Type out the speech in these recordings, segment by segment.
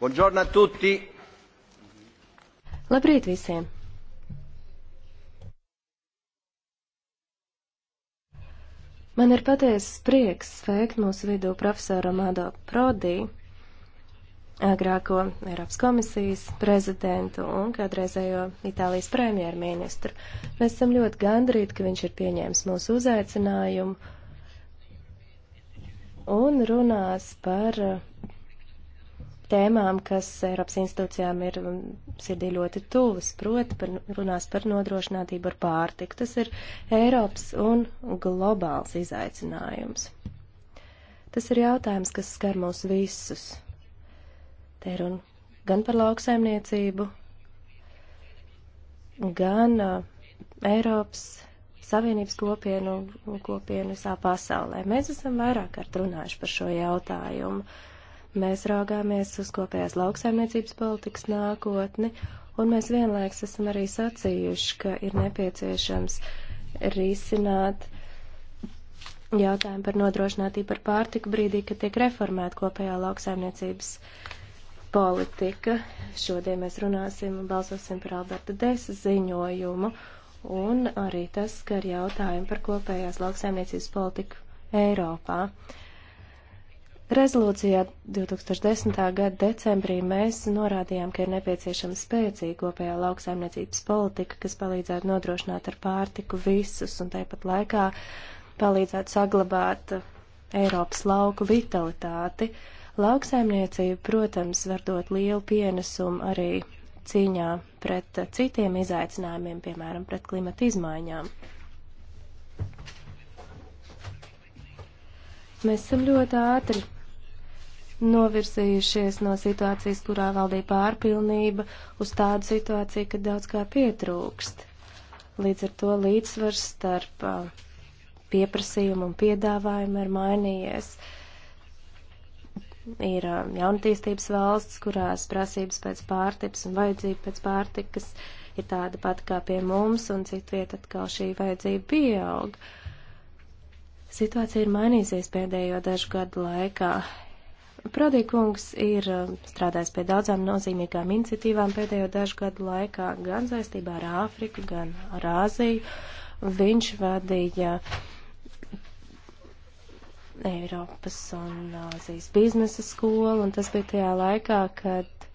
Buongiorno a tutti. Labrīt visiem. Man ir patiesas prieks sveikt mūsu vidū profesoru Mado Prodī, agrāko Eiropas komisijas prezidentu un kādreizējo Itālijas premjerministru. Mēs esam ļoti gandrīti, ka viņš ir pieņēmis mūsu uzaicinājumu un runās par uh, tēmām, kas Eiropas institūcijām ir um, sirdī ļoti tuvas, proti par, runās par nodrošinātību ar pārtiku. Tas ir Eiropas un globāls izaicinājums. Tas ir jautājums, kas skar mūs visus. Te ir un gan par lauksaimniecību, gan uh, Eiropas Savienības kopienu un kopienu visā pasaulē. Mēs esam vairāk kārt runājuši par šo jautājumu. Mēs raugāmies uz kopējās lauksaimniecības politikas nākotni, un mēs vienlaiks esam arī sacījuši, ka ir nepieciešams risināt jautājumu par nodrošinātību par pārtiku brīdī, kad tiek reformēta kopējā lauksaimniecības politika. Šodien mēs runāsim un balsosim par Alberta Desa ziņojumu un arī tas skar jautājumu par kopējās lauksaimniecības politiku Eiropā. Rezolūcijā 2010. gada decembrī mēs norādījām, ka ir nepieciešama spēcīga kopējā lauksaimniecības politika, kas palīdzētu nodrošināt ar pārtiku visus un tāpat laikā palīdzētu saglabāt Eiropas lauku vitalitāti. Lauksaimniecība, protams, var dot lielu pienesumu arī cīņā pret citiem izaicinājumiem, piemēram, pret klimata izmaiņām. Mēs esam ļoti ātri novirzījušies no situācijas, kurā valdīja pārpilnība, uz tādu situāciju, kad daudz kā pietrūkst. Līdz ar to līdzsvars starp uh, pieprasījumu un piedāvājumu ir mainījies. Uh, ir um, jaunatīstības valsts, kurās prasības pēc pārtikas un vajadzība pēc pārtikas ir tāda pat kā pie mums, un citu vietu atkal šī vajadzība pieaug. Situācija ir mainīsies pēdējo dažu gadu laikā. Prodīkungs ir um, strādājis pie daudzām nozīmīgām iniciatīvām pēdējo dažu gadu laikā, gan saistībā ar Āfriku, gan ar Āziju. Viņš vadīja uh, Eiropas un Azijas biznesa skolu, un tas bija tajā laikā, kad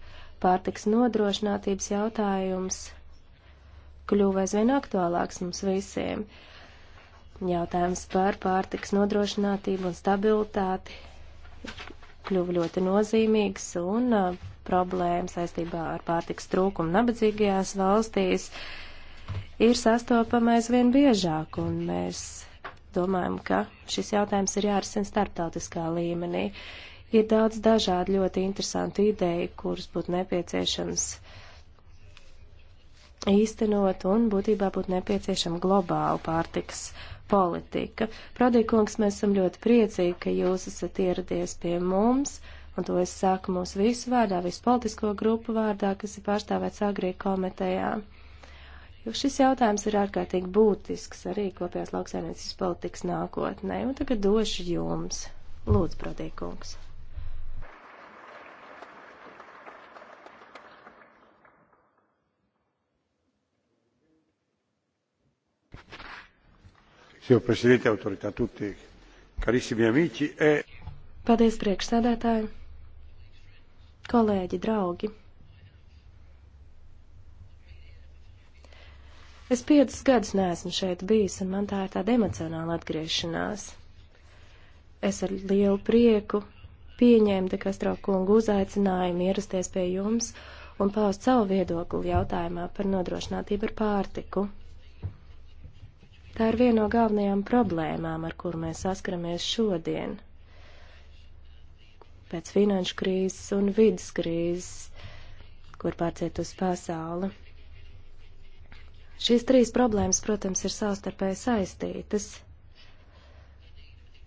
pārtiks nodrošinātības jautājums kļuva aizvien aktuālāks mums visiem. Jautājums par pārtiks nodrošinātību un stabilitāti kļuva ļoti nozīmīgs, un uh, problēma saistībā ar pārtiks trūkumu nabadzīgajās valstīs ir sastopama aizvien biežāk, un mēs domājam, ka šis jautājums ir jārisina starptautiskā līmenī. Ir daudz dažādu ļoti interesantu ideju, kuras būtu nepieciešams īstenot un būtībā būtu nepieciešama globāla pārtiks politika. Prodīkungs, mēs esam ļoti priecīgi, ka jūs esat ieradies pie mums, un to es saku mūsu visu vārdā, visu politisko grupu vārdā, kas ir pārstāvēts agrī komitejā jo šis jautājums ir ārkārtīgi būtisks arī kopējās lauksaimniecības politikas nākotnē. Un tagad došu jums. Lūdzu, Prodīkungs. Signor Presidente, autorità tutti, carissimi amici e... Paldies, priekšsēdētāji, kolēģi, draugi. Es piecus gadus neesmu šeit bijis, un man tā ir tāda emocionāla atgriešanās. Es ar lielu prieku pieņēmu te Kastro kungu uzaicinājumu ierasties pie jums un paust savu viedokli jautājumā par nodrošinātību ar pārtiku. Tā ir viena no galvenajām problēmām, ar kuru mēs saskaramies šodien. Pēc finanšu krīzes un vidas krīzes, kur pārciet uz pasauli Šīs trīs problēmas, protams, ir savstarpēji saistītas,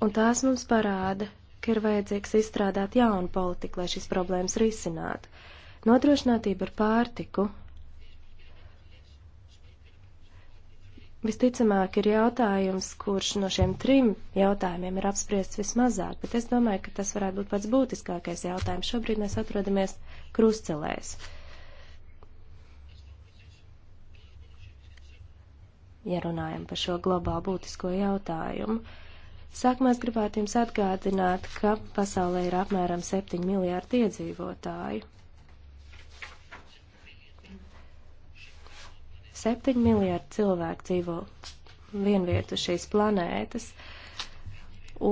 un tās mums parāda, ka ir vajadzīgs izstrādāt jaunu politiku, lai šīs problēmas risinātu. Nodrošinātība ar pārtiku visticamāk ir jautājums, kurš no šiem trim jautājumiem ir apspriests vismazāk, bet es domāju, ka tas varētu būt pats būtiskākais jautājums. Šobrīd mēs atrodamies krustcelēs. Uh, ja runājam par šo globālu būtisko jautājumu. Sākumā es gribētu jums atgādināt, ka pasaulē ir apmēram 7 miljārdi iedzīvotāju. 7 miljārdi cilvēku dzīvo vienvietu šīs planētas.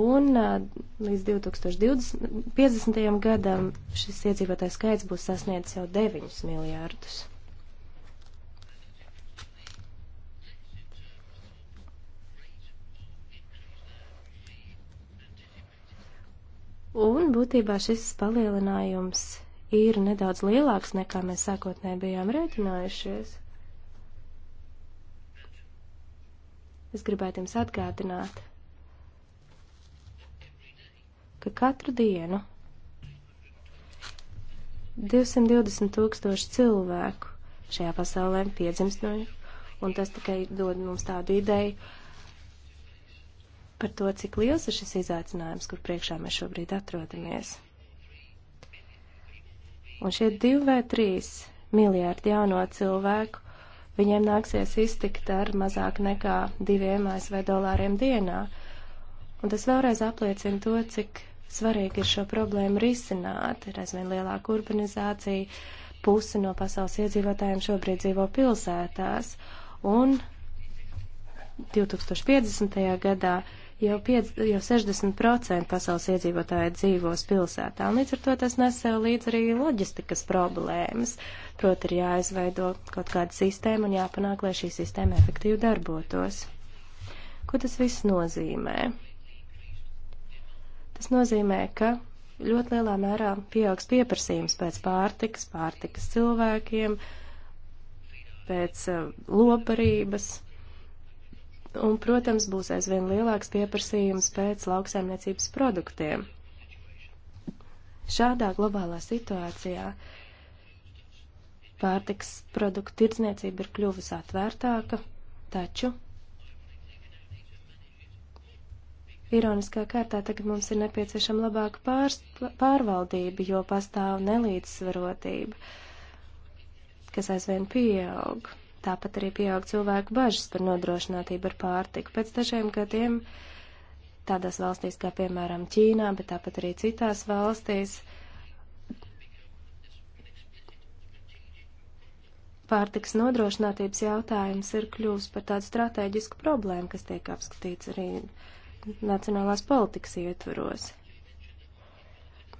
Un līdz 2050. gadam šis iedzīvotājs skaits būs sasniedzis jau 9 miljārdus. Un būtībā šis palielinājums ir nedaudz lielāks, nekā mēs sākotnēji bijām rēķinājušies. Es gribētu jums atgādināt, ka katru dienu 220 tūkstoši cilvēku šajā pasaulē piedzimst no, un tas tikai dod mums tādu ideju, par to, cik liels ir šis izaicinājums, kur priekšā mēs šobrīd atrodamies. Un šie divi vai trīs miljārdi jauno cilvēku, viņiem nāksies iztikt ar mazāk nekā diviem ASV dolāriem dienā. Un tas vēlreiz apliecina to, cik svarīgi ir šo problēmu risināt. Ir aizvien lielāka urbanizācija, puse no pasaules iedzīvotājiem šobrīd dzīvo pilsētās. Un 2050. gadā Jau, piec, jau 60% pasaules iedzīvotāji dzīvos pilsētā, un līdz ar to tas nes sev līdz arī loģistikas problēmas. Proti, ir jāizveido kaut kāda sistēma un jāpanāk, lai šī sistēma efektīvi darbotos. Ko tas viss nozīmē? Tas nozīmē, ka ļoti lielā mērā pieaugs pieprasījums pēc pārtikas, pārtikas cilvēkiem, pēc uh, lobarības un, protams, būs aizvien lielāks pieprasījums pēc lauksaimniecības produktiem. Šādā globālā situācijā pārtiks produktu tirdzniecība ir kļuvusi atvērtāka, taču ironiskā kārtā tagad mums ir nepieciešama labāka pārs, pārvaldība, jo pastāv nelīdzsvarotība, kas aizvien pieaug. Tāpat arī pieaug cilvēku bažas par nodrošinātību ar pārtiku. Pēc dažiem gadiem tādās valstīs kā piemēram Ķīnā, bet tāpat arī citās valstīs pārtiks nodrošinātības jautājums ir kļuvis par tādu strateģisku problēmu, kas tiek apskatīts arī nacionālās politikas ietvaros.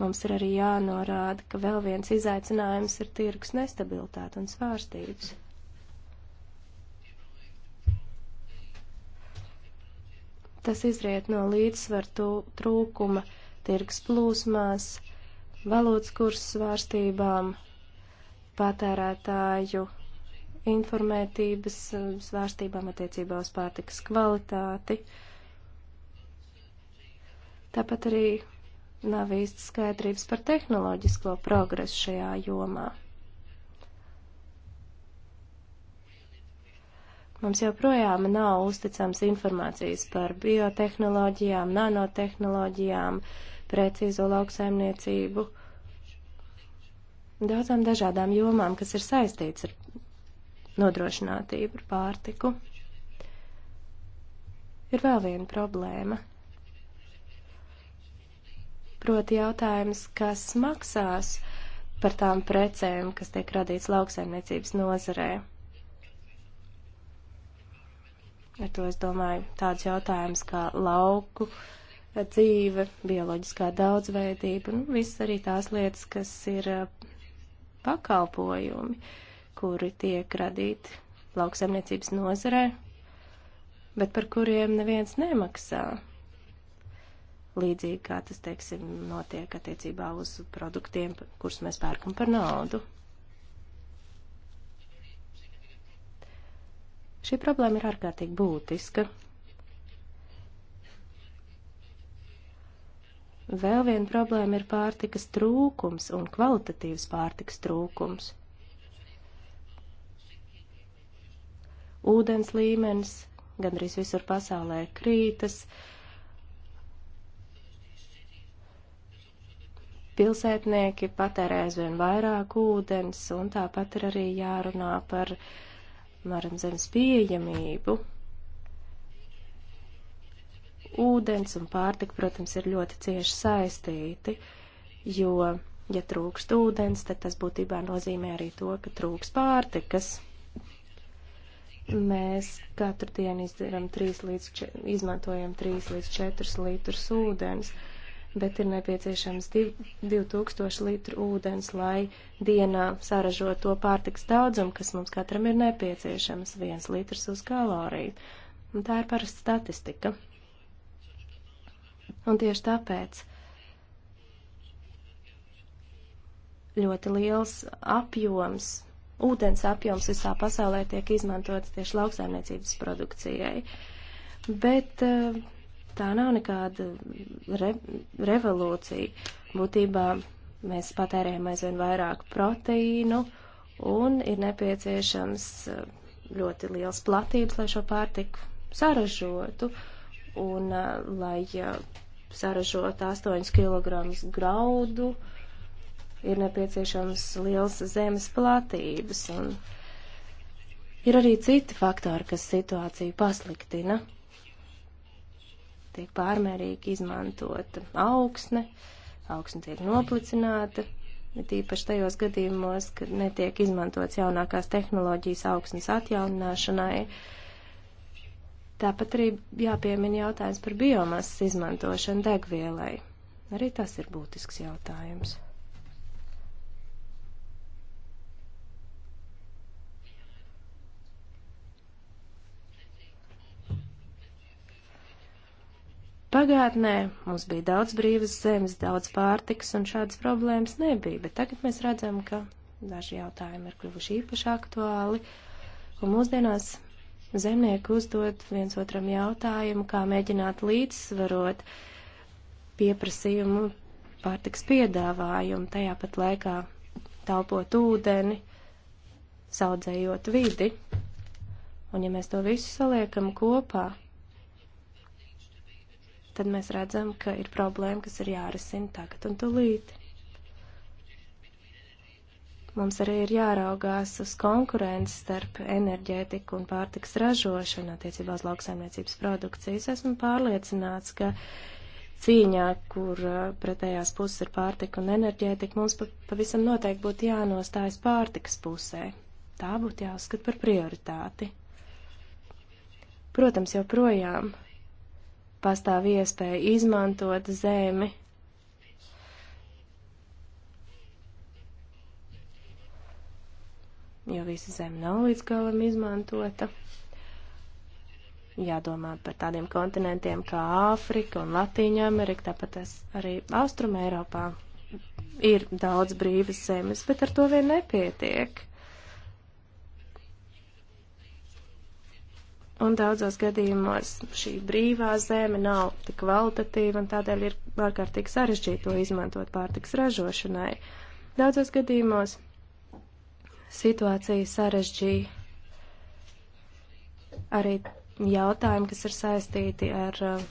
Mums ir arī jānorāda, ka vēl viens izaicinājums ir tirgus nestabilitāte un svārstības. Tas izriet no līdzsvaru trūkuma, tirgus plūsmās, valūtas kursu svārstībām, patērētāju informētības um, svārstībām attiecībā uz pārtikas kvalitāti. Tāpat arī nav īsti skaidrības par tehnoloģisko progresu šajā jomā. Mums joprojām nav uzticams informācijas par biotehnoloģijām, nanotehnoloģijām, precīzo lauksaimniecību, daudzām dažādām jomām, kas ir saistīts ar nodrošinātību, ar pārtiku. Ir vēl viena problēma. Proti jautājums, kas maksās par tām precēm, kas tiek radīts lauksaimniecības nozarē. Ar to es domāju tāds jautājums kā lauku dzīve, bioloģiskā daudzveidība un nu, viss arī tās lietas, kas ir pakalpojumi, kuri tiek radīti lauksaimniecības nozarē, bet par kuriem neviens nemaksā. Līdzīgi kā tas, teiksim, notiek attiecībā uz produktiem, kurus mēs pērkam par naudu. Šī problēma ir ārkārtīgi būtiska. Vēl viena problēma ir pārtikas trūkums un kvalitatīvs pārtikas trūkums. Ūdens līmenis gandrīz visur pasaulē krītas. Pilsētnieki patērē aizvien vairāk ūdens, un tāpat ir arī jārunā par uh, piemēram, zemes pieejamību, ūdens un pārtika, protams, ir ļoti cieši saistīti, jo, ja trūkst ūdens, tad tas būtībā nozīmē arī to, ka trūks pārtikas. Mēs katru dienu izdaram 3 līdz, izmantojam 3 līdz 4 litrus ūdens. Uh, bet ir nepieciešams 2000 litru ūdens, lai dienā saražot to pārtiks daudzumu, kas mums katram ir nepieciešams - viens litrs uz kaloriju. Un tā ir parasta statistika. Un tieši tāpēc ļoti liels apjoms, ūdens apjoms visā pasaulē tiek izmantots tieši lauksaimniecības produkcijai. Bet uh, tā nav nekāda re, revolūcija. Būtībā mēs patērējam aizvien vairāk proteīnu un ir nepieciešams eh, ļoti liels platības, lai šo pārtiku saražotu un eh, lai saražotu 8 kg graudu ir nepieciešams liels zemes platības un ir arī citi faktori, kas situāciju pasliktina tiek pārmērīgi izmantota augsne, augsne tiek noplicināta, bet īpaši tajos gadījumos, kad netiek izmantots jaunākās tehnoloģijas augsnes atjaunināšanai. Tāpat arī jāpiemina jautājums par biomasas izmantošanu degvielai. Arī tas ir būtisks jautājums. Pagātnē mums bija daudz brīvas zemes, daudz pārtiks, un šādas problēmas nebija, bet tagad mēs redzam, ka daži jautājumi ir kļuvuši īpaši aktuāli, un mūsdienās zemnieki uzdod viens otram jautājumu, kā mēģināt līdzsvarot pieprasījumu pārtiks piedāvājumu, tajā pat laikā talpot ūdeni, saudzējot vidi. Un ja mēs to visu saliekam kopā, tad mēs redzam, ka ir problēma, kas ir jārisina tagad un tulīt. Mums arī ir jāraugās uz konkurences starp enerģētiku un pārtiks ražošanu attiecībā uz lauksaimniecības produkcijas. Esmu pārliecināts, ka cīņā, kur uh, pretējās puses ir pārtika un enerģētika, mums pavisam noteikti būtu jānostājas pārtikas pusē. Tā būtu jāuzskata par prioritāti. Protams, joprojām pastāv iespēja izmantot zemi. Jo visa zeme nav līdz galam izmantota. Jādomā par tādiem kontinentiem kā Āfrika un Latīņa Amerika, tāpat arī Austrum Eiropā ir daudz brīvas zemes, bet ar to vien nepietiek. un daudzos gadījumos šī brīvā zeme nav tik kvalitatīva, un tādēļ ir ārkārtīgi sarežģīti to izmantot pārtiks ražošanai. Daudzos gadījumos situācija sarežģīja arī jautājumi, kas ir saistīti ar uh,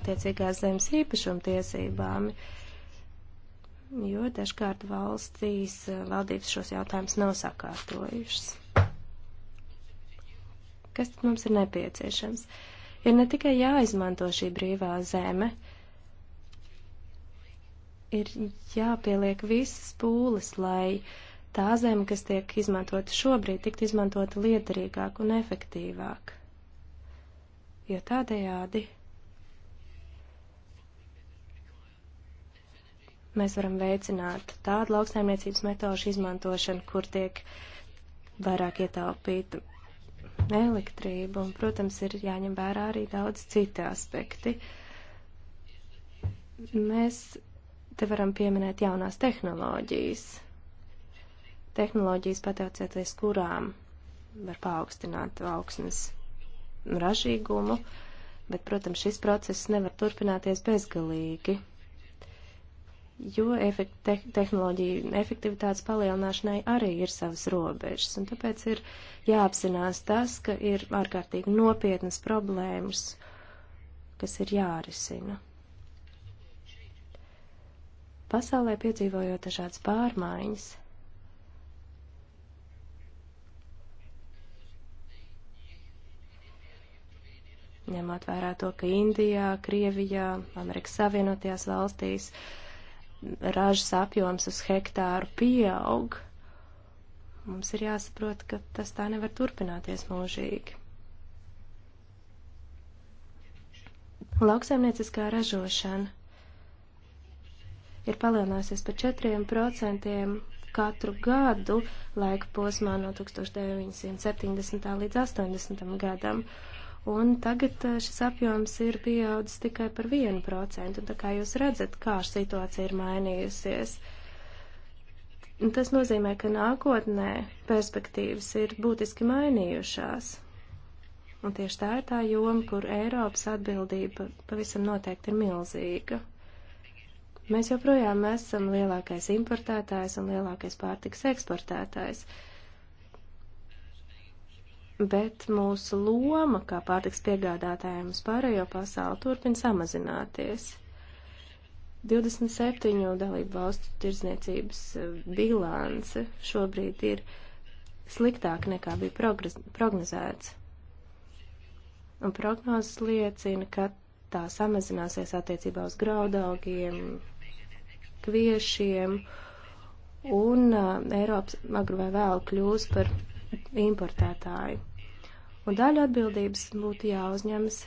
attiecīgās zemes īpašumtiesībām, jo dažkārt valstīs uh, valdības šos jautājumus nav sakārtojušas. Kas tad mums ir nepieciešams? Ir ne tikai jāizmanto šī brīvā zeme, ir jāpieliek visas pūles, lai tā zeme, kas tiek izmantota šobrīd, tiktu izmantota lietarīgāk un efektīvāk. Jo tādējādi mēs varam veicināt tādu lauksaimniecības metožu izmantošanu, kur tiek vairāk ietaupīta elektrību, un, protams, ir jāņem vērā arī daudz citi aspekti. Mēs te varam pieminēt jaunās tehnoloģijas, tehnoloģijas pateicoties kurām var paaugstināt augsnes ražīgumu, bet, protams, šis process nevar turpināties bezgalīgi jo efekt, te, tehnoloģija efektivitātes palielināšanai arī ir savas robežas, un tāpēc ir jāapzinās tas, ka ir ārkārtīgi nopietnas problēmas, kas ir jārisina. Pasaulē piedzīvojot dažādas pārmaiņas, ņemot vērā to, ka Indijā, Krievijā, Amerikas Savienotajās valstīs uh, ražas apjoms uz hektāru pieaug, mums ir jāsaprot, ka tas tā nevar turpināties mūžīgi. Lauksaimnieciskā ražošana ir palielinājusies par 4% katru gadu laika posmā no 1970. līdz 80. gadam. Uh, un tagad eh, šis apjoms ir pieaudzis tikai par 1%, un tā kā jūs redzat, kā situācija ir mainījusies. Tas nozīmē, ka nākotnē perspektīvas ir būtiski mainījušās. Un tieši tā ir tā joma, kur Eiropas atbildība pavisam noteikti ir milzīga. Mēs joprojām esam lielākais importētājs un lielākais pārtiks eksportētājs. Uh, bet mūsu loma kā pārtiks piegādātājiem uz pārējo pasauli turpina samazināties. 27 dalību valstu tirdzniecības eh, bilance šobrīd ir sliktāka nekā bija prognozēts. Un prognozes liecina, ka tā samazināsies attiecībā uz graudaugiem, kviešiem, un uh, Eiropas agru vai vēlu kļūs par importētāji. Un daļa atbildības būtu jāuzņemas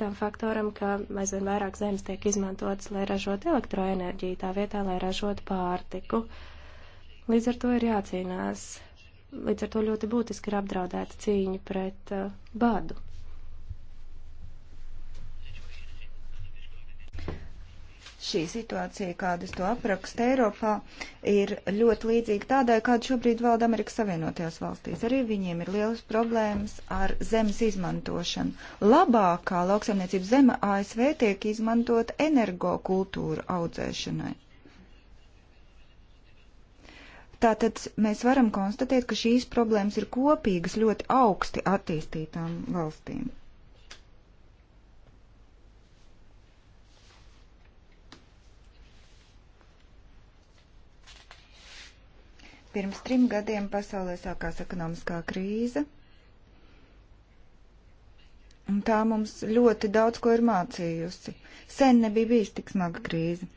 tam faktoram, ka aizvien vairāk zemes tiek izmantotas, lai ražotu elektroenerģiju, tā vietā, lai ražotu pārtiku. Līdz ar to ir jācīnās. Līdz ar to ļoti būtiski ir apdraudēta cīņa pret uh, badu. Šī situācija, kāda es to aprakstu Eiropā, ir ļoti līdzīga tādai, kāda šobrīd valda Amerikas Savienotajās valstīs. Arī viņiem ir lielas problēmas ar zemes izmantošanu. Labākā lauksaimniecības zeme ASV tiek izmantot energokultūru audzēšanai. Tātad mēs varam konstatēt, ka šīs problēmas ir kopīgas ļoti augsti attīstītām valstīm. Pirms trim gadiem pasaulē sākās ekonomiskā krīze. Un tā mums ļoti daudz ko ir mācījusi. Sen nebija bijis tik smaga krīze.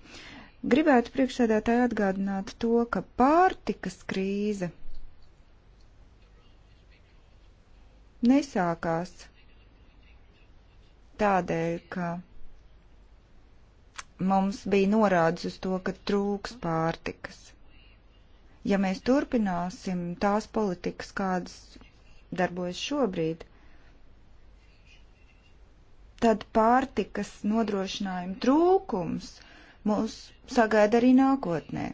Gribētu priekšsēdētāji atgādināt to, ka pārtikas krīze nesākās tādēļ, ka mums bija norādes uz to, ka trūks pārtikas. Ja mēs turpināsim tās politikas, kādas darbojas šobrīd, tad pārtikas nodrošinājuma trūkums mūs sagaida arī nākotnē.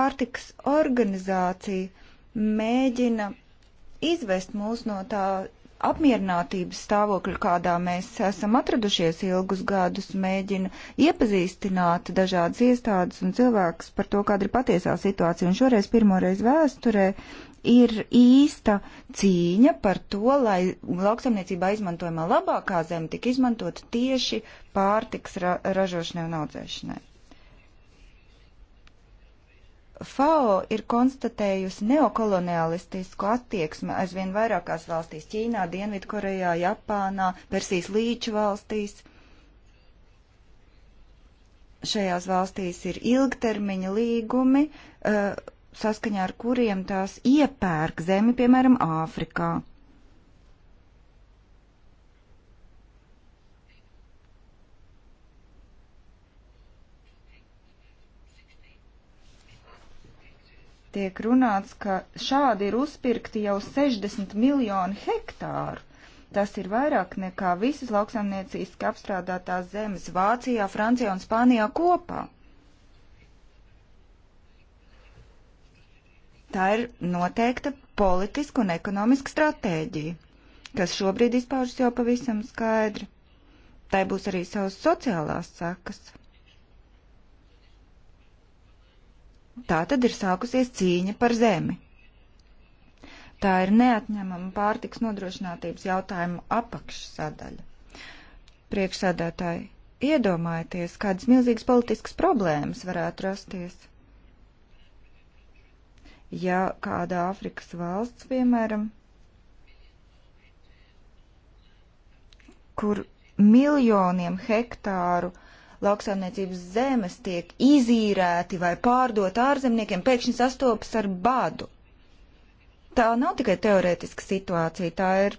Pārtikas organizācija mēģina izvest mūs no tā apmierinātības stāvokļu, kādā mēs esam atradušies ilgus gadus, mēģina iepazīstināt dažādas iestādes un cilvēkus par to, kāda ir patiesā situācija. Un šoreiz pirmoreiz vēsturē ir īsta cīņa par to, lai lauksaimniecībā izmantojamā labākā zeme tik izmantot tieši pārtiks ra ražošanai un audzēšanai. FAO ir konstatējusi neokolonialistisku attieksmi aizvien vairākās valstīs - Ķīnā, Dienvidkorejā, Japānā, Persijas līča valstīs. Šajās valstīs ir ilgtermiņa līgumi, eh, saskaņā ar kuriem tās iepērk zemi, piemēram, Āfrikā. tiek runāts, ka šādi ir uzpirkti jau 60 miljoni hektāru. Tas ir vairāk nekā visas lauksaimnieciski apstrādātās zemes Vācijā, Francijā un Spānijā kopā. Tā ir noteikta politiska un ekonomiska stratēģija, kas šobrīd izpaužas jau pavisam skaidri. Tai būs arī savas sociālās sekas. Tā tad ir sākusies cīņa par zemi. Tā ir neatņemama pārtiks nodrošinātības jautājuma apakšsadaļa. Priekšsādātāji, iedomājieties, kādas milzīgas politiskas problēmas varētu rasties. Ja kāda Āfrikas valsts, piemēram, kur miljoniem hektāru uh, lauksaimniecības zemes tiek izīrēti vai pārdot ārzemniekiem, pēkšņi sastopas ar badu. Tā nav tikai teorētiska situācija, tā ir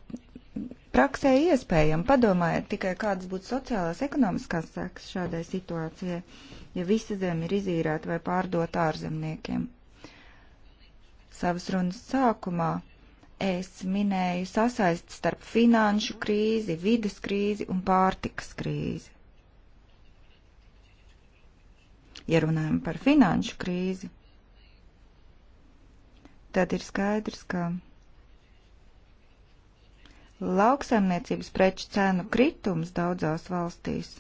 praksē iespējama. Padomājiet tikai, kādas būtu sociālās, ekonomiskās sekas šādai situācijai, ja visa zeme ir izīrēta vai pārdot ārzemniekiem. Savas runas sākumā es minēju sasaisti starp finanšu krīzi, vidas krīzi un pārtikas krīzi. Ja runājam par finanšu krīzi, tad ir skaidrs, ka lauksaimniecības preču cēnu kritums daudzās valstīs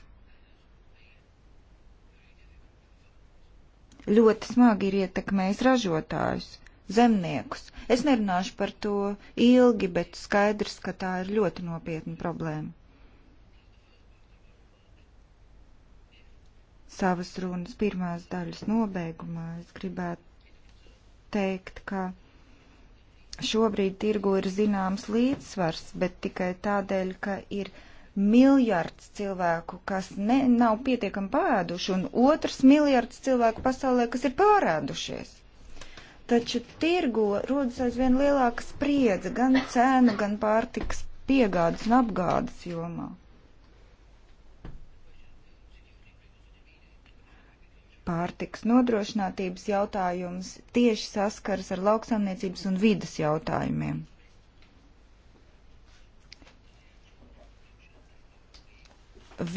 ļoti smagi ir ietekmējis ražotājus, zemniekus. Es nerunāšu par to ilgi, bet skaidrs, ka tā ir ļoti nopietna problēma. savas runas pirmās daļas nobeigumā es gribētu teikt, ka šobrīd tirgu ir zināms līdzsvars, bet tikai tādēļ, ka ir miljards cilvēku, kas ne, nav pietiekami pāēduši, un otrs miljards cilvēku pasaulē, kas ir pārēdušies. Taču tirgu rodas aizvien lielāka spriedze gan cēnu, gan pārtikas piegādes un apgādes jomā. pārtiks nodrošinātības jautājums tieši saskaras ar lauksaimniecības un vidas jautājumiem.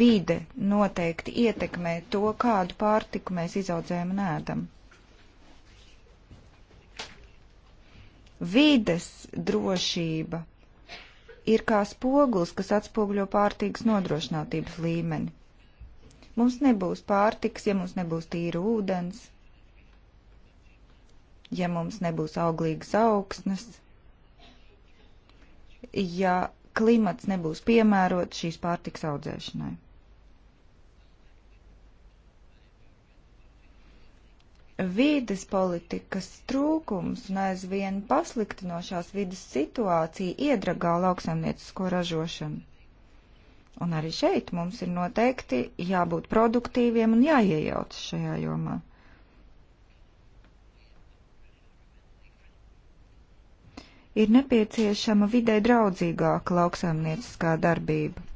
Vide noteikti ietekmē to, kādu pārtiku mēs izaudzējam un ēdam. Vides drošība ir kā spogulis, kas atspoguļo pārtīgas nodrošinātības līmeni. Mums nebūs pārtiks, ja mums nebūs tīra ūdens, ja mums nebūs auglīgas augsnes, ja klimats nebūs piemērots šīs pārtiks audzēšanai. Vīdes politikas trūkums un aizvien pasliktinošās vidas situācija iedragā lauksaimniecisko ražošanu. Un arī šeit mums ir noteikti jābūt produktīviem un jāiejauc šajā jomā. Ir nepieciešama vidē draudzīgāka lauksaimnieciskā darbība.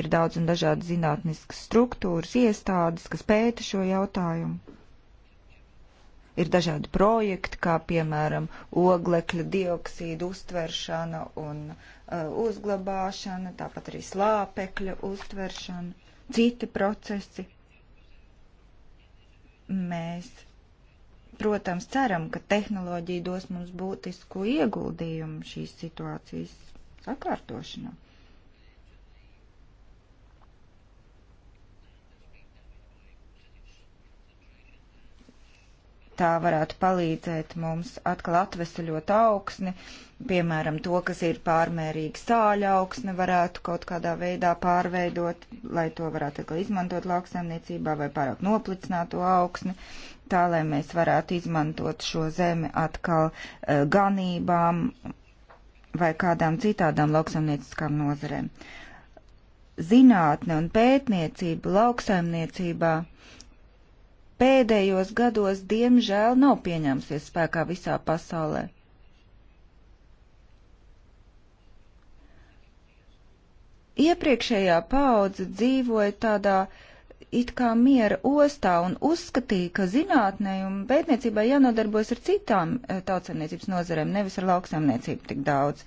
Ir daudz un dažādi zinātniskas struktūras, iestādes, kas pēta šo jautājumu ir dažādi projekti, kā piemēram oglekļa dioksīda uztveršana un Uh, uzglabāšana, tāpat arī slāpekļa uztveršana, citi procesi. Mēs, protams, ceram, ka tehnoloģija dos mums būtisku ieguldījumu šīs situācijas sakārtošanā. tā varētu palīdzēt mums atkal atvesaļot augsni, piemēram, to, kas ir pārmērīgi sāļa augsne, varētu kaut kādā veidā pārveidot, lai to varētu atkal izmantot lauksaimniecībā vai pārāk noplicināto augsni, tā, lai mēs varētu izmantot šo zemi atkal uh, ganībām vai kādām citādām lauksaimnieciskām nozarēm. Zinātne un pētniecība lauksaimniecībā pēdējos gados, diemžēl, nav pieņēmusies spēkā visā pasaulē. Iepriekšējā paudze dzīvoja tādā it kā miera ostā un uzskatīja, ka zinātnē un pētniecībai jānodarbojas ar citām eh, tautsaimniecības nozarēm, nevis ar lauksaimniecību tik daudz.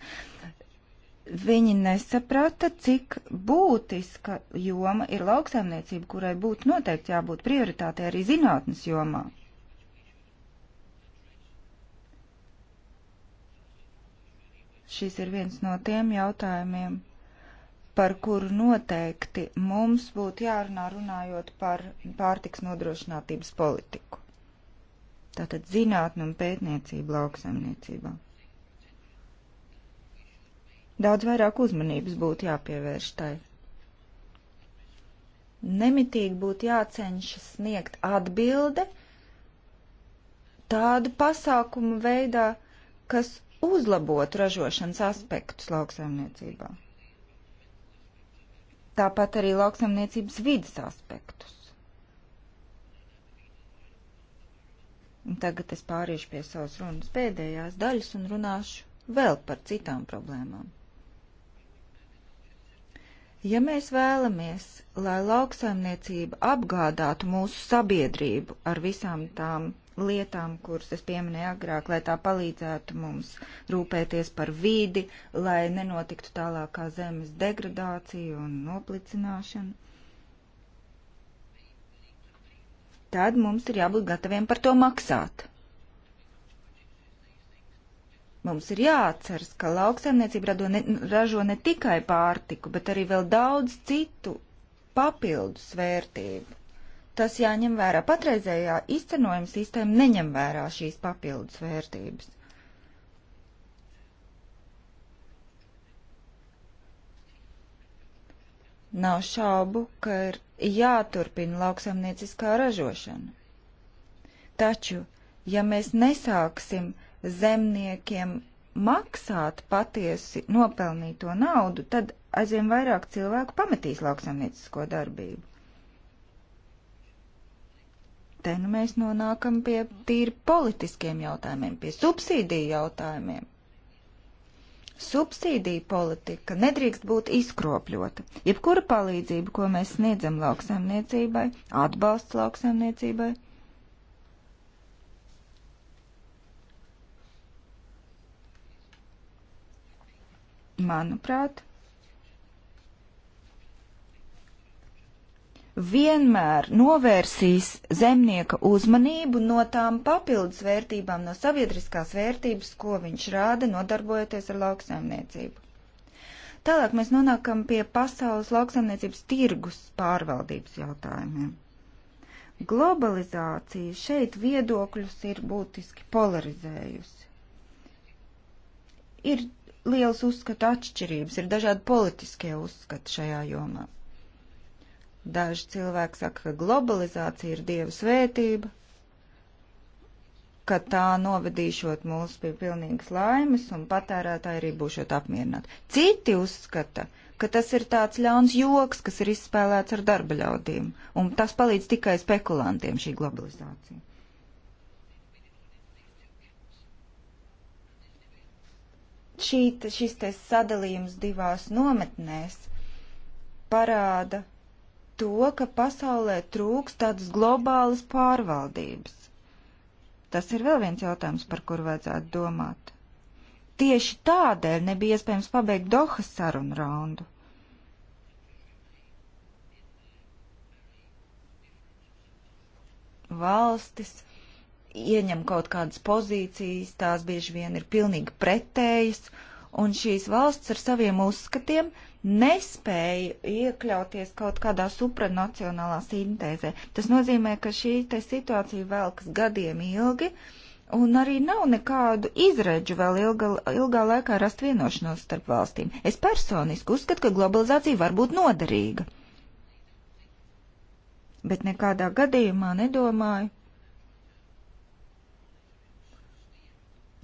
Viņi nesaprata, cik būtiska joma ir lauksaimniecība, kurai būtu noteikti jābūt prioritātei arī zinātnes jomā. Šis ir viens no tiem jautājumiem, par kuru noteikti mums būtu jārunā runājot par pārtiks nodrošinātības politiku. Tātad zinātne un pētniecība lauksaimniecībā. Daudz vairāk uzmanības būtu jāpievērš tai. Nemitīgi būtu jācenšas sniegt atbilde tādu pasākumu veidā, kas uzlabotu ražošanas aspektus lauksaimniecībā. Tāpat arī lauksaimniecības vidas aspektus. Un tagad es pāriešu pie savas runas pēdējās daļas un runāšu vēl par citām problēmām. Ja mēs vēlamies, lai lauksaimniecība apgādātu mūsu sabiedrību ar visām tām lietām, kuras es pieminēju agrāk, lai tā palīdzētu mums rūpēties par vidi, lai nenotiktu tālākā zemes degradācija un noplicināšana, tad mums ir jābūt gataviem par to maksāt. Mums ir jāatceras, ka lauksaimniecība ne, ražo ne tikai pārtiku, bet arī vēl daudz citu papildus vērtību. Tas jāņem vērā. Patreizējā izcenojuma sistēma neņem vērā šīs papildus vērtības. Nav šaubu, ka ir jāturpina lauksaimnieciskā ražošana. Taču, ja mēs nesāksim zemniekiem maksāt patiesi nopelnīto naudu, tad aizvien vairāk cilvēku pametīs lauksamniecisko darbību. Te nu mēs nonākam pie tīri politiskiem jautājumiem, pie subsīdiju jautājumiem. Subsīdija politika nedrīkst būt izkropļota. Jebkura palīdzība, ko mēs sniedzam lauksaimniecībai, atbalsts lauksaimniecībai, manuprāt, vienmēr novērsīs zemnieka uzmanību no tām papildus vērtībām, no sabiedriskās vērtības, ko viņš rāda, nodarbojoties ar lauksaimniecību. Tālāk mēs nonākam pie pasaules lauksaimniecības tirgus pārvaldības jautājumiem. Globalizācija šeit viedokļus ir būtiski polarizējusi. Ir lielas uzskatu atšķirības, ir dažādi politiskie uzskati šajā jomā. Daži cilvēki saka, ka globalizācija ir dieva svētība, ka tā novedīšot mūs pie pilnīgas laimes un patērētāji arī būšot apmierināti. Citi uzskata, ka tas ir tāds ļauns joks, kas ir izspēlēts ar darba ļaudīm, un tas palīdz tikai spekulantiem šī globalizācija. šī, šis te sadalījums divās nometnēs parāda to, ka pasaulē trūks tādas globālas pārvaldības. Tas ir vēl viens jautājums, par kuru vajadzētu domāt. Tieši tādēļ nebija iespējams pabeigt Dohas sarunu raundu. Valstis ieņem kaut kādas pozīcijas, tās bieži vien ir pilnīgi pretējas, un šīs valsts ar saviem uzskatiem nespēja iekļauties kaut kādā supranacionālā sintēzē. Tas nozīmē, ka šī te situācija velkas gadiem ilgi, un arī nav nekādu izredzu vēl ilga, ilgā laikā rast vienošanos starp valstīm. Es personiski uzskatu, ka globalizācija var būt noderīga. Bet nekādā gadījumā nedomāju,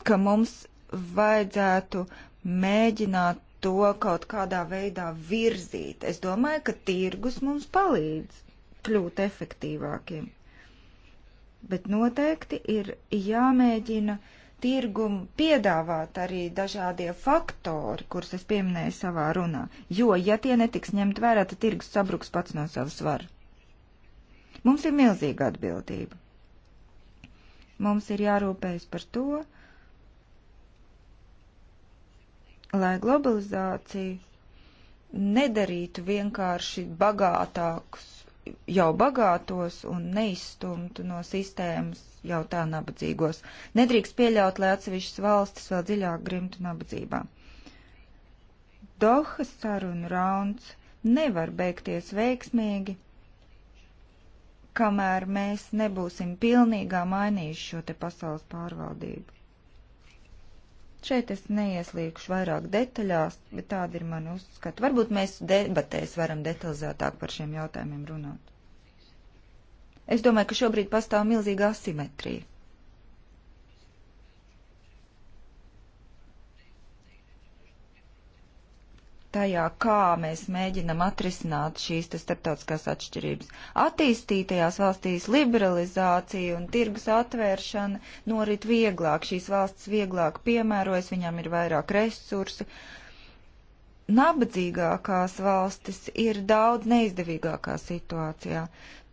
ka mums vajadzētu mēģināt to kaut kādā veidā virzīt. Es domāju, ka tirgus mums palīdz kļūt efektīvākiem. Bet noteikti ir jāmēģina tirgumu piedāvāt arī dažādie faktori, kurus es pieminēju savā runā, jo, ja tie netiks ņemt vērā, tad tirgus sabruks pats no savas varas. Mums ir milzīga atbildība. Mums ir jārūpējas par to, lai globalizācija nedarītu vienkārši bagātākus jau bagātos un neizstumtu no sistēmas jau tā nabadzīgos. Nedrīkst pieļaut, lai atsevišķas valstis vēl dziļāk grimtu nabadzībā. Doha sarunu rauns nevar beigties veiksmīgi, kamēr mēs nebūsim pilnīgā mainījuši šo te pasaules pārvaldību. Šeit es neieslīgšu vairāk detaļās, bet tāda ir mana uzskata. Varbūt mēs debatēs varam detalizētāk par šiem jautājumiem runāt. Es domāju, ka šobrīd pastāv milzīga asimetrija. tajā, kā mēs mēģinam atrisināt šīs starptautiskās atšķirības. Attīstītajās valstīs liberalizācija un tirgus atvēršana norit vieglāk, šīs valsts vieglāk piemērojas, viņām ir vairāk resursu. Nabadzīgākās valstis ir daudz neizdevīgākā situācijā.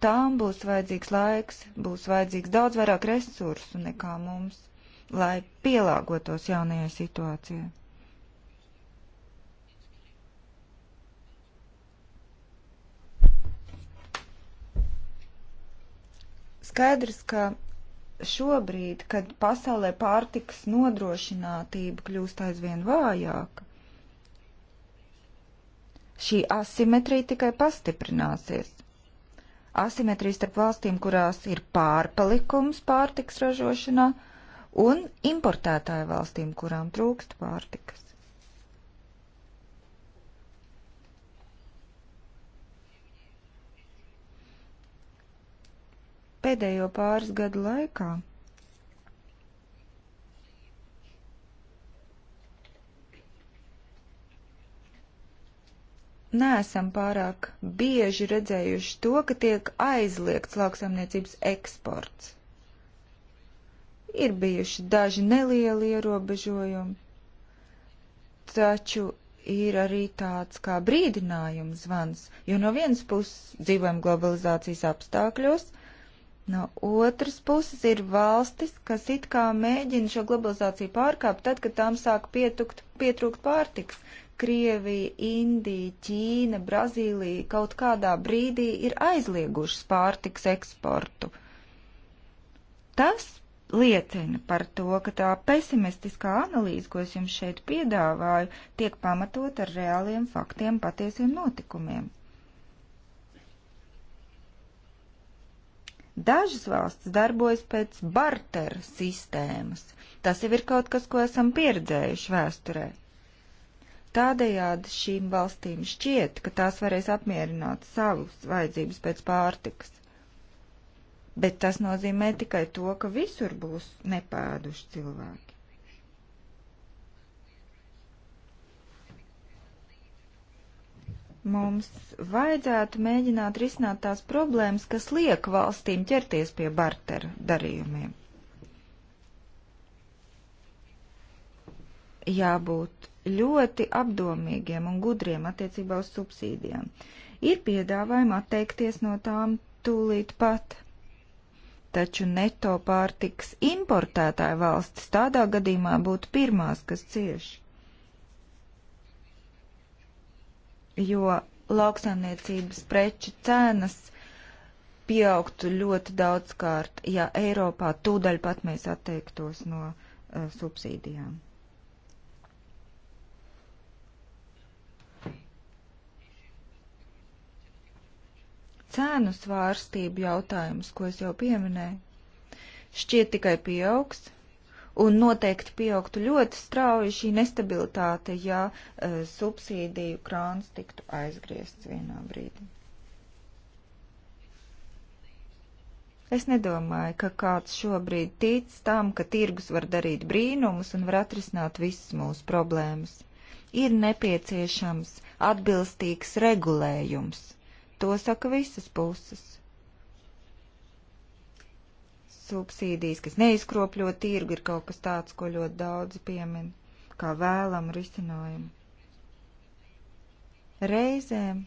Tām būs vajadzīgs laiks, būs vajadzīgs daudz vairāk resursu nekā mums, lai pielāgotos jaunajai situācijai Skaidrs, ka šobrīd, kad pasaulē pārtikas nodrošinātība kļūst aizvien vājāka, šī asimetrija tikai pastiprināsies. Asimetrija starp valstīm, kurās ir pārpalikums pārtikas ražošanā, un importētāju valstīm, kurām trūkst pārtikas. Pēdējo pāris gadu laikā neesam pārāk bieži redzējuši to, ka tiek aizliegts lauksaimniecības eksports. Ir bijuši daži nelieli ierobežojumi, taču ir arī tāds kā brīdinājums zvans, jo no vienas puses dzīvojam globalizācijas apstākļos, No otras puses ir valstis, kas it kā mēģina šo globalizāciju pārkāpt tad, kad tām sāk pietukt, pietrūkt pārtiks. Krievija, Indija, Ķīna, Brazīlija kaut kādā brīdī ir aizliegušas pārtiks eksportu. Tas liecina par to, ka tā pesimistiskā analīze, ko es jums šeit piedāvāju, tiek pamatot ar reāliem faktiem, patiesiem notikumiem. Dažas valstis darbojas pēc bartera sistēmas. Tas jau ir kaut kas, ko esam pieredzējuši vēsturē. Tādējādi šīm valstīm šķiet, ka tās varēs apmierināt savus vajadzības pēc pārtikas. Bet tas nozīmē tikai to, ka visur būs nepēduši cilvēki. Mums vajadzētu mēģināt risināt tās problēmas, kas liek valstīm ķerties pie barteru darījumiem. Jābūt ļoti apdomīgiem un gudriem attiecībā uz subsīdijām. Ir piedāvājumi atteikties no tām tūlīt pat. Taču neto pārtiks importētāja valstis tādā gadījumā būtu pirmās, kas cieši. jo lauksaimniecības preču cenas pieaugtu ļoti daudz kārt, ja Eiropā tūdaļ pat mēs atteiktos no uh, subsīdijām. Cēnu svārstību jautājums, ko es jau pieminēju, šķiet tikai pieaugs Un noteikti pieaugtu ļoti strauji šī nestabilitāte, ja uh, subsīdiju krāns tiktu aizgriezts vienā brīdī. Es nedomāju, ka kāds šobrīd tic tam, ka tirgus var darīt brīnumus un var atrisināt visas mūsu problēmas. Ir nepieciešams atbilstīgs regulējums. To saka visas puses subsīdijas, kas neizkropļo tirgu, ir kaut kas tāds, ko ļoti daudzi piemin kā vēlamu risinājumu. Reizēm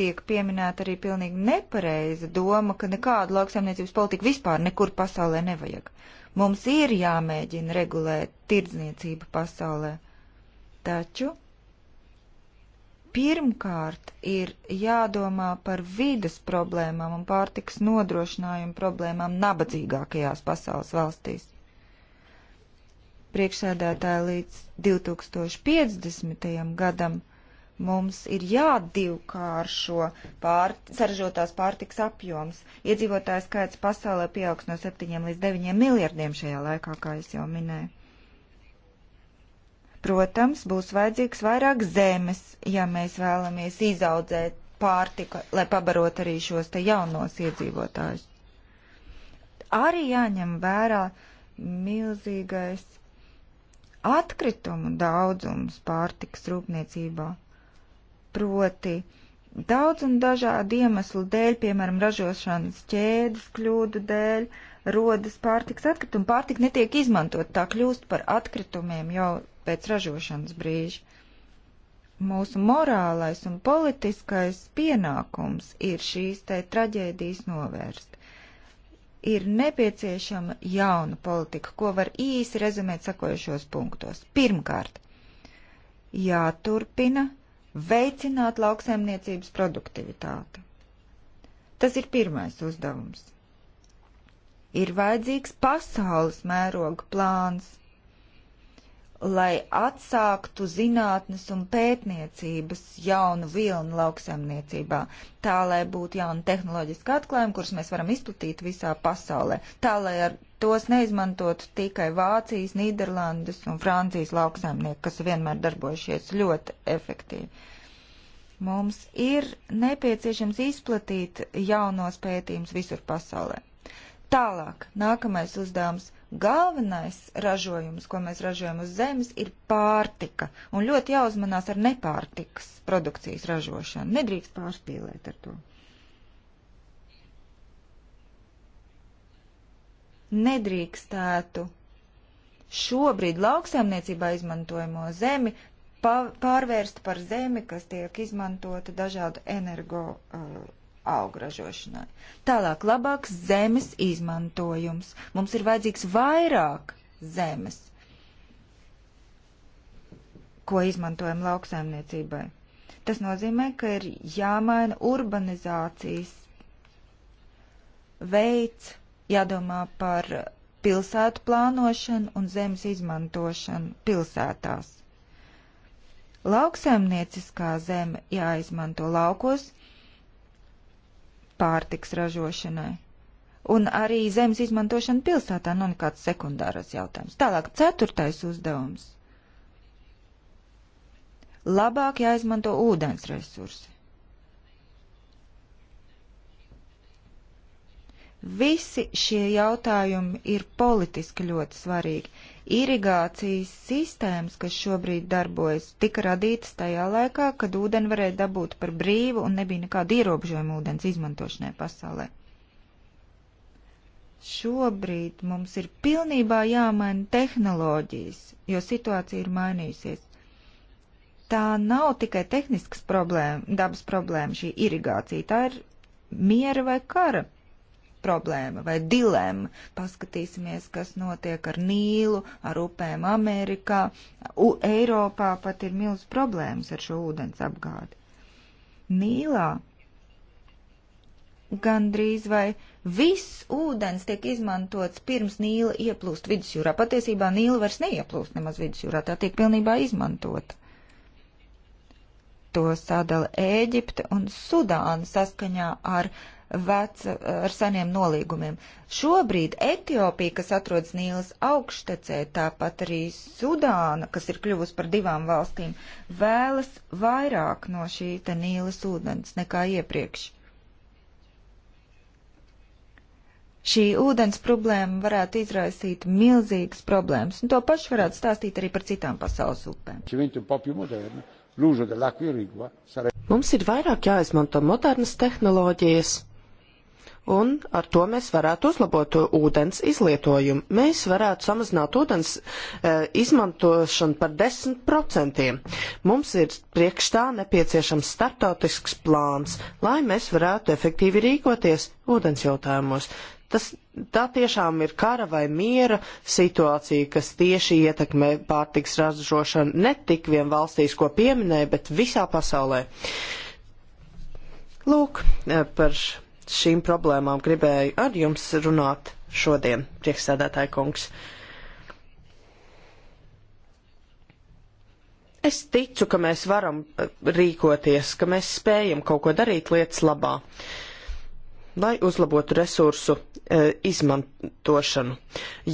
tiek pieminēta arī pilnīgi nepareiza doma, ka nekādu lauksaimniecības politiku vispār nekur pasaulē nevajag. Mums ir jāmēģina regulēt tirdzniecību pasaulē, taču Pirmkārt, ir jādomā par vides problēmām un pārtikas nodrošinājumu problēmām nabadzīgākajās pasaules valstīs. Priekšsēdētāji līdz 2050. gadam mums ir jādivkāršo pār, saražotās pārtiks apjoms. Iedzīvotāju skaits pasaulē pieaugs no 7 līdz 9 miljardiem šajā laikā, kā es jau minēju. Protams, būs vajadzīgs vairāk zemes, ja mēs vēlamies izaudzēt pārtiku, lai pabarot arī šos te jaunos iedzīvotājus. Arī jāņem vērā milzīgais atkritumu daudzums pārtikas rūpniecībā. Proti, daudz un dažādu iemeslu dēļ, piemēram, ražošanas ķēdes kļūdu dēļ, rodas pārtiks atkritumi. Pārtika netiek izmantot, tā kļūst par atkritumiem jau pēc ražošanas brīža. Mūsu morālais un politiskais pienākums ir šīs te traģēdijas novērst. Ir nepieciešama jauna politika, ko var īsi rezumēt sakojušos punktos. Pirmkārt, jāturpina veicināt lauksaimniecības produktivitāti. Tas ir pirmais uzdevums. Ir vajadzīgs pasaules mēroga plāns, lai atsāktu zinātnes un pētniecības jaunu vilni lauksaimniecībā, tā lai būtu jauna tehnoloģiska atklājuma, kurus mēs varam izplatīt visā pasaulē, tā lai ar tos neizmantotu tikai Vācijas, Nīderlandes un Francijas lauksaimnieki, kas vienmēr darbojušies ļoti efektīvi. Mums ir nepieciešams izplatīt jaunos pētījumus visur pasaulē. Tālāk, nākamais uzdevums Galvenais ražojums, ko mēs ražojam uz zemes, ir pārtika, un ļoti jāuzmanās ar nepārtikas produkcijas ražošanu. Nedrīkst pārspīlēt ar to. Nedrīkstētu šobrīd lauksaimniecībā izmantojamo zemi pārvērst par zemi, kas tiek izmantota dažādu energo uh, augu ražošanai. Tālāk labāks zemes izmantojums. Mums ir vajadzīgs vairāk zemes, ko izmantojam lauksaimniecībai. Tas nozīmē, ka ir jāmaina urbanizācijas veids, jādomā par pilsētu plānošanu un zemes izmantošanu pilsētās. Lauksaimnieciskā zeme jāizmanto laukos, pārtiks ražošanai. Un arī zemes izmantošana pilsētā nav nu, nekāds sekundārs jautājums. Tālāk, ceturtais uzdevums. Labāk jāizmanto ūdens resursi. Visi šie jautājumi ir politiski ļoti svarīgi. Irigācijas sistēmas, kas šobrīd darbojas, tika radītas tajā laikā, kad ūdeni varēja dabūt par brīvu un nebija nekāda ierobežojuma ūdens izmantošanai pasaulē. Šobrīd mums ir pilnībā jāmaina tehnoloģijas, jo situācija ir mainījusies tā nav tikai tehnisks problēma, dabas problēma, šī irigācija, tā ir miera vai kara problēma vai dilemma. Paskatīsimies, kas notiek ar Nīlu, ar upēm Amerikā. U, Eiropā pat ir milz problēmas ar šo ūdens apgādi. Nīlā gandrīz vai viss ūdens tiek izmantots pirms Nīla ieplūst vidusjūrā. Patiesībā Nīla vairs neieplūst nemaz vidusjūrā, tā tiek pilnībā izmantota. To sadala Ēģipte un Sudāna saskaņā ar vec, ar seniem nolīgumiem. Šobrīd Etiopija, kas atrodas Nīlas augštecē, tāpat arī Sudāna, kas ir kļuvusi par divām valstīm, vēlas vairāk no šī te Nīlas ūdens nekā iepriekš. šī ūdens problēma varētu izraisīt milzīgas problēmas, un to pašu varētu stāstīt arī par citām pasaules upēm. Mums ir vairāk jāizmanto modernas tehnoloģijas, un ar to mēs varētu uzlabot ūdens izlietojumu. Mēs varētu samazināt ūdens e, izmantošanu par 10%. Mums ir priekšstā nepieciešams startautisks plāns, lai mēs varētu efektīvi rīkoties ūdens jautājumos. Tas, tā tiešām ir kara vai miera situācija, kas tieši ietekmē pārtiks ražošanu ne tik vien valstīs, ko pieminēja, bet visā pasaulē. Lūk, e, par šīm problēmām gribēju ar jums runāt šodien, priekšsēdētāja kungs. Es ticu, ka mēs varam eh, rīkoties, ka mēs spējam kaut ko darīt lietas labā, lai uzlabotu resursu e, izmantošanu.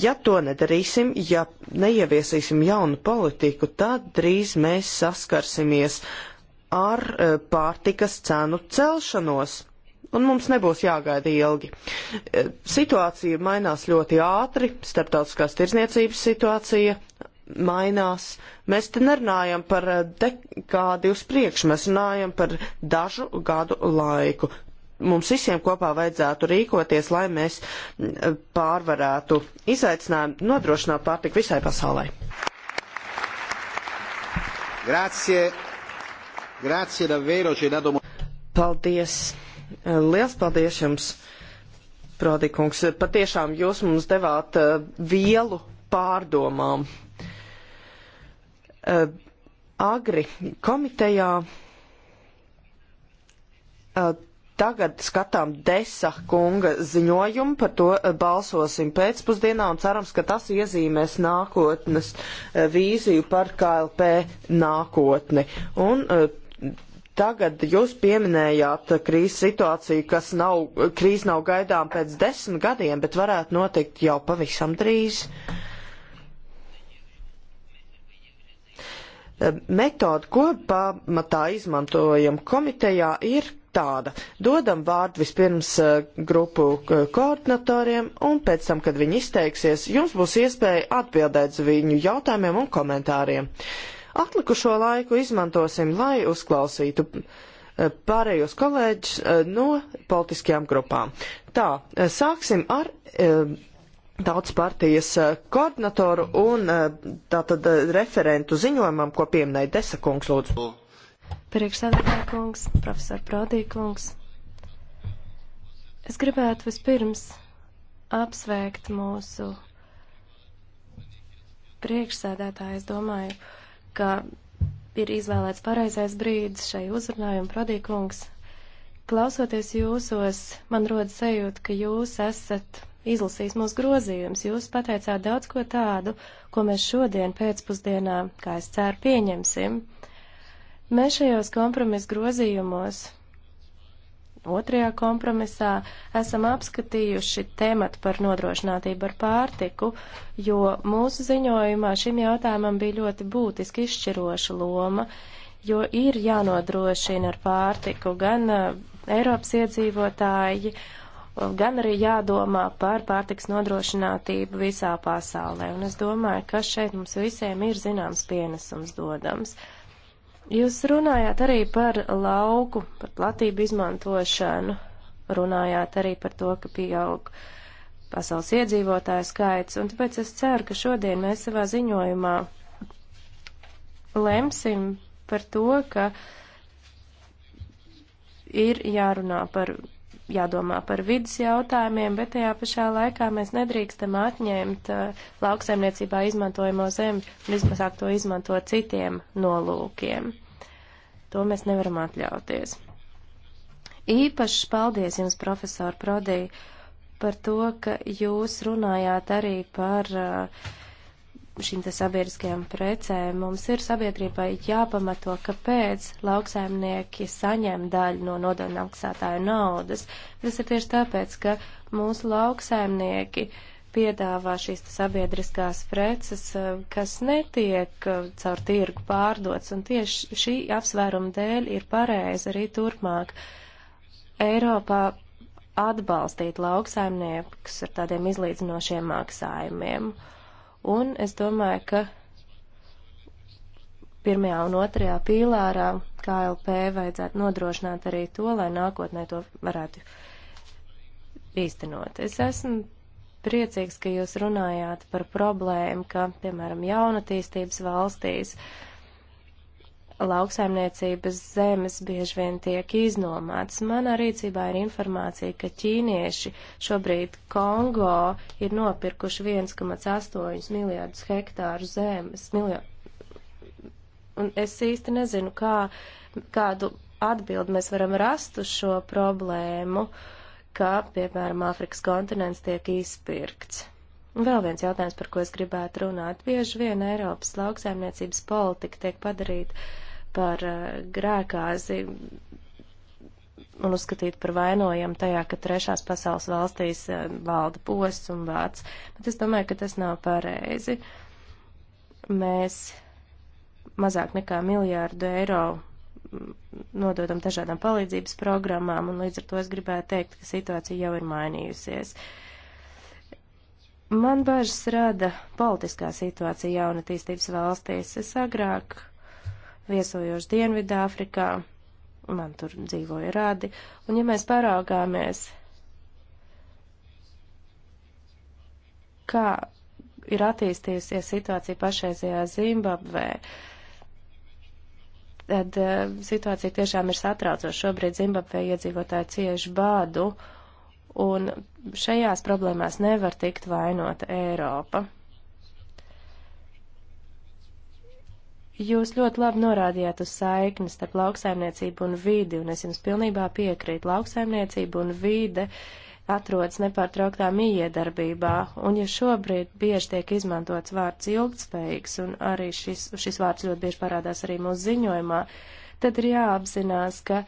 Ja to nedarīsim, ja neieviesīsim jaunu politiku, tad drīz mēs saskarsimies ar e, pārtikas cenu celšanos un mums nebūs jāgaida ilgi. E, situācija mainās ļoti ātri, starptautiskās tirzniecības situācija mainās. Mēs te nerunājam par dekādi uz priekšu, mēs runājam par dažu gadu laiku. Mums visiem kopā vajadzētu rīkoties, lai mēs pārvarētu izaicinājumu nodrošināt pārtiku visai pasaulē. Grazie. Grazie davvero, ci dato... Paldies. Eh, liels paldies jums, Prodikungs. Patiešām jūs mums devāt uh, vielu pārdomām. Uh, agri komitejā uh, tagad skatām Desa kunga ziņojumu, par to balsosim pēcpusdienā un cerams, ka tas iezīmēs nākotnes vīziju par KLP nākotni. Un Tagad jūs pieminējāt krīzes situāciju, kas nav, krīze nav gaidām pēc desmit gadiem, bet varētu notikt jau pavisam drīz. Metode, ko pamatā izmantojam komitejā, ir tāda. Dodam vārdu vispirms eh, grupu eh, koordinatoriem, un pēc tam, kad viņi izteiksies, jums būs iespēja atbildēt uz viņu jautājumiem un komentāriem. Uh, Atlikušo laiku izmantosim, lai uzklausītu eh, pārējos kolēģus eh, no politiskajām grupām. Tā, eh, sāksim ar Tautas partijas koordinatoru un tātad referentu ziņojumam, ko pieminēja Desakungs, lūdzu. Priekšsēdētāja kungs, profesor Prodī kungs. Es gribētu vispirms apsveikt mūsu priekšsēdētāju, es domāju, uh, ka ir izvēlēts pareizais brīdis šai uzrunājumi, prodīkungs. Klausoties jūsos, man rodas sajūta, ka jūs esat izlasījis mūsu grozījumus. Jūs pateicāt daudz ko tādu, ko mēs šodien pēcpusdienā, kā es ceru, pieņemsim. Mēs šajos kompromisu grozījumos Otrajā kompromisā esam apskatījuši tematu par nodrošinātību ar pārtiku, jo mūsu ziņojumā šim jautājumam bija ļoti būtiski izšķiroša loma, jo ir jānodrošina ar pārtiku gan eh, Eiropas iedzīvotāji, gan arī jādomā par pārtiks nodrošinātību visā pasaulē. Un es domāju, ka šeit mums visiem ir zināms pienesums dodams. Uh, Jūs runājāt arī par lauku, par platību izmantošanu, runājāt arī par to, ka pieaug pasaules iedzīvotāju skaits, un tāpēc es ceru, ka šodien mēs savā ziņojumā lemsim par to, ka ir jārunā par jādomā par vidas jautājumiem, bet tajā pašā laikā mēs nedrīkstam atņemt uh, lauksaimniecībā izmantojamo zemi un vismazāk to izmanto citiem nolūkiem. To mēs nevaram atļauties. Īpašs paldies jums, profesor Prodī, par to, ka jūs runājāt arī par uh, šīm te sabiedriskajām precēm. Mums ir sabiedrībai jāpamato, kāpēc lauksaimnieki saņem daļu no nodaļu maksātāju naudas. Tas ir tieši tāpēc, ka mūsu lauksaimnieki piedāvā šīs sabiedriskās preces, kas netiek uh, caur tirgu pārdots, un tieši šī apsvēruma dēļ ir pareizi arī turpmāk Eiropā atbalstīt lauksaimniekus ar tādiem izlīdzinošiem maksājumiem. Uh, Un es domāju, ka pirmajā un otrajā pīlārā KLP vajadzētu nodrošināt arī to, lai nākotnē to varētu īstenot. Es esmu priecīgs, ka jūs runājāt par problēmu, ka, piemēram, jaunatīstības valstīs uh, lauksaimniecības zemes bieži vien tiek iznomātas. Manā rīcībā ir informācija, ka ķīnieši šobrīd Kongo ir nopirkuši 1,8 miljārdus hektāru zemes. Miljā... Un es īsti nezinu, kā, kādu atbildi mēs varam rast uz šo problēmu, ka, piemēram, Āfrikas kontinents tiek izpirkts. Vēl viens jautājums, par ko es gribētu runāt. Bieži vien Eiropas lauksaimniecības politika tiek padarīta par eh, grēkāzi un uzskatīt par vainojumu tajā, ka trešās pasaules valstīs eh, valda posts un vārds. Bet es domāju, ka tas nav pareizi. Mēs mazāk nekā miljārdu eiro mm, nododam dažādām palīdzības programmām, un līdz ar to es gribēju teikt, ka situācija jau ir mainījusies. Man bažas rada politiskā situācija jaunatīstības valstīs. Es agrāk viesojos Dienvidāfrikā, man tur dzīvoja rādi, un ja mēs paraugāmies, kā ir attīstījusies situācija pašreizajā Zimbabvē, tad uh, situācija tiešām ir satraucoša. Šobrīd Zimbabvē iedzīvotāji cieši bādu, un šajās problēmās nevar tikt vainota Eiropa. Jūs ļoti labi norādījāt uz saikni starp lauksaimniecību un vidi, un es jums pilnībā piekrītu. Lauksaimniecība un vide atrodas nepārtrauktā mijiedarbībā, un ja šobrīd bieži tiek izmantots vārds ilgtspējīgs, un arī šis, šis vārds ļoti bieži parādās arī mūsu ziņojumā, tad ir jāapzinās, ka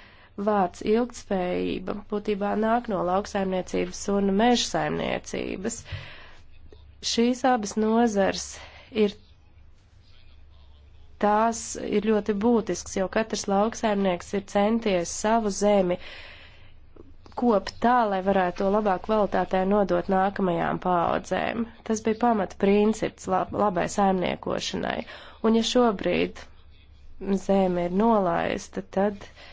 vārds ilgtspējība būtībā nāk no lauksaimniecības un mežsaimniecības. Šīs abas nozars ir tās ir ļoti būtisks, jo katrs lauksaimnieks ir centies savu zemi kopt tā, lai varētu to labā kvalitātē nodot nākamajām paaudzēm. Tas bija pamata princips lab labai saimniekošanai. Un ja šobrīd zeme ir nolaista, tad uh,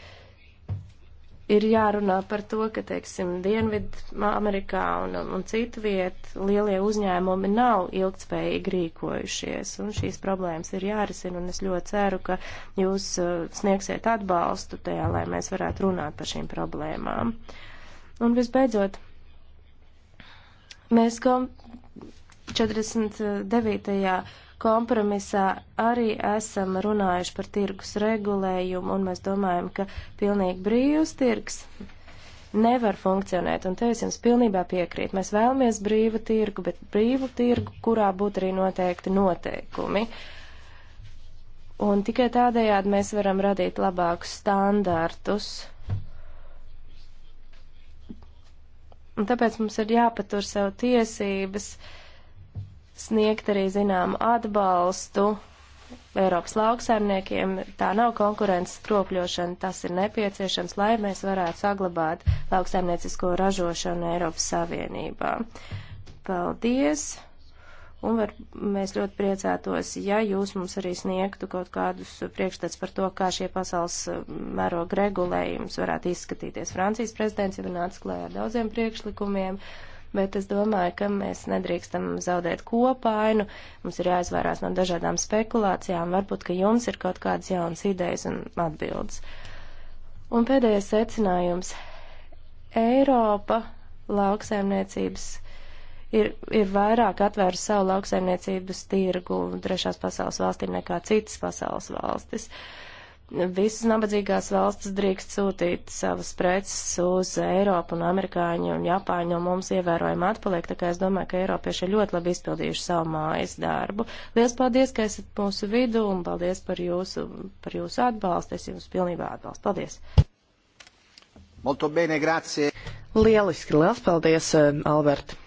ir jārunā par to, ka, teiksim, Dienvidu Amerikā un, un citu vietu lielie uzņēmumi nav ilgtspējīgi rīkojušies, un šīs problēmas ir jārisina, un es ļoti ceru, ka jūs uh, sniegsiet atbalstu tajā, lai mēs varētu runāt par šīm problēmām. Un visbeidzot, mēs kom 49 kompromisā arī esam runājuši par tirgus regulējumu, un mēs domājam, ka pilnīgi brīvs tirgs nevar funkcionēt, un te es jums pilnībā piekrītu. Mēs vēlamies brīvu tirgu, bet brīvu tirgu, kurā būtu arī noteikti noteikumi. Un tikai tādējādi mēs varam radīt labākus standartus. Un tāpēc mums ir jāpatur sev tiesības uh, sniegt arī zinām atbalstu Eiropas lauksaimniekiem. Tā nav konkurences kropļošana, tas ir nepieciešams, lai mēs varētu saglabāt lauksaimniecisko ražošanu Eiropas Savienībā. Paldies! Un var, mēs ļoti priecātos, ja jūs mums arī sniegtu kaut kādus priekšstats par to, kā šie pasaules mēroga regulējums varētu izskatīties. Francijas prezidents jau ir nācis klājā ar daudziem priekšlikumiem, uh, bet es domāju, ka mēs nedrīkstam zaudēt kopainu, mums ir jāizvairās no dažādām spekulācijām, varbūt, ka jums ir kaut kādas jaunas idejas un atbildes. Un pēdējais secinājums. Eiropa lauksaimniecības ir, ir vairāk atvērusi savu lauksaimniecības tirgu trešās pasaules valstīm nekā citas pasaules valstis. Uh, visas nabadzīgās valstis drīkst sūtīt savas preces uz Eiropu, un amerikāņi un japāņi no mums ievērojami atpaliek, tā kā es domāju, ka eiropieši ir ļoti labi izpildījuši savu mājas darbu. Lielas paldies, ka esat mūsu vidū, un paldies par jūsu, par jūsu atbalstu. Es jums pilnībā atbalstu. Paldies! Molto bene, grazie! Lieliski, liels paldies, eh, Albert!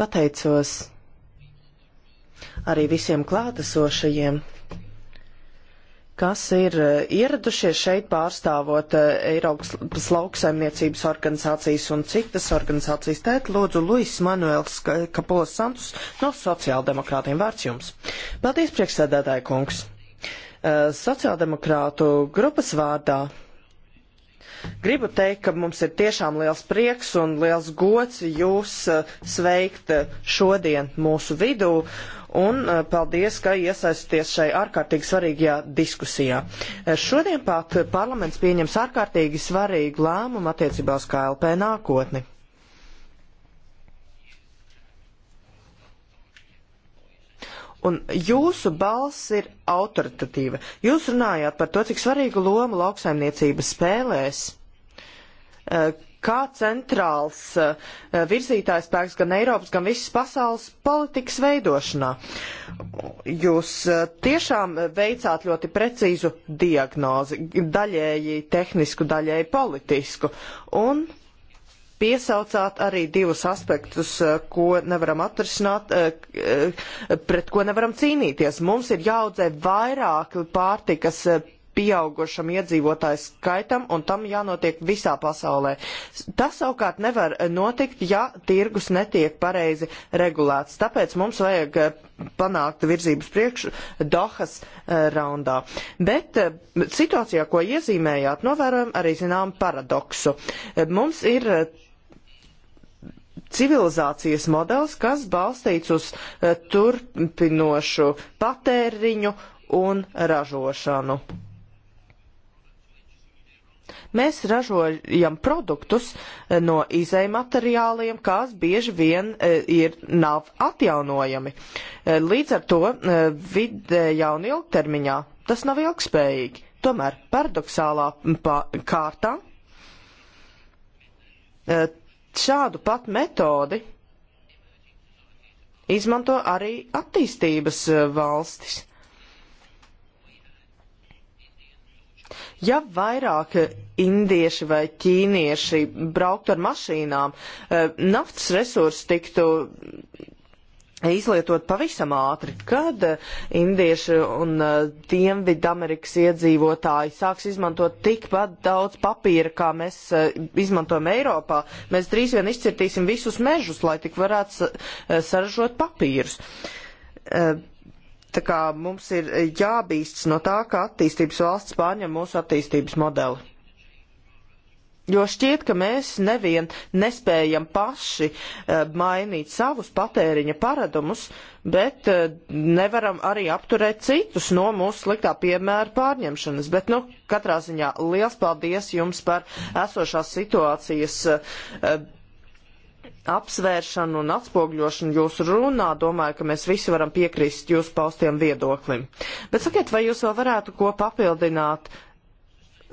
Pateicos! arī visiem klātesošajiem, kas ir eh, ieradušies šeit pārstāvot eh, Eiropas lauksaimniecības organizācijas un citas organizācijas. Tēt lūdzu Luis Manuels Kapulas Santus no sociāldemokrātiem vārds jums. Paldies, priekšsēdētāji kungs! Eh, sociāldemokrātu grupas vārdā Gribu teikt, ka mums ir tiešām liels prieks un liels gods jūs eh, sveikt eh, šodien mūsu vidū. Un eh, paldies, ka iesaisties šai ārkārtīgi svarīgajā diskusijā. Šodien pat parlaments pieņems ārkārtīgi svarīgu lēmumu attiecībā uz KLP nākotni. un jūsu balss ir autoritatīva. Jūs runājāt par to, cik svarīgu lomu lauksaimniecība spēlēs. Eh, kā centrāls eh, virzītājs spēks gan Eiropas, gan visas pasaules politikas veidošanā. Jūs eh, tiešām veicāt ļoti precīzu diagnozi, daļēji tehnisku, daļēji politisku. Un piesaucāt arī divus aspektus, eh, ko nevaram atrisināt, eh, eh, pret ko nevaram cīnīties. Mums ir jāaudzē vairāk pārtikas pieaugušam iedzīvotāju skaitam, un tam jānotiek visā pasaulē. Tas savukārt nevar notikt, ja tirgus netiek pareizi regulēts. Tāpēc mums vajag panākt virzības priekšu Dohas raundā. Bet situācijā, ko iezīmējāt, novērojam arī zinām paradoksu. Mums ir civilizācijas modelis, kas balstīts uz eh, turpinošu patēriņu un ražošanu. Mēs ražojam produktus eh, no izējumateriāliem, kas bieži vien eh, ir nav atjaunojami. Līdz ar to vidējā un ilgtermiņā tas nav ilgspējīgi. Tomēr paradoxālā kārtā šādu pat metodi izmanto arī attīstības eh, valstis. Ja vairāk indieši vai ķīnieši brauktu ar mašīnām, eh, naftas resursi tiktu izlietot pavisam ātri, kad eh, indieši un eh, Dienvidamerikas iedzīvotāji sāks izmantot tikpat daudz papīra, kā mēs eh, izmantojam Eiropā, mēs drīz vien izcirtīsim visus mežus, lai tik varētu saražot papīrus. Tā kā mums ir jābīsts no tā, ka attīstības valsts pārņem mūsu attīstības modeli. Jo šķiet, ka mēs nevien nespējam paši uh, mainīt savus patēriņa paradumus, bet uh, nevaram arī apturēt citus no mūsu sliktā piemēra pārņemšanas. Bet, nu, katrā ziņā liels paldies jums par esošās situācijas uh, apsvēršanu un atspogļošanu jūsu runā, domāju, ka mēs visi varam piekrist jūsu paustiem viedoklim. Bet sakiet, vai jūs vēl varētu ko papildināt,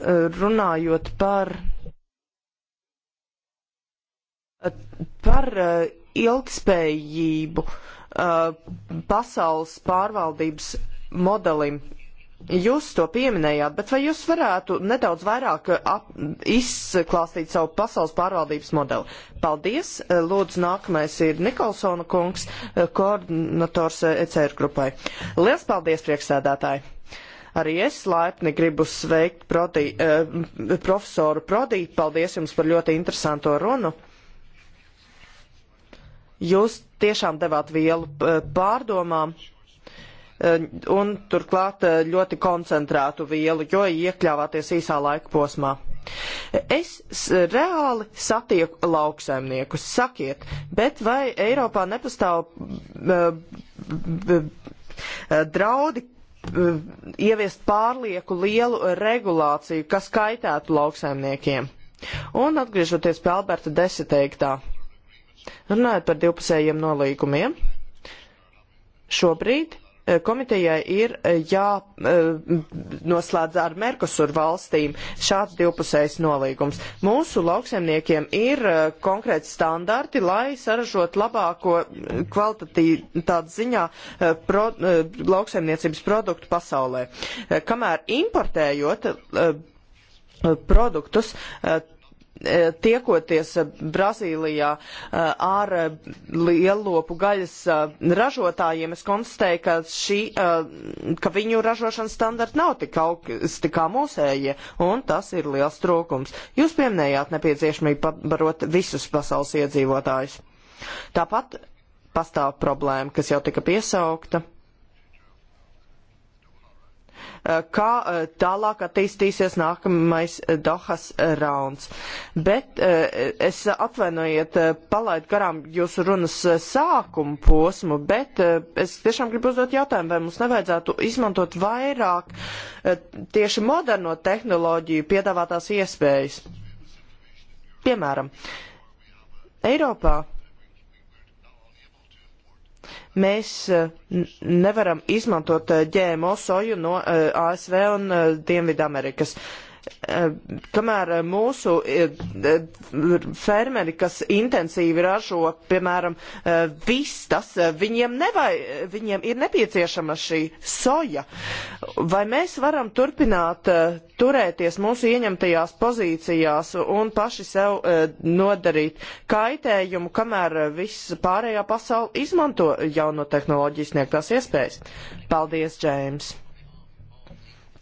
runājot par par eh, ilgspējību eh, pasaules pārvaldības modelim. Jūs to pieminējāt, bet vai jūs varētu nedaudz vairāk eh, ap, izklāstīt savu pasaules pārvaldības modeli? Paldies! Lūdzu, nākamais ir Nikolsona kungs, koordinators ECR grupai. Lielas paldies, priekšsēdētāji! Arī es laipni gribu sveikt proti, eh, profesoru Prodī. Paldies jums par ļoti interesanto runu. Eh, Jūs tiešām devāt vielu eh, pārdomām eh, un turklāt eh, ļoti koncentrētu vielu, jo iekļāvāties īsā laika posmā. Es reāli satieku lauksaimniekus, sakiet, bet vai Eiropā nepastāv draudi ieviest pārlieku lielu regulāciju, kas kaitētu lauksaimniekiem? Un atgriežoties pie Alberta desiteiktā Runājot par divpusējiem nolīgumiem, šobrīd e, komitejai ir e, jānoslēdz e, ar Merkusur valstīm šāds divpusējs nolīgums. Mūsu lauksemniekiem ir konkrēti standarti, lai saražot labāko kvalitatīvu ziņā pro, lauksemniecības produktu pasaulē. Kamēr importējot produktus, E, tiekoties Brazīlijā e, ar lielopu gaļas e, ražotājiem, es konstatēju, ka, šī, ka viņu ražošanas standarti nav tik augsti kā mūsējie, un tas ir liels trūkums. Jūs pieminējāt nepieciešamību pabarot visus pasaules iedzīvotājus. Tāpat pastāv problēma, kas jau tika piesaukta Eh, kā eh, tālāk attīstīsies nākamais Dohas rauns. Bet eh, es atvainojiet, palaidu garām jūsu runas sākumu posmu, bet es tiešām gribu uzdot jautājumu, vai mums nevajadzētu izmantot vairāk tieši moderno tehnoloģiju piedāvātās iespējas. Piemēram, Eiropā mēs eh, nevaram izmantot eh, ģēmo soju no eh, ASV un Dienvidamerikas. Amerikas Eh, kamēr eh, mūsu eh, fermeri, kas intensīvi ražo, piemēram, vistas, viņiem, nevai, viņiem ir nepieciešama šī soja. Vai mēs varam turpināt turēties mūsu ieņemtajās pozīcijās un paši sev nodarīt kaitējumu, kamēr viss pārējā pasauli izmanto jauno tehnoloģiju sniegtās iespējas? Paldies, Džēms!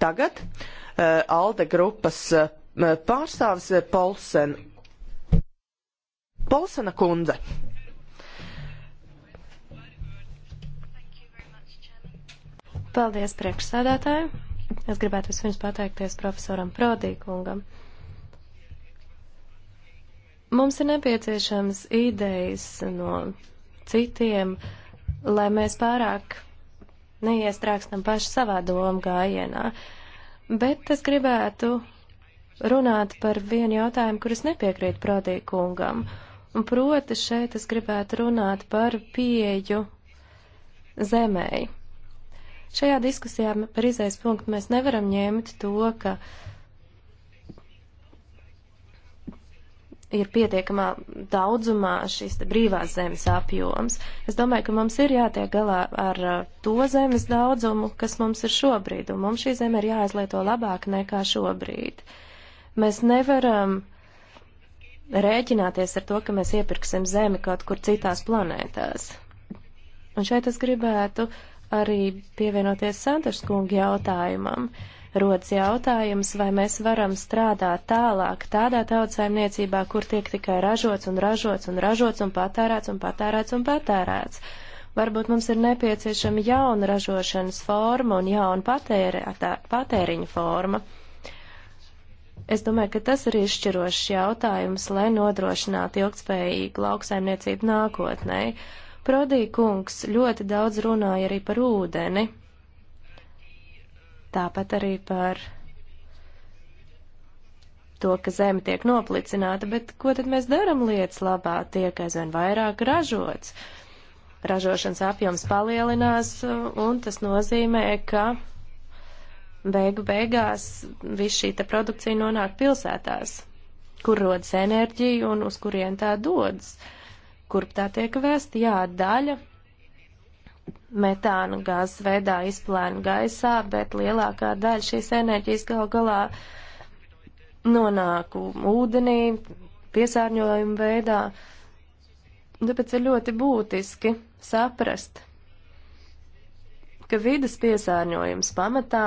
Tagad uh, Eh, ALDE grupas eh, pārstāvis eh, Polsen. Polsena kundze. Paldies priekšsādātāju. Es gribētu vispirms pateikties profesoram Prodīkungam. Mums ir nepieciešams idejas no citiem, lai mēs pārāk neiestrākstam paši savā domu gājienā. Uh, bet es gribētu runāt par vienu jautājumu, kuras nepiekrīt Prodīkungam. Un proti šeit es gribētu runāt par pieju zemēji. Šajā diskusijā par izējas punktu mēs nevaram ņemt to, ka uh, ir pietiekamā daudzumā šīs brīvās zemes apjoms. Es domāju, ka mums ir jātiek galā ar uh, to zemes daudzumu, kas mums ir šobrīd, un mums šī zeme ir jāizlieto labāk nekā šobrīd. Mēs nevaram rēķināties ar to, ka mēs iepirksim zemi kaut kur citās planētās. Un šeit es gribētu arī pievienoties Santaškunga jautājumam. Uh, rodas jautājums, vai mēs varam strādāt tālāk tādā tautsēmniecībā, kur tiek tikai ražots un ražots un ražots un patērēts un patērēts un patērēts. Varbūt mums ir nepieciešama jauna ražošanas forma un jauna patērē, tā, patēriņa forma. Es domāju, ka tas ir izšķirošs jautājums, lai nodrošinātu ilgspējīgu lauksaimniecību nākotnē. Prodī kungs ļoti daudz runāja arī par ūdeni. Tāpat arī par to, ka zeme tiek noplicināta, bet ko tad mēs darām lietas labā? Tiek aizvien vairāk ražots. Ražošanas apjoms palielinās, un tas nozīmē, ka beigu beigās viss šī produkcija nonāk pilsētās, kur rodas enerģija un uz kurien tā dodas, kurp tā tiek vēsta. Jā, daļa metāna gāzes veidā izplēna gaisā, bet lielākā daļa šīs enerģijas gal galā nonāk ūdenī, piesārņojuma veidā. Tāpēc ir ļoti būtiski saprast, ka vidas piesārņojums pamatā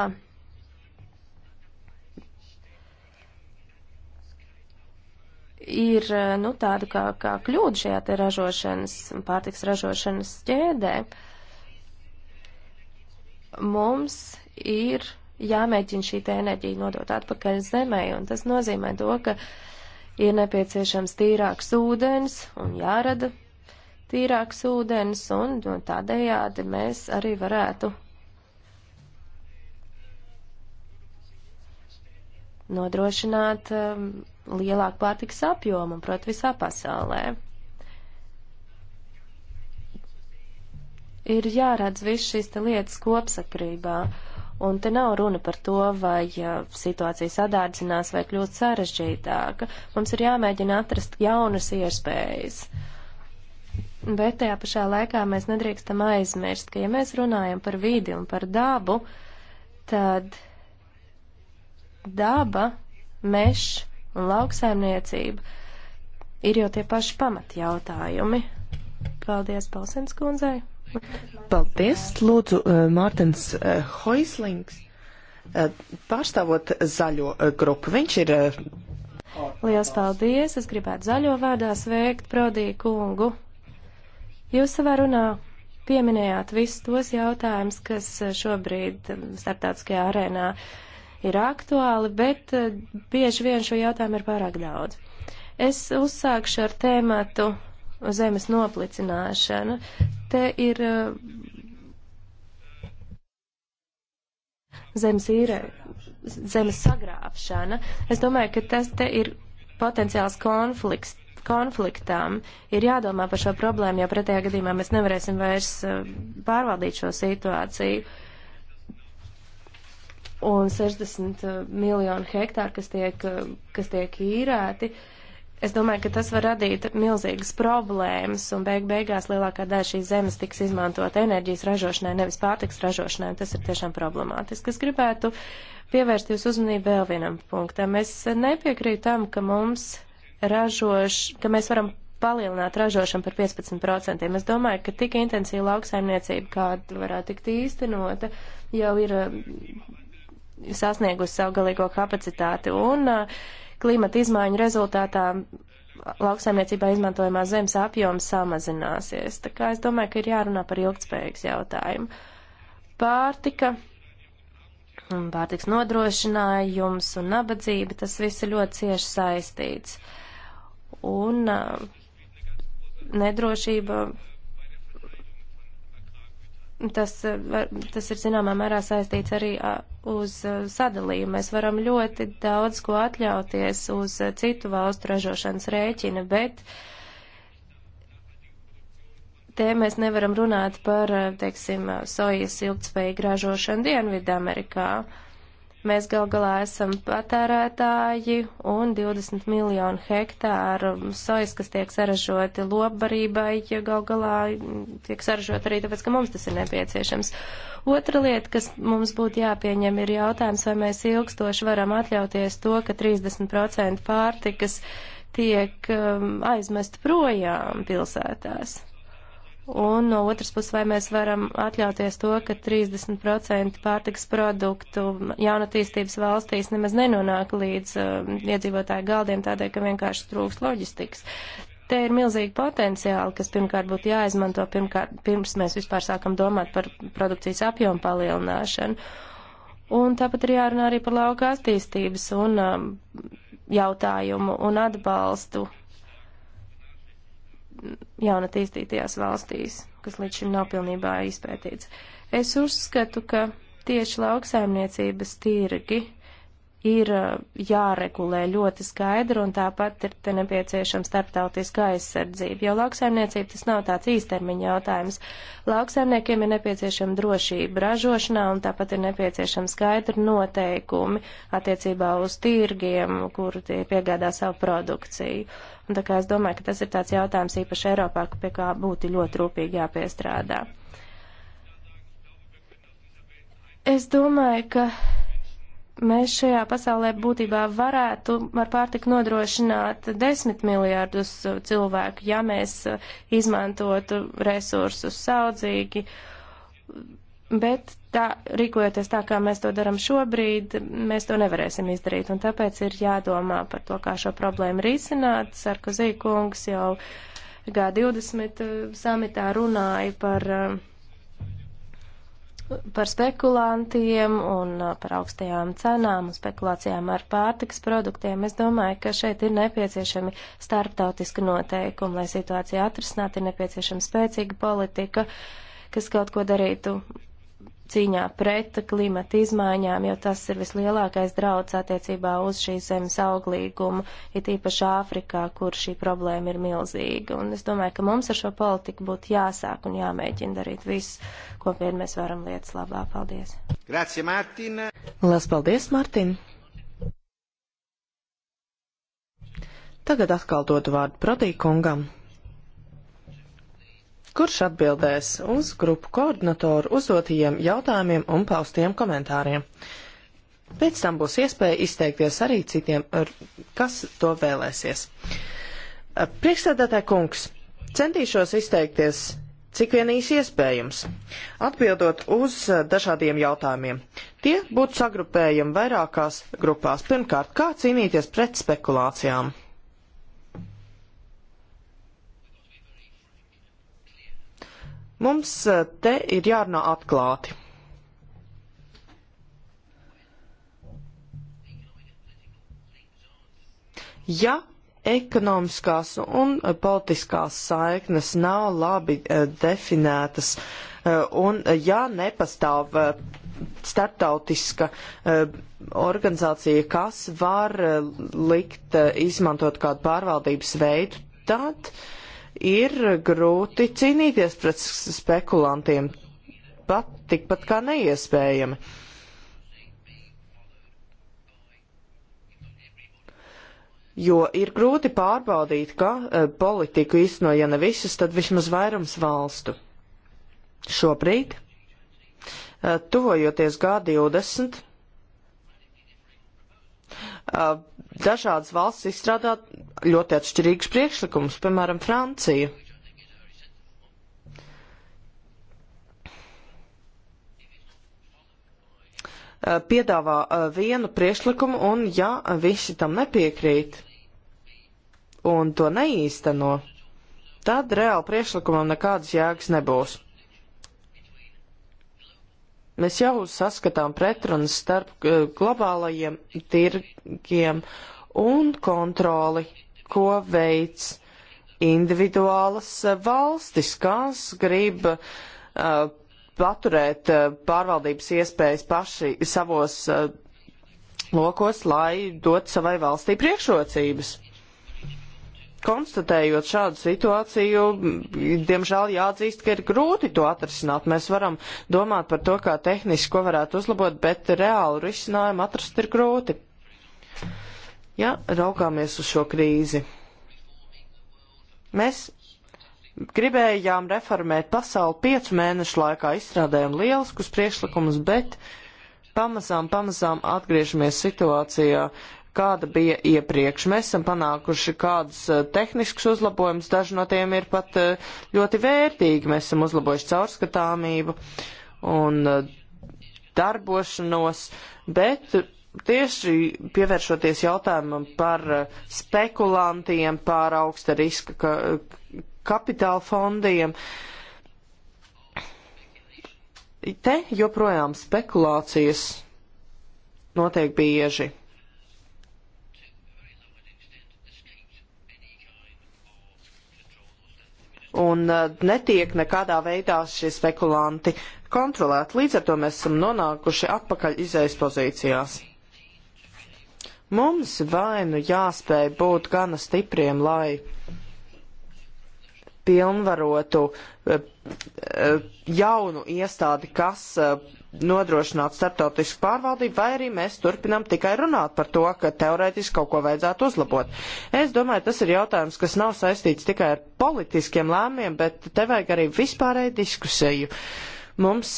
ir nu, tāda kā, kā kļūda šajā te ražošanas, pārtiks ražošanas ķēdē. Uh, mums ir jāmēģina šī enerģija nodot atpakaļ zemē, un tas nozīmē to, ka ir nepieciešams tīrāks ūdens un jārada tīrāks ūdens, un no nu, tādējādi mēs arī varētu nodrošināt um, lielāku pārtikas apjomu, protams, visā pasaulē. ir jāredz viss šīs lietas kopsakrībā. Un te nav runa par to, vai situācija sadārdzinās vai kļūst sarežģītāka. Mums ir jāmēģina atrast jaunas iespējas. Bet tajā pašā laikā mēs nedrīkstam aizmirst, ka ja mēs runājam par vidi un par dabu, tad daba, mešs un lauksaimniecība ir jau tie paši pamatjautājumi. Paldies Palsens kundzei! Paldies! Lūdzu, uh, Mārtens uh, Hoislings, uh, pārstāvot zaļo grupu. Viņš ir. Lielas paldies! Es gribētu zaļo vārdā sveikt Prodīju kungu. Jūs savā runā pieminējāt visus tos jautājumus, kas šobrīd um, starptautiskajā arēnā ir aktuāli, bet bieži vien šo jautājumu ir pārāk daudz. Es uzsākšu ar tēmatu zemes noplicināšana. Te ir eh, zemes īrē, zemes sagrābšana. Es domāju, ka tas te ir potenciāls konflikts. Konfliktām ir jādomā par šo problēmu, jo pretējā gadījumā mēs nevarēsim vairs eh, pārvaldīt šo situāciju. Un 60 eh, miljonu hektāru, kas tiek, kas tiek īrēti, uh, Es domāju, ka tas var radīt milzīgas problēmas, un beig beigās lielākā daļa šīs zemes tiks izmantot enerģijas ražošanai, nevis pārtiks ražošanai, un tas ir tiešām problemātiski. Es gribētu pievērst jūs uzmanību vēl vienam punktam. Es nepiekrītu tam, ka mums ražoš, ka mēs varam palielināt ražošanu par 15%. Es domāju, ka tik intensīva lauksaimniecība, kāda varētu tikt īstenota, jau ir um, sasniegusi savu galīgo kapacitāti. Un, uh, klimata izmaiņu rezultātā lauksaimniecībā izmantojamās zemes apjoms samazināsies. Tā kā es domāju, ka ir jārunā par ilgtspējīgas jautājumu. Pārtika, pārtiks nodrošinājums un nabadzība, tas viss ir ļoti cieši saistīts. Un uh, nedrošība tas, tas ir zināmā mērā saistīts arī uz uh, sadalījumu. Mēs varam ļoti daudz ko atļauties uz uh, citu valstu ražošanas rēķina, bet te mēs nevaram runāt par, uh, teiksim, sojas ilgtspējīgu ražošanu Dienvidamerikā. Amerikā Mēs gal galā esam patērētāji un 20 miljonu hektāru sojas, kas tiek saražoti lopbarībai, ja gal galā tiek saražot arī tāpēc, ka mums tas ir nepieciešams. Otra lieta, kas mums būtu jāpieņem, ir jautājums, vai mēs ilgstoši varam atļauties to, ka 30% pārtikas tiek um, aizmest projām pilsētās. Un no otras puses, vai mēs varam atļauties to, ka 30% pārtiks produktu jaunatīstības valstīs nemaz nenonāk līdz uh, iedzīvotāju galdiem tādēļ, ka vienkārši trūks loģistikas. Te ir milzīgi potenciāli, kas pirmkārt būtu jāizmanto, pirmkārt, pirms mēs vispār sākam domāt par produkcijas apjomu palielināšanu. Un tāpat ir jārunā arī par lauka attīstības un um, jautājumu un atbalstu jaunatīstītajās valstīs, kas līdz šim nav pilnībā izpētīts. Es uzskatu, ka tieši lauksaimniecības tirgi ir uh, jāregulē ļoti skaidri un tāpat ir te nepieciešama starptautiska aizsardzība, jo lauksaimniecība tas nav tāds īstermiņa jautājums. Lauksaimniekiem ir nepieciešama drošība ražošanā un tāpat ir nepieciešama skaidra noteikumi attiecībā uz tirgiem, kur tie piegādā savu produkciju. Un tā kā es domāju, ka tas ir tāds jautājums īpaši Eiropā, pie kā būtu ļoti rūpīgi jāpiestrādā. Es domāju, ka mēs šajā pasaulē būtībā varētu ar pārtiku nodrošināt desmit miljārdus cilvēku, ja mēs izmantotu resursus saudzīgi, bet tā, rīkojoties tā, kā mēs to darām šobrīd, mēs to nevarēsim izdarīt. Un tāpēc ir jādomā par to, kā šo problēmu risināt. Sarkozī kungs jau G20 eh, samitā runāja par, eh, par spekulantiem un eh, par augstajām cenām un spekulācijām ar pārtikas produktiem. Es domāju, ka šeit ir nepieciešami starptautiski noteikumi, lai situācija atrisinātu, ir nepieciešama spēcīga politika kas kaut ko darītu cīņā pret klimata izmaiņām, jo tas ir vislielākais draudz attiecībā uz šīs zemes auglīgumu, it īpaši Āfrikā, kur šī problēma ir milzīga. Un es domāju, ka mums ar šo politiku būtu jāsāk un jāmēģina darīt viss, ko vien mēs varam lietas labā. Paldies! Grazie, Mārtiņa! Lielas paldies, Mārtiņ! Tagad atkal dodu vārdu Prodīkungam kurš atbildēs uz grupu koordinatoru uzdotajiem jautājumiem un paustiem komentāriem. Pēc tam būs iespēja izteikties arī citiem, ar kas to vēlēsies. Priekšstādātāja kungs, centīšos izteikties cik vien īsi iespējams, atbildot uz dažādiem jautājumiem. Tie būtu sagrupējami vairākās grupās. Pirmkārt, kā cīnīties pret spekulācijām? Mums eh, te ir jārunā atklāti. Ja ekonomiskās un eh, politiskās saiknes nav labi eh, definētas un ja nepastāv starptautiska organizācija, kas var likt izmantot kādu pārvaldības veidu, tad uh, ir grūti cīnīties pret spekulantiem, pat tikpat kā neiespējami. Jo ir grūti pārbaudīt, ka e, politiku īsteno, ja ne visas, tad vismaz vairums valstu. Šobrīd, e, tuvojoties G20, e, eh, dažādas valsts izstrādā ļoti atšķirīgus priekšlikumus, piemēram, Francija. Eh, piedāvā eh, vienu priekšlikumu, un ja visi tam nepiekrīt un to neīsteno, tad reāli priekšlikumam nekādas jēgas nebūs. Mēs jau saskatām pretrunas starp eh, globālajiem tirgiem un kontroli, ko veids individuālas eh, valstis, kas grib uh, paturēt uh, pārvaldības iespējas paši savos uh, lokos, lai dot savai valstī priekšrocības konstatējot šādu situāciju, diemžēl jāatzīst, ka ir grūti to atrisināt. Mēs varam domāt par to, kā tehniski ko varētu uzlabot, bet reālu risinājumu atrast ir grūti. Ja raugāmies uz šo krīzi, mēs gribējām reformēt pasauli piecu mēnešu laikā, izstrādējām lieliskus priekšlikumus, bet pamazām, pamazām atgriežamies situācijā, kāda bija iepriekš. Mēs esam panākuši kādus eh, tehniskus uzlabojumus, daži no tiem ir pat eh, ļoti vērtīgi. Mēs esam uzlabojuši caurskatāmību un eh, darbošanos, bet tieši pievēršoties jautājumam par spekulantiem, par augsta riska ka, kapitāla fondiem, te joprojām spekulācijas notiek bieži. un uh, netiek nekādā veidā šie spekulanti kontrolēti. Līdz ar to mēs esam nonākuši atpakaļ izējas pozīcijās. Mums vai nu jāspēj būt gana stipriem, lai pilnvarotu uh, uh, jaunu iestādi, kas nodrošināt starptautisku pārvaldību, vai arī mēs turpinām tikai runāt par to, ka teorētiski kaut ko vajadzētu uzlabot. Es domāju, tas ir jautājums, kas nav saistīts tikai ar politiskiem lēmiem, bet te vajag arī vispārēju diskusiju. Mums,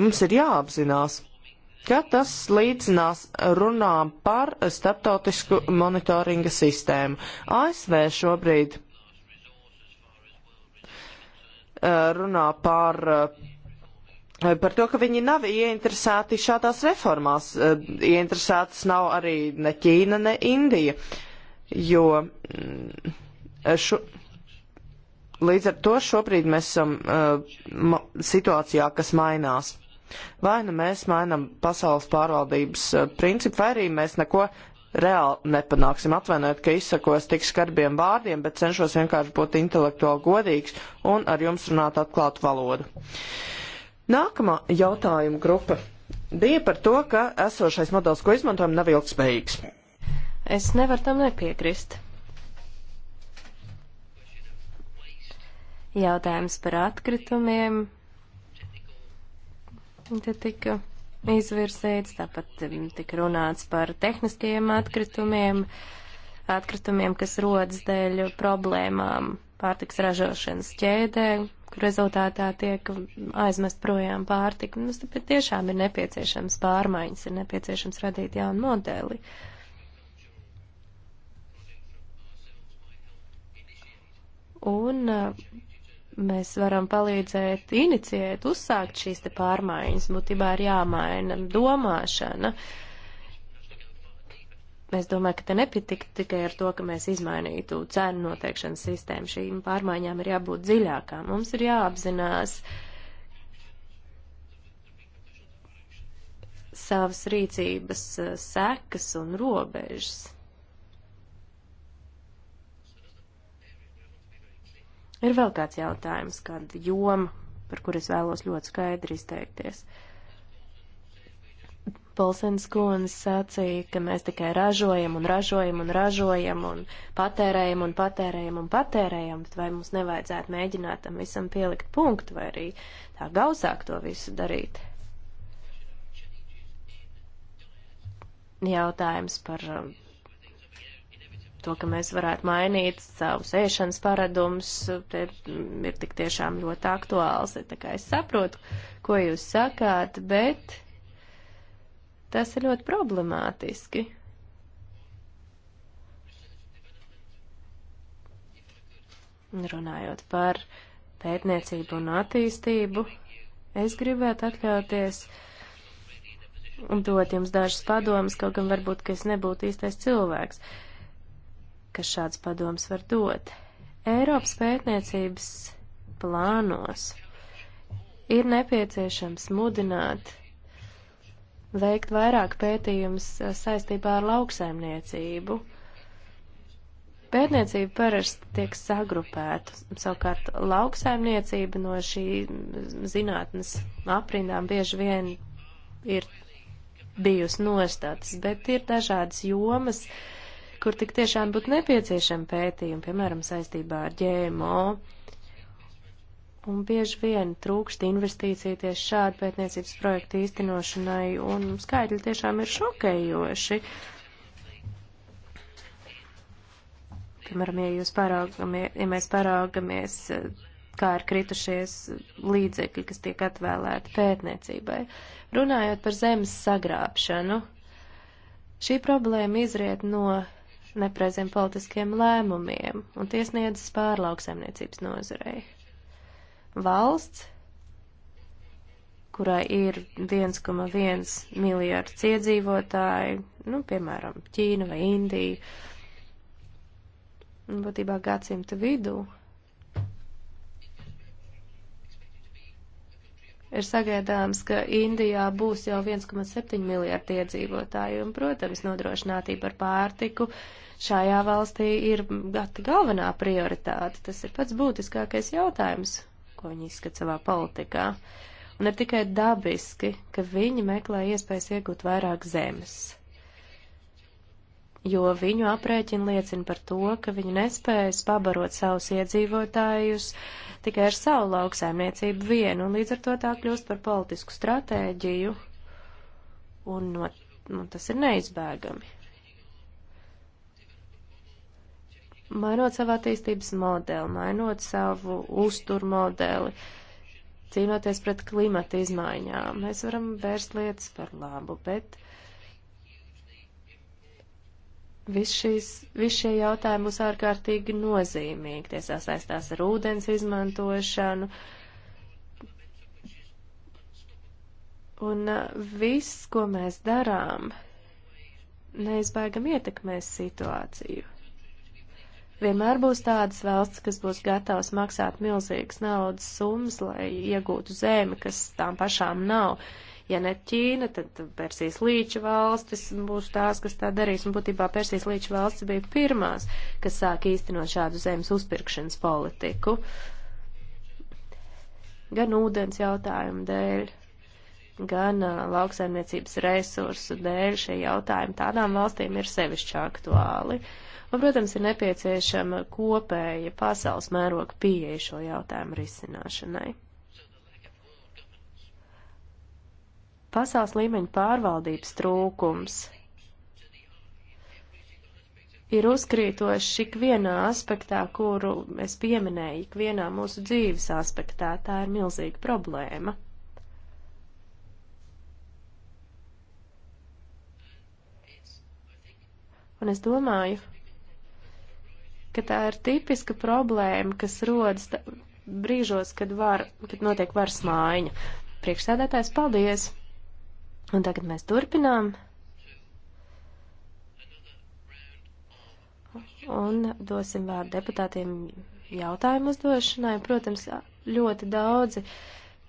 mums ir jāapzinās, ka tas līdzinās runām par starptautisku monitoringa sistēmu. ASV šobrīd Eh, runā par, eh, par to, ka viņi nav ieinteresēti šādās reformās. Eh, ieinteresētas nav arī ne Ķīna, ne Indija, jo mm, šo, līdz ar to šobrīd mēs esam situācijā, kas mainās. Vai nu mēs mainām pasaules pārvaldības principu, vai arī mēs neko reāli nepanāksim. Atvainojiet, ka izsakos tik skarbiem vārdiem, bet cenšos vienkārši būt intelektuāli godīgs un ar jums runāt atklātu valodu. Nākamā jautājuma grupa bija par to, ka esošais modelis, ko izmantojam, nav ilgspējīgs. Es nevaru tam nepiekrist. Jautājums par atkritumiem. Te tika izvirsīts, tāpat mm, tika runāts par tehniskajiem atkritumiem, atkritumiem, kas rodas dēļ problēmām pārtiks ražošanas ķēdē, kur rezultātā tiek aizmest projām pārtika. Mums nu, tāpēc tiešām ir nepieciešams pārmaiņas, ir nepieciešams radīt jaunu modeli. Un uh, mēs varam palīdzēt inicijēt, uzsākt šīs te pārmaiņas. Būtībā ir jāmaina domāšana. Es domāju, ka te nepitika tikai ar to, ka mēs izmainītu cenu noteikšanas sistēmu. Šīm pārmaiņām ir jābūt dziļākām. Mums ir jāapzinās savas rīcības eh, sekas un robežas. Ir vēl kāds jautājums, kāda joma, par kur es vēlos ļoti skaidri izteikties. Polsens kundze sacīja, ka mēs tikai ražojam un ražojam un ražojam un patērējam un patērējam un patērējam, bet vai mums nevajadzētu mēģināt tam visam pielikt punktu vai arī tā gausāk to visu darīt? Jautājums par um, to, ka mēs varētu mainīt savus ēšanas paradumus, te ir tik tiešām ļoti aktuāls. Tā kā es saprotu, ko jūs sakāt, bet tas ir ļoti problemātiski. Runājot par pētniecību un attīstību, es gribētu atļauties dot jums dažas padomas, kaut gan varbūt, ka es nebūtu īstais cilvēks. Uh, kas šāds padoms var dot. Eiropas pētniecības plānos ir nepieciešams mudināt veikt vairāk pētījums uh, saistībā ar lauksaimniecību. Pētniecība parasti tiek sagrupēta, savukārt lauksaimniecība no šī zinātnes aprindām bieži vien ir bijusi nostātas, bet ir dažādas jomas, uh, kur tik tiešām būtu nepieciešama pētījuma, piemēram, saistībā ar ģēmo. Un bieži vien trūkst investīcija tieši šādu pētniecības projektu īstenošanai, un skaitļi tiešām ir šokējoši. Piemēram, ja, jūs paraugamies, ja mēs paraugamies, kā ir kritušies līdzekļi, kas tiek atvēlēti pētniecībai. Runājot par zemes sagrābšanu, šī problēma izriet no nepreiziem politiskiem lēmumiem un tiesniedzas pār lauksaimniecības nozarei. Valsts, kurai ir 1,1 miljārds iedzīvotāji, nu, piemēram, Ķīna vai Indija, un nu, būtībā gadsimta vidū ir sagaidāms, ka Indijā būs jau 1,7 miljārdi iedzīvotāju, un, protams, nodrošinātība ar pārtiku šajā valstī ir gati galvenā prioritāte. Tas ir pats būtiskākais jautājums, ko viņi izskat savā politikā. Un ir tikai dabiski, ka viņi meklē iespējas iegūt vairāk zemes. Jo viņu aprēķini liecina par to, ka viņi nespējas pabarot savus iedzīvotājus tikai ar savu lauksaimniecību vienu, un līdz ar to tā kļūst par politisku stratēģiju, un, no, un nu, tas ir neizbēgami. mainot savu attīstības modeli, mainot savu uzturu modeli, cīnoties pret klimata izmaiņām, mēs varam vērst lietas par labu, bet viss vis šie jautājumi būs ārkārtīgi nozīmīgi. Tie sasaistās ar ūdens izmantošanu. Un uh, viss, ko mēs darām, neizbēgam ietekmēs situāciju. Vienmēr būs tādas valsts, kas būs gatavas maksāt milzīgas naudas summas, lai iegūtu zemi, kas tām pašām nav. Ja ne Ķīna, tad Persijas līča valstis būs tās, kas tā darīs. Un būtībā Persijas līča valstis bija pirmās, kas sāk īstenot šādu zemes uzpirkšanas politiku. Gan ūdens jautājumu dēļ, gan uh, lauksaimniecības resursu dēļ šie jautājumi tādām valstīm ir sevišķi aktuāli. Uh, Un, protams, ir nepieciešama kopēja pasaules mēroga pieeja šo jautājumu risināšanai. Pasaules līmeņa pārvaldības trūkums ir uzkrītošs ikvienā aspektā, kuru es pieminēju, ikvienā mūsu dzīves aspektā. Tā ir milzīga problēma. Un es domāju, ka tā ir tipiska problēma, kas rodas brīžos, kad, var, kad notiek varas mājiņa. Priekšsēdētājs, paldies! Un tagad mēs turpinām. Un dosim vārdu deputātiem jautājumu uzdošanai. Protams, ļoti daudzi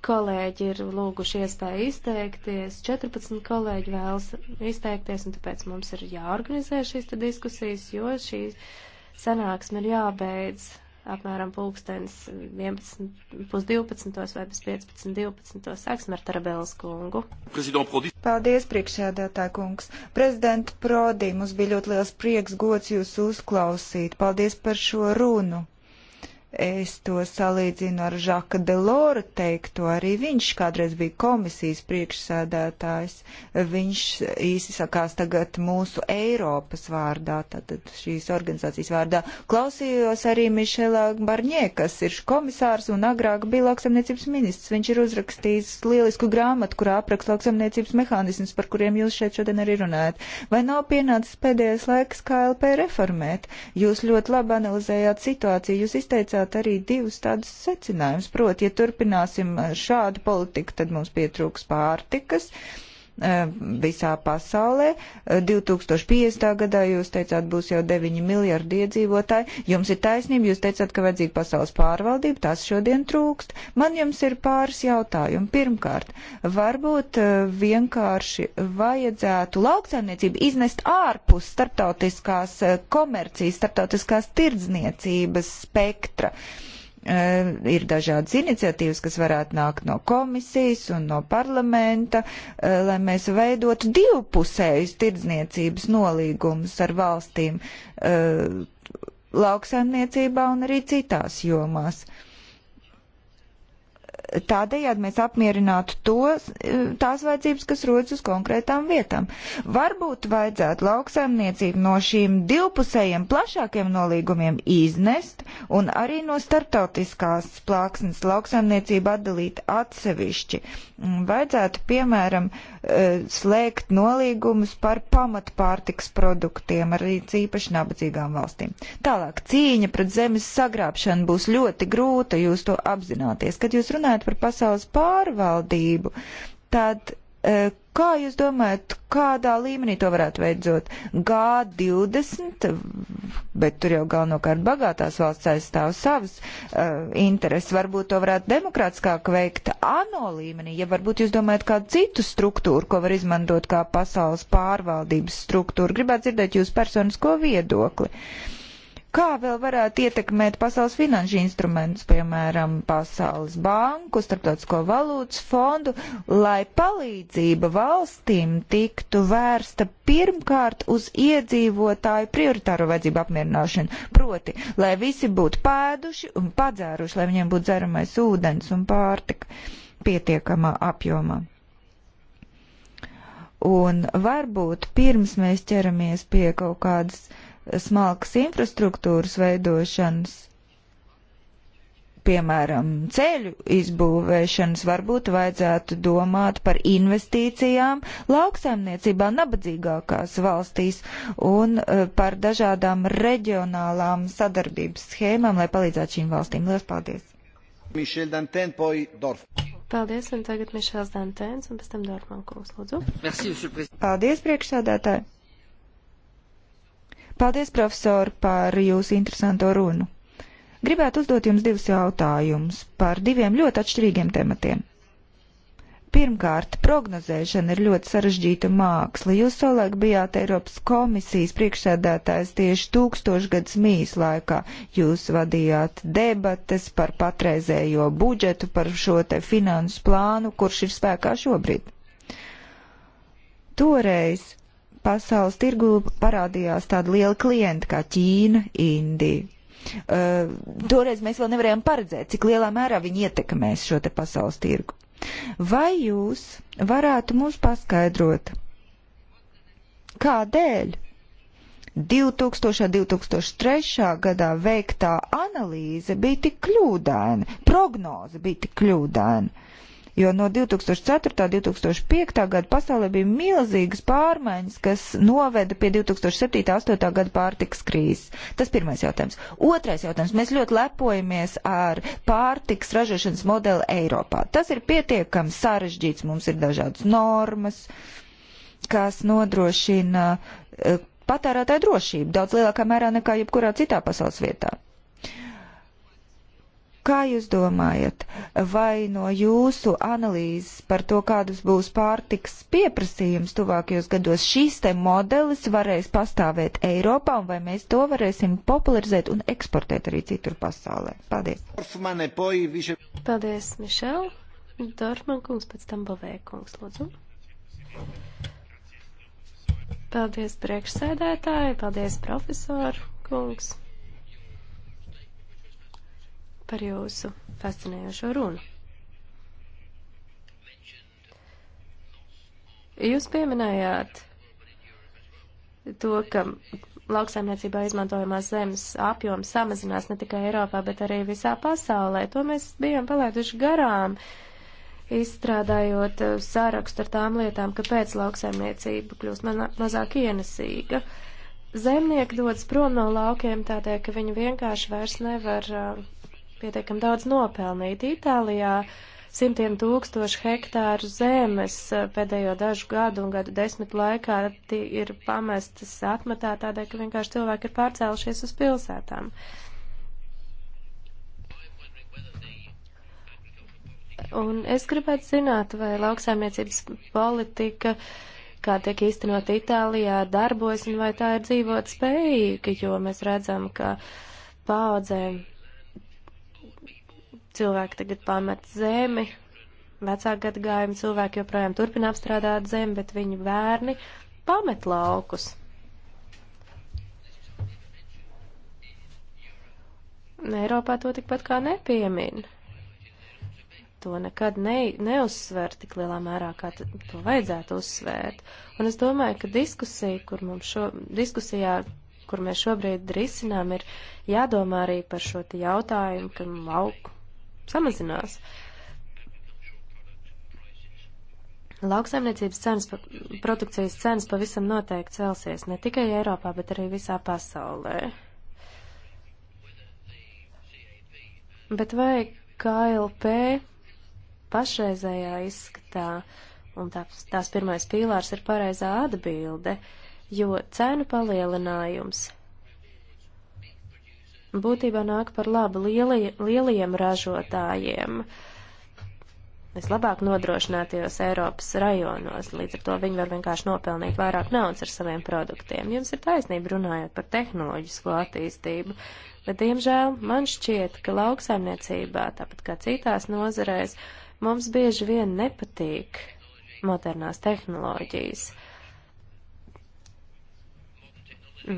kolēģi ir lūguši iestāju izteikties, 14 kolēģi vēlas izteikties, un tāpēc mums ir jāorganizē šīs diskusijas, jo šīs sanāksme ir jābeidz apmēram pulkstenis 11, plus 12 vai pēc 15, 12. Sāksim ar Tarabēlas kungu. Paldies, priekšsēdētāj kungs. Prezident Prodi, mums bija ļoti liels prieks gods jūs uzklausīt. Paldies par šo runu. Es to salīdzinu ar Žaka Delora teikto, arī viņš kādreiz bija komisijas priekšsēdētājs. Viņš īsi sakās tagad mūsu Eiropas vārdā, tātad šīs organizācijas vārdā. Klausījos arī Mišelā Barņē, kas ir komisārs un agrāk bija lauksamniecības ministrs. Viņš ir uzrakstījis lielisku grāmatu, kurā apraksta lauksamniecības mehānismus, par kuriem jūs šeit šodien arī runājat. Vai nav pienācis pēdējais laiks KLP reformēt? Jūs ļoti labi analizējāt situāciju, jūs izteicāt izstrādāt arī divus tādus secinājumus. Proti, ja turpināsim šādu politiku, tad mums pietrūks pārtikas. Uh, Eh, visā pasaulē. 2050. Eh, gadā jūs teicāt, būs jau 9 miljardi iedzīvotāji. Jums ir taisnība, jūs teicāt, ka vajadzīga pasaules pārvaldība, tas šodien trūkst. Man jums ir pāris jautājumi. Pirmkārt, varbūt eh, vienkārši vajadzētu lauksaimniecību iznest ārpus starptautiskās komercijas, starptautiskās tirdzniecības spektra. Uh, Eh, ir dažādas iniciatīvas, kas varētu nākt no komisijas un no parlamenta, eh, lai mēs veidotu divpusējus tirdzniecības nolīgumus ar valstīm eh, lauksaimniecībā un arī citās jomās. Uh, Tādējādi mēs apmierinātu tos, tās vajadzības, kas rodas uz konkrētām vietām. Varbūt vajadzētu lauksaimniecību no šīm divpusējiem plašākiem nolīgumiem iznest un arī no starptautiskās plāksnes lauksaimniecību atdalīt atsevišķi. Mm, vajadzētu, piemēram, uh, E, slēgt nolīgumus par pamatpārtiks produktiem arī cīpaši nabadzīgām valstīm. Tālāk, cīņa pret zemes sagrābšanu būs ļoti grūta, jūs to apzināties. Kad jūs runājat par pasaules pārvaldību, tad e, Kā jūs domājat, kādā līmenī to varētu veidzot? G20, bet tur jau galvenokārt bagātās valsts aizstāv savas uh, intereses. Varbūt to varētu demokrātiskāk veikt ANO līmenī, ja varbūt jūs domājat kādu citu struktūru, ko var izmantot kā pasaules pārvaldības struktūru. Gribētu dzirdēt jūs personisko viedokli. Uh, Kā vēl varētu ietekmēt pasaules finanšu instrumentus, piemēram, Pasaules banku, Starptautisko valūtas fondu, lai palīdzība valstīm tiktu vērsta pirmkārt uz iedzīvotāju prioritāro vajadzību apmierināšanu? Proti, lai visi būtu pēduši un padzēruši, lai viņiem būtu dzeramais ūdens un pārtika pietiekamā apjomā. Un varbūt pirms mēs ķeramies pie kaut kādas smalkas infrastruktūras veidošanas, piemēram, ceļu izbūvēšanas, varbūt vajadzētu domāt par investīcijām lauksaimniecībā nabadzīgākās valstīs un eh, par dažādām reģionālām sadarbības schēmām, lai palīdzētu šīm valstīm. Lielas paldies! Mišel Danten, poi Dorf. Paldies, un tagad Mišels Dantens, un pēc tam Dorfman kungs, lūdzu. Merci, Paldies, priekšsādātāji! Paldies, profesor, par jūsu interesanto runu. Gribētu uzdot jums divus jautājumus par diviem ļoti atšķirīgiem tematiem. Pirmkārt, prognozēšana ir ļoti sarežģīta māksla. Jūs savulaik bijāt Eiropas komisijas priekšsēdētājs tieši tūkstošgads mīs laikā. Jūs vadījāt debates par patreizējo budžetu, par šo te finansu plānu, kurš ir spēkā šobrīd. Toreiz pasaules tirgu parādījās tāda liela klienta kā Ķīna, Indija. Uh, toreiz mēs vēl nevarējām paredzēt, cik lielā mērā viņi ietekmēs šo te pasaules tirgu. Vai jūs varētu mums paskaidrot, kādēļ 2000. 2003. gadā veiktā analīze bija tik kļūdaina, prognoze bija tik kļūdaina jo no 2004. un 2005. gada pasaulē bija milzīgas pārmaiņas, kas noveda pie 2007. un 2008. gada pārtiks krīzes. Tas pirmais jautājums. Otrais jautājums. Mēs ļoti lepojamies ar pārtiks ražošanas modeli Eiropā. Tas ir pietiekami sarežģīts, mums ir dažādas normas, kas nodrošina eh, patērētāju drošību daudz lielākā mērā nekā jebkurā citā pasaules vietā. Kā jūs domājat, vai no jūsu analīzes par to, kādas būs pārtiks pieprasījums tuvākajos gados, šīs te modelis varēs pastāvēt Eiropā un vai mēs to varēsim popularizēt un eksportēt arī citur pasaulē? Paldies! Paldies, Mišel! Dorfman kungs, pēc tam Bavē kungs, lūdzu. Paldies, priekšsēdētāji, paldies, profesoru kungs par jūsu fascinējošo runu. Jūs pieminējāt to, ka lauksaimniecībā izmantojamās zemes apjoms samazinās ne tikai Eiropā, bet arī visā pasaulē. To mēs bijām palaiduši garām, izstrādājot sārakstu ar tām lietām, kāpēc lauksaimniecība kļūst mazāk ienesīga. Zemnieki dodas prom no laukiem tādēļ, ka viņi vienkārši vairs nevar uh, pietiekam daudz nopelnīt. Itālijā simtiem tūkstoši hektāru zemes eh, pēdējo dažu gadu un gadu desmitu laikā ir pamestas atmetā tādēļ, ka vienkārši cilvēki ir pārcēlušies uz pilsētām. Un es gribētu zināt, vai lauksaimniecības politika, kā tiek īstenot Itālijā, darbojas un vai tā ir dzīvot spējīga, jo mēs redzam, ka paudzēm cilvēki tagad pamet zemi, vecāku gadagājumu cilvēki joprojām turpina apstrādāt zemi, bet viņu bērni pamet laukus. Eiropā to tikpat kā nepiemina. To nekad ne, neuzsver tik lielā mērā, kā to vajadzētu uzsvērt. Un es domāju, ka diskusija, kur mums šo, diskusijā, kur mēs šobrīd risinām, ir jādomā arī par šo jautājumu, ka lauku samazinās. Lauksaimniecības cenas, produkcijas cenas pavisam noteikti celsies ne tikai Eiropā, bet arī visā pasaulē. Bet vai KLP pašreizējā izskatā un tā, tās pirmais pīlārs ir pareizā atbilde, jo cenu palielinājums būtībā nāk par labu lieli, lielajiem ražotājiem. Vislabāk nodrošinātajos Eiropas rajonos, līdz ar to viņi var vienkārši nopelnīt vairāk naudas ar saviem produktiem. Jums ir taisnība runājot par tehnoloģisko attīstību, bet, diemžēl, man šķiet, ka lauksaimniecībā, tāpat kā citās nozarēs, mums bieži vien nepatīk modernās tehnoloģijas.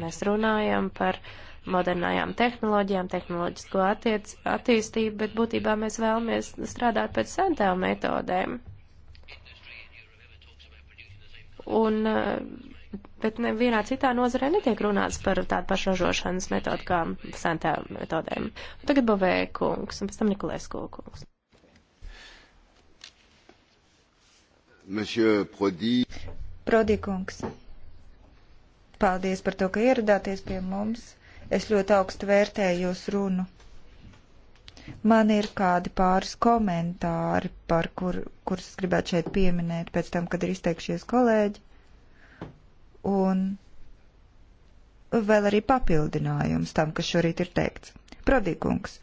Mēs runājam par uh, modernajām tehnoloģijām, tehnoloģisko attiec, attīstību, bet būtībā mēs vēlamies strādāt pēc sentām metodēm. Un, eh, bet nevienā citā nozarē netiek runāts par tādu pašražošanas metodu kā sentām metodēm. Un tagad Bovē kungs un pēc tam Nikolēs kungs. Monsieur Prodi. Prodi kungs. Paldies par to, ka ieradāties pie mums. Es ļoti augstu vērtēju jūs runu. Man ir kādi pāris komentāri, par kur, kurus es gribētu šeit pieminēt pēc tam, kad ir izteikšies kolēģi. Un vēl arī papildinājums tam, kas šorīt ir teikts. Prodīkungs,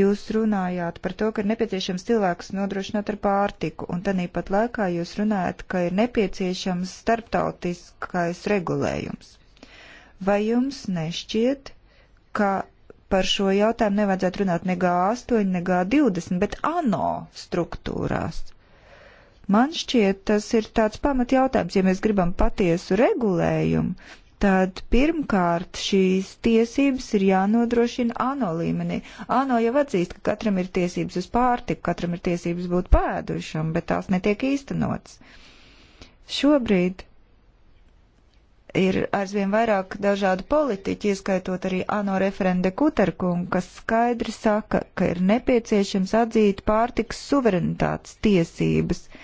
jūs runājāt par to, ka ir nepieciešams cilvēks nodrošināt ar pārtiku, un tanīpat laikā jūs runājat, ka ir nepieciešams starptautiskais regulējums. Vai jums nešķiet, ka par šo jautājumu nevajadzētu runāt ne G8, ne G20, bet ANO struktūrās. Man šķiet, tas ir tāds pamat jautājums, ja mēs gribam patiesu regulējumu, tad pirmkārt šīs tiesības ir jānodrošina ANO līmenī. ANO jau atzīst, ka katram ir tiesības uz pārtiku, katram ir tiesības būt pēdušam, bet tās netiek īstenotas. Šobrīd ir aizvien vairāk dažādu politiķu, ieskaitot arī ANO referende Kuterkungu, kas skaidri saka, ka ir nepieciešams atzīt pārtiks suverenitātes tiesības. Uh,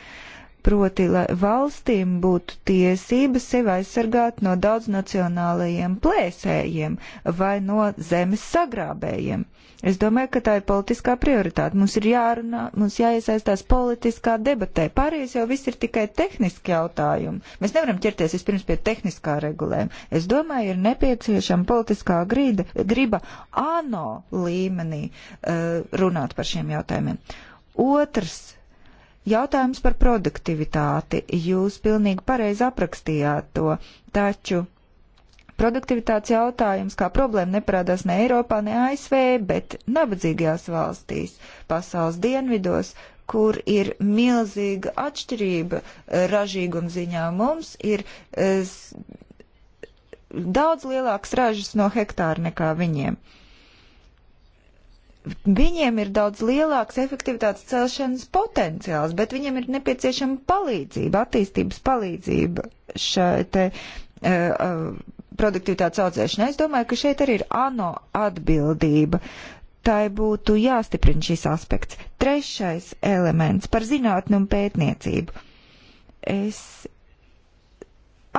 proti, lai valstīm būtu tiesības sevi aizsargāt no daudznacionālajiem plēsējiem vai no zemes sagrābējiem. Es domāju, ka tā ir politiskā prioritāte. Mums ir jārunā, mums jāiesaistās politiskā debatē. Pārējais jau viss ir tikai tehniski jautājumi. Mēs nevaram ķerties vispirms pie tehniskā regulējuma. Es domāju, ir nepieciešama politiskā grīda, griba ANO līmenī uh, runāt par šiem jautājumiem. Otrs Jautājums par produktivitāti. Jūs pilnīgi pareizi aprakstījāt to, taču produktivitātes jautājums kā problēma neparādās ne Eiropā, ne ASV, bet nabadzīgajās valstīs, pasaules dienvidos, kur ir milzīga atšķirība ražīguma ziņā. Mums ir es, eh, daudz lielāks ražas no hektāra nekā viņiem. Uh, Viņiem ir daudz lielāks efektivitātes celšanas potenciāls, bet viņiem ir nepieciešama palīdzība, attīstības palīdzība šai te uh, produktivitātes audzēšanai. Es domāju, ka šeit arī ir ANO atbildība. Tai būtu jāstiprina šis aspekts. Trešais elements par zinātni un pētniecību. Es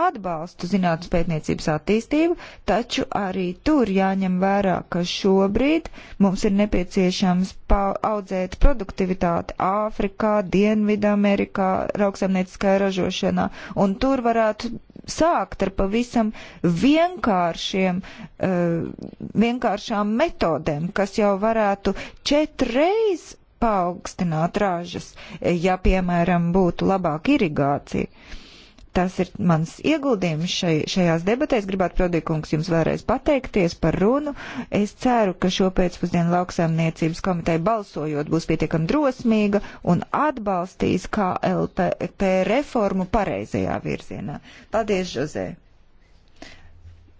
atbalstu zinātnes pētniecības attīstību, taču arī tur jāņem vērā, ka šobrīd mums ir nepieciešams audzēt produktivitāti Āfrikā, Dienvidamerikā, rauksamnieciskajā ražošanā, un tur varētu sākt ar pavisam vienkāršiem, eh, vienkāršām metodēm, kas jau varētu četreiz paaugstināt ražas, ja, piemēram, būtu labāka irigācija. Tas ir mans ieguldījums šai, šajās debatēs. Gribētu, Prodīkungs, jums vēlreiz pateikties par runu. Es ceru, ka šo pēcpusdienu lauksaimniecības komiteja balsojot būs pietiekami drosmīga un atbalstīs KLP reformu pareizajā virzienā. Paldies, Žozē!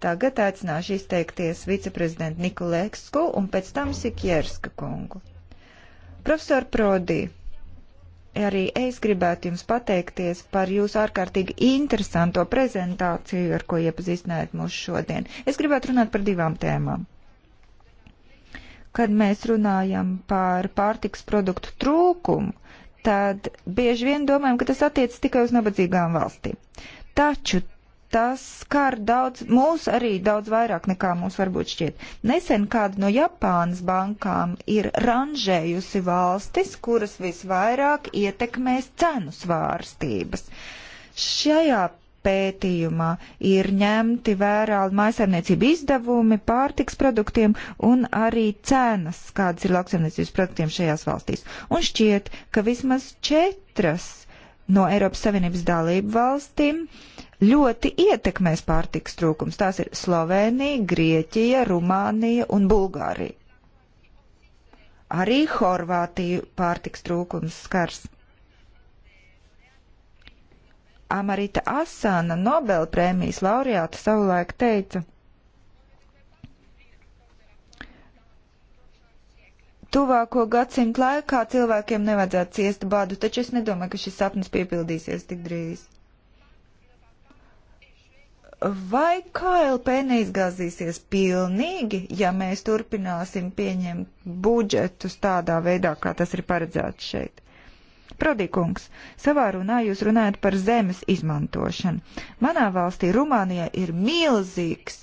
Tagad aicināšu izteikties viceprezidentu Nikolēksku un pēc tam Sikjerska kungu. Profesor Prodī, Arī es gribētu jums pateikties par jūsu ārkārtīgi interesanto prezentāciju, ar ko iepazīstinājāt mūs šodien. Es gribētu runāt par divām tēmām. Kad mēs runājam par pārtiks produktu trūkumu, tad bieži vien domājam, ka tas attiec tikai uz nabadzīgām valstīm. Taču tas skar daudz, mūs arī daudz vairāk nekā mums varbūt šķiet. Nesen kāda no Japānas bankām ir ranžējusi valstis, kuras visvairāk ietekmēs cenu svārstības. Šajā pētījumā ir ņemti vērā maisaimniecība izdevumi pārtiks produktiem un arī cenas, kādas ir lauksaimniecības produktiem šajās valstīs. Un šķiet, ka vismaz četras no Eiropas Savienības dalību valstīm uh, ļoti ietekmēs pārtiks trūkums. Tās ir Slovēnija, Grieķija, Rumānija un Bulgārija. Arī Horvātiju pārtiks trūkums skars. Amarita Asana, Nobel prēmijas laureāta, savulaik teica, Tuvāko gadsimtu laikā cilvēkiem nevajadzētu ciest badu, taču es nedomāju, ka šis sapnis piepildīsies tik drīz. Vai KLP neizgāzīsies pilnīgi, ja mēs turpināsim pieņemt budžetus tādā veidā, kā tas ir paredzēts šeit? Prodīkungs, savā runā jūs runājat par zemes izmantošanu. Manā valstī Rumānijā ir milzīgs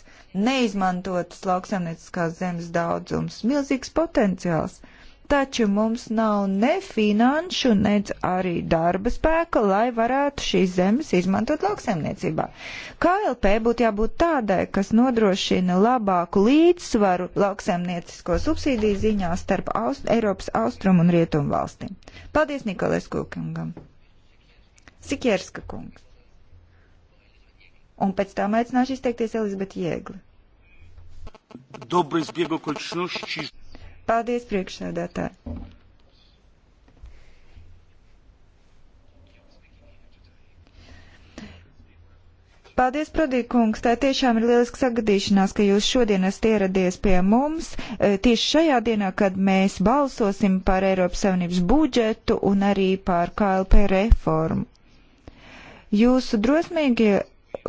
neizmantotas lauksaimnieciskās zemes daudzums, milzīgs potenciāls. Uh, taču mums nav ne finanšu, ne arī darba spēka, lai varētu šīs zemes izmantot lauksaimniecībā. KLP būtu jābūt tādai, kas nodrošina labāku līdzsvaru lauksaimniecisko subsīdiju ziņā starp Aust Eiropas austrumu un rietumu valstīm. Paldies Nikolais Kukangam. Sikierska kungs. Un pēc tam aicināšu izteikties Elizabeti Jēgli. Dobry zbieg okoliczności. Paldies, priekšsēdētāji! Paldies, Prodīkungs. Tā tiešām ir lieliska sagadīšanās, ka jūs šodien esat ieradies pie mums e, tieši šajā dienā, kad mēs balsosim par Eiropas Savienības budžetu un arī par KLP reformu. Jūsu drosmīgie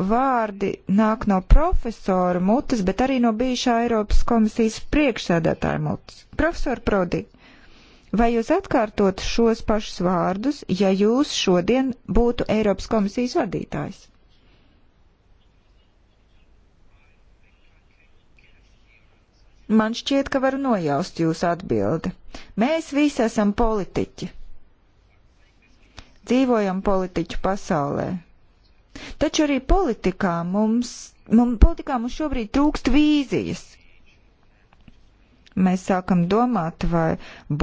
vārdi nāk no profesora mutes, bet arī no bijušā Eiropas komisijas priekšsēdētāja mutes. Profesor Prodi, vai jūs atkārtot šos pašus vārdus, ja jūs šodien būtu Eiropas komisijas vadītājs? Man šķiet, ka varu nojaust jūsu atbildi. Mēs visi esam politiķi. Dzīvojam politiķu pasaulē Taču arī politikā mums, mums, politikā mums šobrīd trūkst vīzijas. Mēs sākam domāt, vai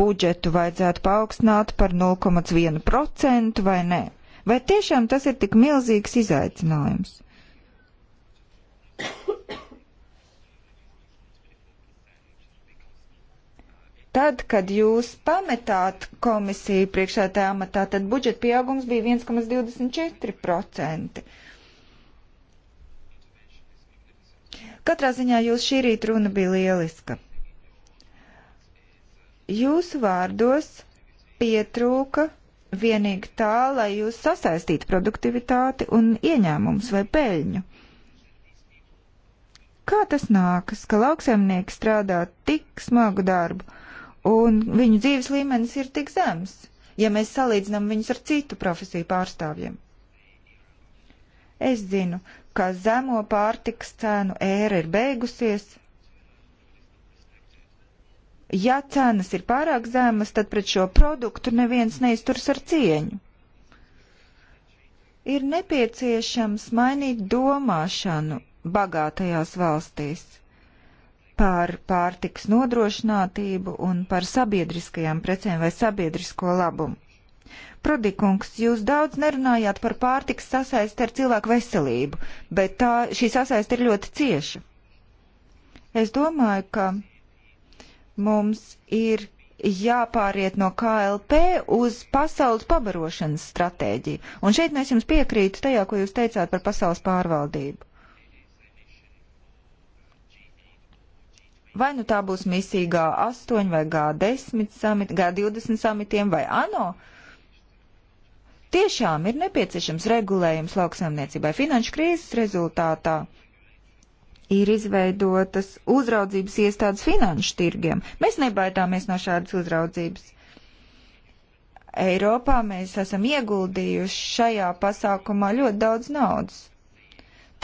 budžetu vajadzētu paaugstināt par 0,1% vai nē. Vai tiešām tas ir tik milzīgs izaicinājums? Tad, kad jūs pametāt komisiju priekšētajā amatā, tad budžeta pieaugums bija 1,24%. Katrā ziņā jūs šī rīta runa bija lieliska. Jūsu vārdos pietrūka vienīgi tā, lai jūs sasaistītu produktivitāti un ieņēmumus vai peļņu. Kā tas nākas, ka lauksaimnieki strādā tik smagu darbu, un viņu dzīves līmenis ir tik zems, ja mēs salīdzinām viņus ar citu profesiju pārstāvjiem. Es zinu, ka zemo pārtikas cēnu ēra ir beigusies. Ja cenas ir pārāk zemas, tad pret šo produktu neviens neizturs ar cieņu. Ir nepieciešams mainīt domāšanu bagātajās valstīs par pārtiks nodrošinātību un par sabiedriskajām precēm vai sabiedrisko labumu. Prodikungs, jūs daudz nerunājāt par pārtiks sasaisti ar cilvēku veselību, bet tā, šī sasaisti ir ļoti cieša. Es domāju, ka mums ir jāpāriet no KLP uz pasaules pabarošanas stratēģiju. Un šeit mēs jums piekrītu tajā, ko jūs teicāt par pasaules pārvaldību. Vai nu tā būs misija G8 vai G10 samit, G20 samitiem vai ANO. Tiešām ir nepieciešams regulējums lauksaimniecībai finanšu krīzes rezultātā. Ir izveidotas uzraudzības iestādes finanšu tirgiem. Mēs nebaidāmies no šādas uzraudzības. Eiropā mēs esam ieguldījuši šajā pasākumā ļoti daudz naudas.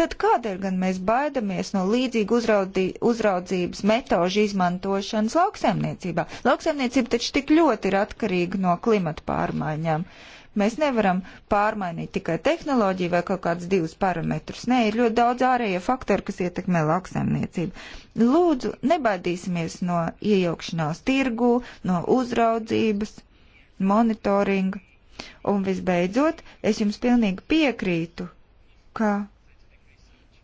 Tad kādēļ gan mēs baidamies no līdzīgu uzraudī, uzraudzības metožu izmantošanas lauksaimniecībā? Lauksaimniecība taču tik ļoti ir atkarīga no klimata pārmaiņām. Mēs nevaram pārmainīt tikai tehnoloģiju vai kaut kādus divus parametrus. Nē, ir ļoti daudz ārējie faktori, kas ietekmē lauksaimniecību. Lūdzu, nebaidīsimies no iejaukšanās tirgū, no uzraudzības, monitoringa. Un visbeidzot, es jums pilnīgi piekrītu, ka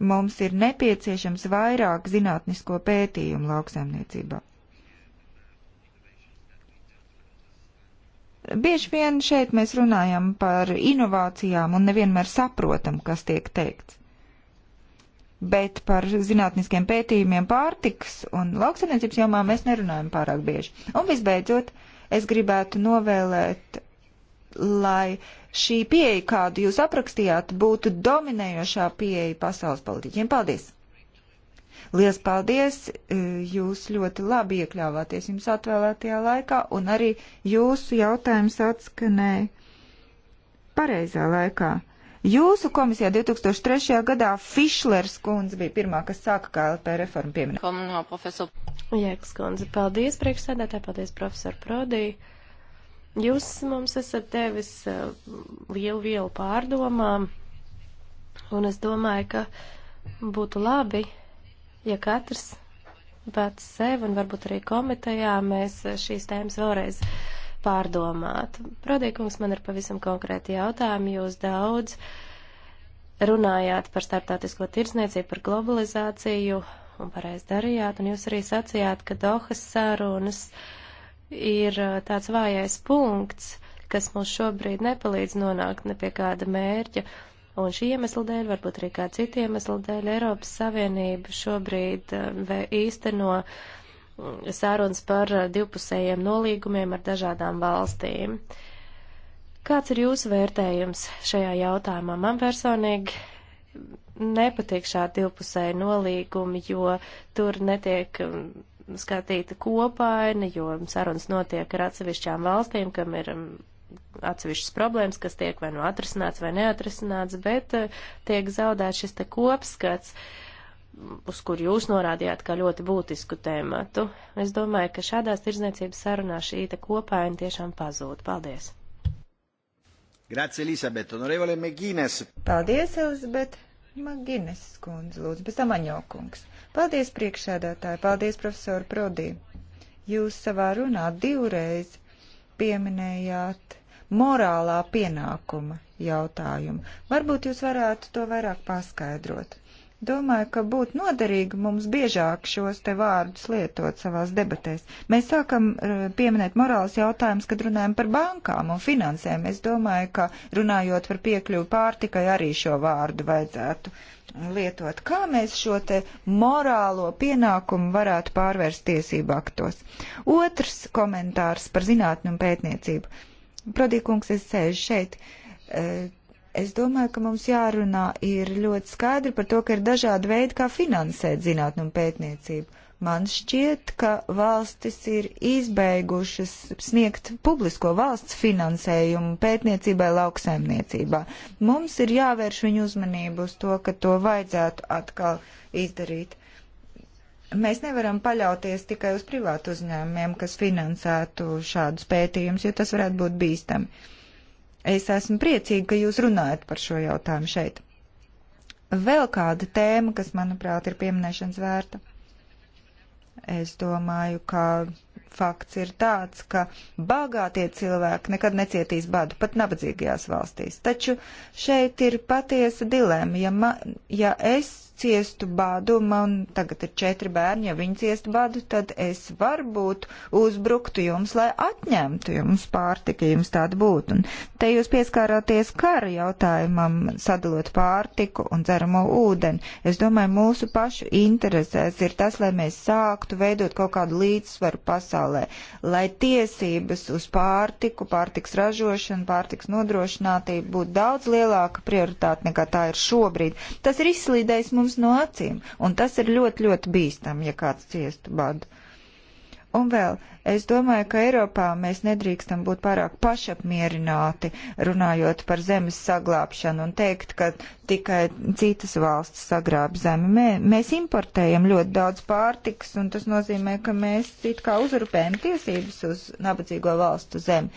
Mums ir nepieciešams vairāk zinātnisko pētījumu lauksaimniecībā. Bieži vien šeit mēs runājam par inovācijām un nevienmēr saprotam, kas tiek teikts. Bet par zinātniskiem pētījumiem pārtiks un lauksaimniecības jomā mēs nerunājam pārāk bieži. Un visbeidzot, es gribētu novēlēt, lai šī pieeja, kādu jūs aprakstījāt, būtu dominējošā pieeja pasaules politiķiem. Paldies! Lielas paldies! E, jūs ļoti labi iekļāvāties jums atvēlētajā laikā, un arī jūsu jautājums atskanēja pareizā laikā. Jūsu komisijā 2003. gadā Fišlers kundze bija pirmā, kas sāka KLP reformu pieminēt. Komunā profesor. Jēks kundze, paldies priekšsēdētāji, paldies profesor Prodī. Jūs mums esat devis eh, lielu vielu pārdomām, un es domāju, ka būtu labi, ja katrs pats sev un varbūt arī komitejā mēs šīs tēmas vēlreiz pārdomātu. Prodīkums, man ir pavisam konkrēti jautājumi, jūs daudz runājāt par starptautisko tirdzniecību, par globalizāciju un pareiz darījāt, un jūs arī sacījāt, ka Dohas sarunas. Uh, ir tāds vājais punkts, kas mums šobrīd nepalīdz nonākt ne pie kāda mērķa. Un šī iemesla dēļ, varbūt arī kā cita iemesla dēļ, Eiropas Savienība šobrīd īsteno sarunas par divpusējiem nolīgumiem ar dažādām valstīm. Kāds ir jūsu vērtējums šajā jautājumā? Man personīgi nepatīk šādi divpusēji nolīgumi, jo tur netiek skatīta kopaina, jo sarunas notiek ar atsevišķām valstīm, kam ir mm, atsevišķas problēmas, kas tiek vai nu atrisināts vai neatrisināts, bet eh, tiek zaudēts šis te kopskats, mm, uz kur jūs norādījāt kā ļoti būtisku tēmatu. Es domāju, ka šādās tirdzniecības sarunās šī te kopaina tiešām pazūd. Paldies! Grazie, Elisabeth. Onorevole Megines. Paldies, Elizabeth. Magines skundze, lūdzu, pēc tam Aņokungs. Paldies priekšsēdētāji, paldies profesoru Prodī. Jūs savā runā divreiz pieminējāt morālā pienākuma jautājumu. Varbūt jūs varētu to vairāk paskaidrot. Domāju, ka būtu noderīgi mums biežāk šos te vārdus lietot savās debatēs. Mēs sākam eh, pieminēt morāls jautājums, kad runājam par bankām un finansēm. Es domāju, ka runājot par piekļuvu pārtikai arī šo vārdu vajadzētu lietot. Kā mēs šo te morālo pienākumu varētu pārvērst tiesību aktos? Otrs komentārs par zinātni un pētniecību. Prodīkungs, es sēžu šeit. E, es domāju, ka mums jārunā ir ļoti skaidri par to, ka ir dažādi veidi, kā finansēt zinātni un pētniecību. Man šķiet, ka valstis ir izbeigušas sniegt publisko valsts finansējumu pētniecībai lauksaimniecībā. Mums ir jāvērš viņu uzmanību uz to, ka to vajadzētu atkal izdarīt. Mēs nevaram paļauties tikai uz privātu uzņēmumiem, kas finansētu šādus pētījumus, jo tas varētu būt bīstami. Es esmu priecīga, ka jūs runājat par šo jautājumu šeit. Vēl kāda tēma, kas, manuprāt, ir pieminēšanas vērta. Es domāju, ka fakts ir tāds, ka bagātie cilvēki nekad necietīs badu, pat nabadzīgajās valstīs. Taču šeit ir patiesa dilēma. Ja, ma, ja es ciestu badu, man tagad ir četri bērni, ja viņi ciestu badu, tad es varbūt uzbruktu jums, lai atņemtu jums pārtika, ja jums tāda būtu. Un te jūs pieskārāties kara jautājumam, sadalot pārtiku un dzeramo ūdeni. Es domāju, mūsu pašu interesēs ir tas, lai mēs sāktu veidot kaut kādu līdzsvaru pasaulē, lai tiesības uz pārtiku, pārtiks ražošanu, pārtiks nodrošinātību būtu daudz lielāka prioritāte nekā tā ir šobrīd. Tas ir izslīdējis mums jums no acīm, un tas ir ļoti, ļoti bīstam, ja kāds ciestu badu. Un vēl, es domāju, ka Eiropā mēs nedrīkstam būt pārāk pašapmierināti, runājot par zemes saglābšanu un teikt, ka tikai citas valsts sagrāb zemi. Mē, mēs importējam ļoti daudz pārtikas, un tas nozīmē, ka mēs it kā uzrupējam tiesības uz nabadzīgo valstu zemi.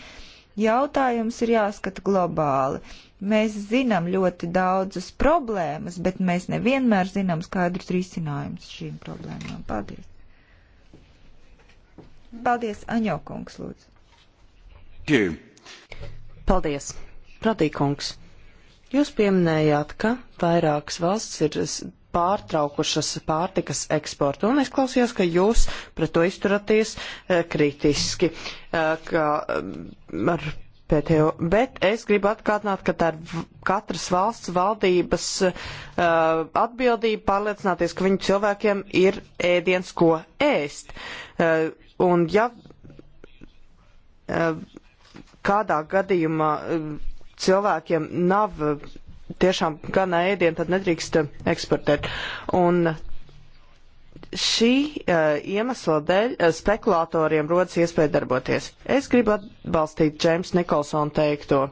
Jautājums ir jāskata globāli. Mēs zinām ļoti daudzas problēmas, bet mēs nevienmēr zinām skaidrus risinājumus šīm problēmām. Paldies! Paldies, Aņokungs, lūdzu! Paldies, Radīkungs! Jūs pieminējāt, ka vairākas valsts ir pārtraukušas pārtikas eksportu, un es klausījos, ka jūs pret to izturaties eh, kritiski, eh, ka mm, ar PTO, bet es gribu atgādināt, ka tā ir katras valsts valdības uh, atbildība pārliecināties, ka viņu cilvēkiem ir ēdiens, ko ēst. Uh, un ja uh, kādā gadījumā uh, cilvēkiem nav uh, tiešām gana ēdienu, tad nedrīkst uh, eksportēt. Un šī uh, iemesla dēļ uh, eh, spekulātoriem rodas iespēja darboties. Es gribu atbalstīt Džeims Nikolsonu teikto.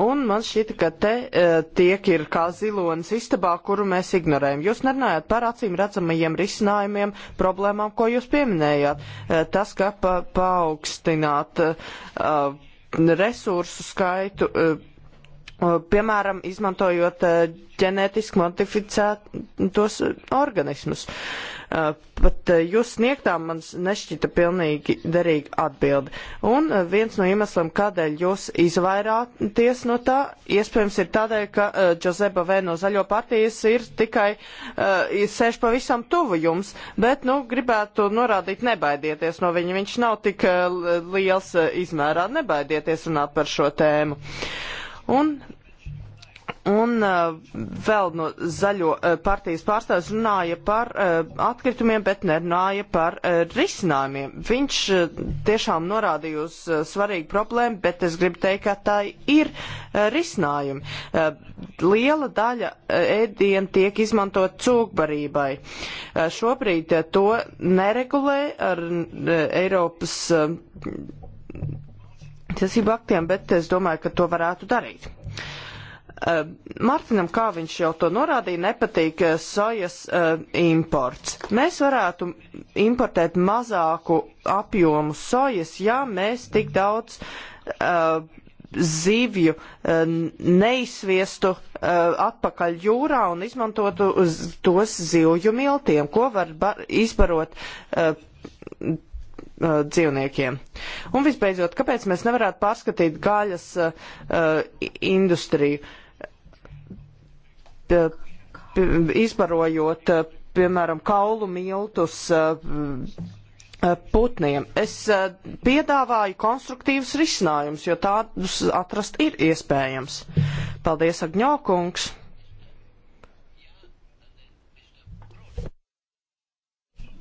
Un man šķita, ka te uh, tiek ir kā zilonis istabā, kuru mēs ignorējam. Jūs nerunājat par acīm redzamajiem risinājumiem, problēmām, ko jūs pieminējāt. Uh, tas, ka pa, paaugstināt uh, resursu skaitu. Uh, piemēram, izmantojot e, ģenētiski modificētos organismus. E, pat e, jūs sniegtā man nešķita pilnīgi derīga atbilde. Un viens no iemesliem, kādēļ jūs izvairāties no tā, iespējams ir tādēļ, ka Džozeba V no Zaļo partijas ir tikai, sēž pavisam tuvu jums, bet, nu, gribētu norādīt, nebaidieties no viņa, viņš nav tik liels izmērā, nebaidieties runāt par šo tēmu. Uh, Un Un uh, vēl no zaļo uh, partijas pārstāvis runāja par uh, atkritumiem, bet nerunāja par uh, risinājumiem. Viņš uh, tiešām norādīja uz uh, svarīgu problēmu, bet es gribu teikt, ka tā ir uh, risinājumi. Uh, liela daļa uh, ēdienu tiek izmantot cūkbarībai. Uh, šobrīd uh, to neregulē ar uh, Eiropas. Uh, tiesību aktiem, bet es domāju, ka to varētu darīt. Eh, Mārtiņam, kā viņš jau to norādīja, nepatīk eh, sojas eh, imports. Mēs varētu importēt mazāku apjomu sojas, ja mēs tik daudz zivju neizviestu atpakaļ jūrā un izmantotu tos zivju miltiem, ko var izbarot uh, dzīvniekiem. Un visbeidzot, kāpēc mēs nevarētu pārskatīt gaļas uh, industriju, p izbarojot, uh, piemēram, kaulu miltus uh, uh, putniem? Es uh, piedāvāju konstruktīvus risinājumus, jo tādus atrast ir iespējams. Paldies, Agņokungs!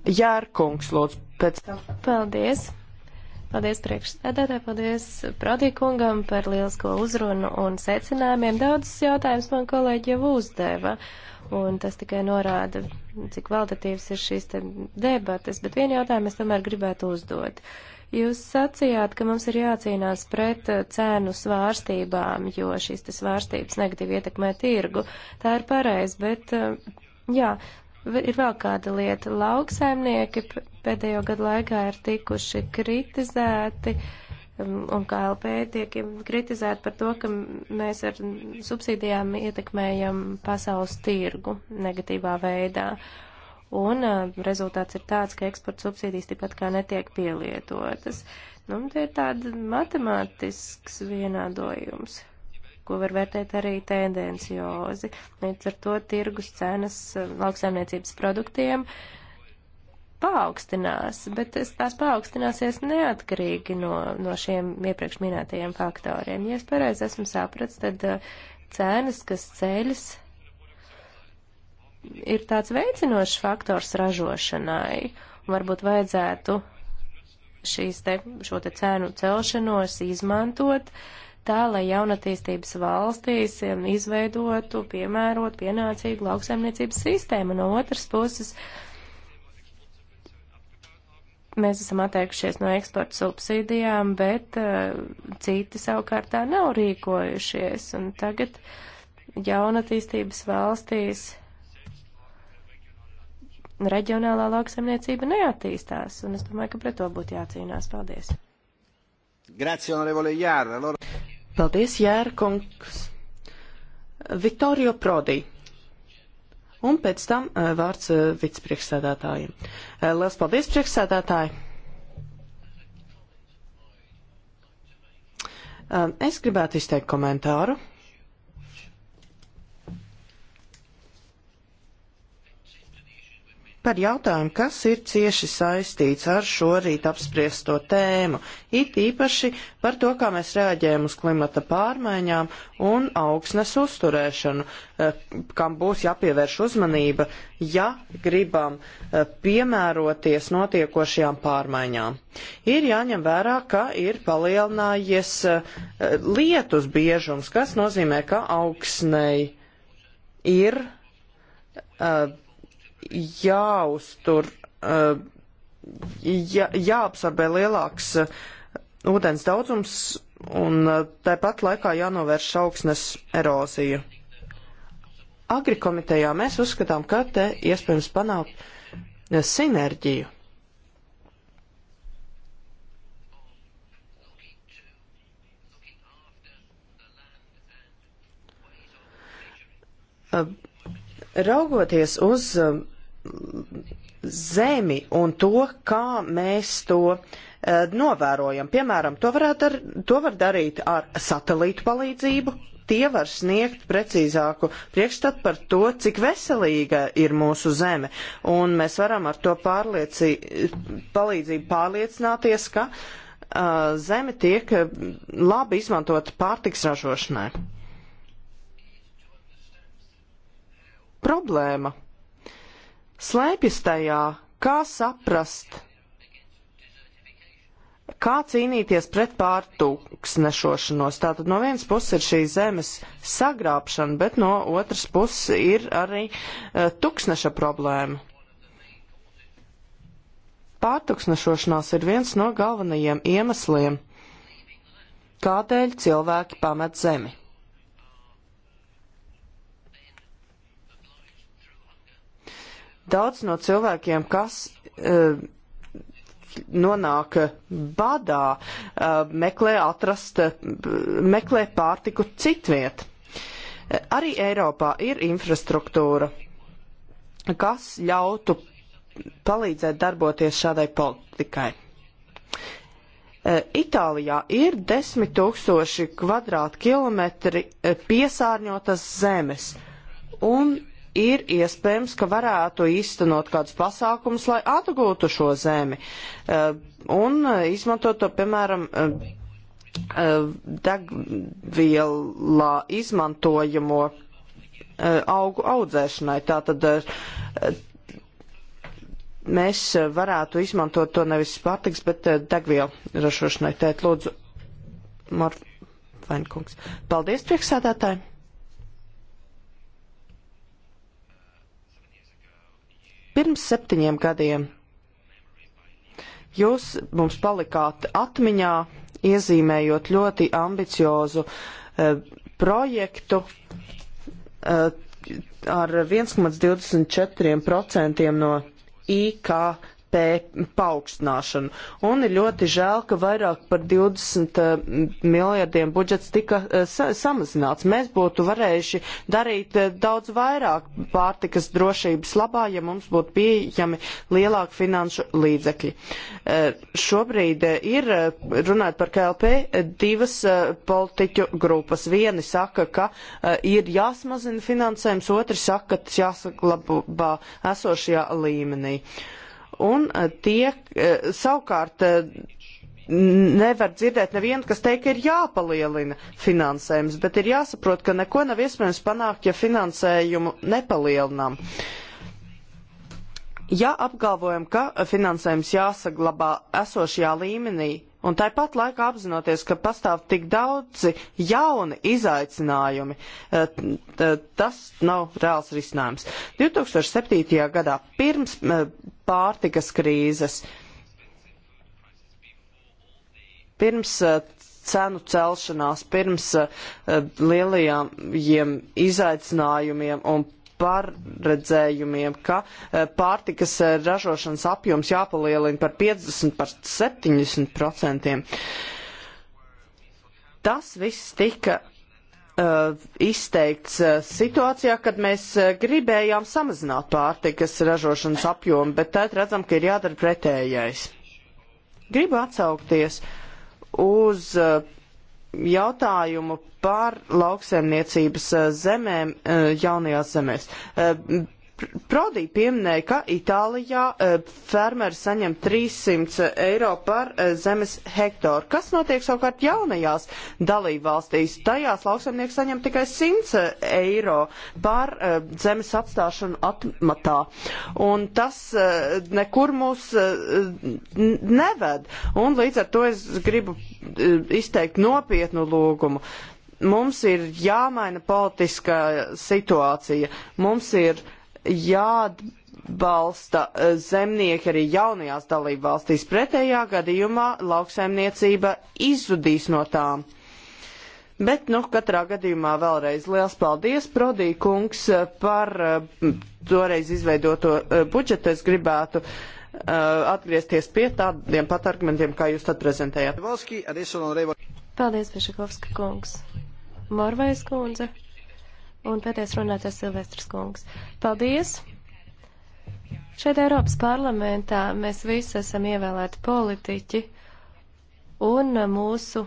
Jērkungs, lūdzu pēc tam. Paldies! Paldies priekšsēdētāji, paldies Prodīkungam par lielisko uzrunu un secinājumiem. Daudzas jautājumas man kolēģi jau uzdeva, un tas tikai norāda, cik kvalitatīvas ir šīs te debates, bet vienu jautājumu es tomēr gribētu uzdot. Jūs sacījāt, ka mums ir jācīnās pret cēnu svārstībām, jo šīs te svārstības negatīvi ietekmē tirgu. Tā ir pareizi, bet jā, ir vēl kāda lieta. Lauksaimnieki pēdējo gadu laikā ir tikuši kritizēti. Um, un KLP tiek kritizēta par to, ka mēs ar subsīdijām ietekmējam pasaules tirgu negatīvā veidā. Un uh, rezultāts ir tāds, ka eksporta subsīdijas tikpat kā netiek pielietotas. Nu, tie ir tāda matemātisks vienādojums, ko var vērtēt arī tendenciozi. Līdz ar to tirgus cenas uh, lauksaimniecības produktiem uh, paaugstinās, bet tās paaugstināsies neatkarīgi no, no šiem iepriekš minētajiem faktoriem. Ja es pareizi esmu sapratis, tad eh, cenas, kas ceļas, ir tāds veicinošs faktors ražošanai. Varbūt vajadzētu šīs te, šo te cēnu celšanos izmantot tā, lai jaunatīstības valstīs izveidotu, piemērot pienācīgu lauksaimniecības sistēmu. No otras puses, uh, mēs esam atteikušies no eksporta subsīdijām, bet uh, citi savukārt tā nav rīkojušies. Un tagad jaunatīstības valstīs reģionālā lauksaimniecība neattīstās, un es domāju, ka pret to būtu jācīnās. Paldies! Grazie, onorevole Jāra! Lor... Paldies, Jāra kungs! Vittorio Prodi! un pēc tam eh, vārds eh, vicepriekšsēdētājiem. Eh, Lielas paldies, priekšsēdētāji! Es gribētu izteikt komentāru. par jautājumu, kas ir cieši saistīts ar šorīt apspriesto tēmu, it īpaši par to, kā mēs reaģējam uz klimata pārmaiņām un augsnes uzturēšanu, eh, kam būs jāpievērš uzmanība, ja gribam eh, piemēroties notiekošajām pārmaiņām. Ir jāņem vērā, ka ir palielinājies eh, lietus biežums, kas nozīmē, ka augsnei ir uh, jāuztur, eh, jā, jāabsorbē lielāks eh, ūdens daudzums un eh, tāpat laikā jānovērš augsnes erozija. Agrikomitejā mēs uzskatām, ka te iespējams panākt sinerģiju. Raugoties uz zemi un to, kā mēs to eh, novērojam. Piemēram, to, ar, to var darīt ar satelītu palīdzību. Tie var sniegt precīzāku priekšstatu par to, cik veselīga ir mūsu zeme. Un mēs varam ar to pārlieci, palīdzību pārliecināties, ka uh, zeme tiek eh, labi izmantot pārtiks ražošanai. Problēma slēpjas tajā, kā saprast, kā cīnīties pret pārtūksnešošanos. Tātad no vienas puses ir šī zemes sagrābšana, bet no otras puses ir arī uh, eh, tuksneša problēma. Pārtuksnešošanās ir viens no galvenajiem iemesliem, kādēļ cilvēki pamet zemi. Daudz no cilvēkiem, kas uh, nonāk badā, uh, meklē atrast, uh, meklē pārtiku citviet. Arī Eiropā ir infrastruktūra, kas ļautu palīdzēt darboties šādai politikai. Itālijā ir desmit tūkstoši kvadrātkilometri piesārņotas zemes, un ir iespējams, ka varētu īstenot kādus pasākumus, lai atgūtu šo zemi eh, un eh, izmantot to, piemēram, eh, degvielā izmantojamo augu audzēšanai. Tātad mēs varētu izmantot to nevis pārtiks, bet degvielu ražošanai. Tēt, lūdzu, Marfainkungs. Paldies, priekšsādātāji! Pirms septiņiem gadiem jūs mums palikāt atmiņā, iezīmējot ļoti ambiciozu eh, projektu eh, ar 1,24% no IKP paaugstināšanu. Un ir ļoti žēl, ka vairāk par 20 eh, miljardiem budžets tika eh, sa samazināts. Mēs būtu varējuši darīt eh, daudz vairāk pārtikas drošības labā, ja mums būtu pieejami lielāki finanšu līdzekļi. Šobrīd ir, runājot par KLP, divas politiķu grupas. Vieni saka, ka ir jāsmazina finansējums, otri saka, ka tas jāsaglabā esošajā līmenī. Uh, un eh, tie eh, savukārt eh, nevar dzirdēt nevienu, kas teikt, ka ir jāpalielina finansējums, bet ir jāsaprot, ka neko nav iespējams panākt, ja finansējumu nepalielinām. Ja apgalvojam, ka finansējums jāsaglabā esošajā līmenī, Un tāpat laikā apzinoties, ka pastāv tik daudzi jauni izaicinājumi, eh, tas nav reāls risinājums. 2007. gadā pirms eh, pārtikas krīzes, pirms eh, cenu celšanās, pirms lielajiem izaicinājumiem un paredzējumiem, ka e, pārtikas e, ražošanas apjoms jāpalielina par 50, par 70%. Tas viss tika Uh, izteikts uh, situācijā, kad mēs uh, gribējām samazināt pārtikas ražošanas apjomu, bet tad redzam, ka ir jādara pretējais. Gribu atsaukties uz uh, jautājumu par lauksaimniecības eh, zemēm eh, jaunajās zemēs. Eh, Prodī pieminēja, ka Itālijā e, fermeri saņem 300 eiro par e, zemes hektāru. Kas notiek savukārt jaunajās dalībvalstīs? Tajās lauksaimnieki saņem tikai 100 eiro par e, zemes atstāšanu atmatā. Un tas nekur mūs neved. Un līdz ar to es gribu izteikt nopietnu lūgumu mums ir jāmaina politiskā situācija. Mums ir jāatbalsta eh, zemnieki arī jaunajās dalību valstīs. Pretējā gadījumā lauksaimniecība izzudīs no tām. Bet, nu, katrā gadījumā vēlreiz liels paldies, Prodī kungs, eh, par eh, toreiz izveidoto budžetu. Es gribētu uh, atgriezties pie tādiem pat argumentiem, kā jūs tad prezentējāt. Paldies, Pešakovska kungs. Marvais kundze. Un pēdējais runātājs Silvestris Kungs. Paldies! Šeit Eiropas parlamentā mēs visi esam ievēlēti politiķi, un mūsu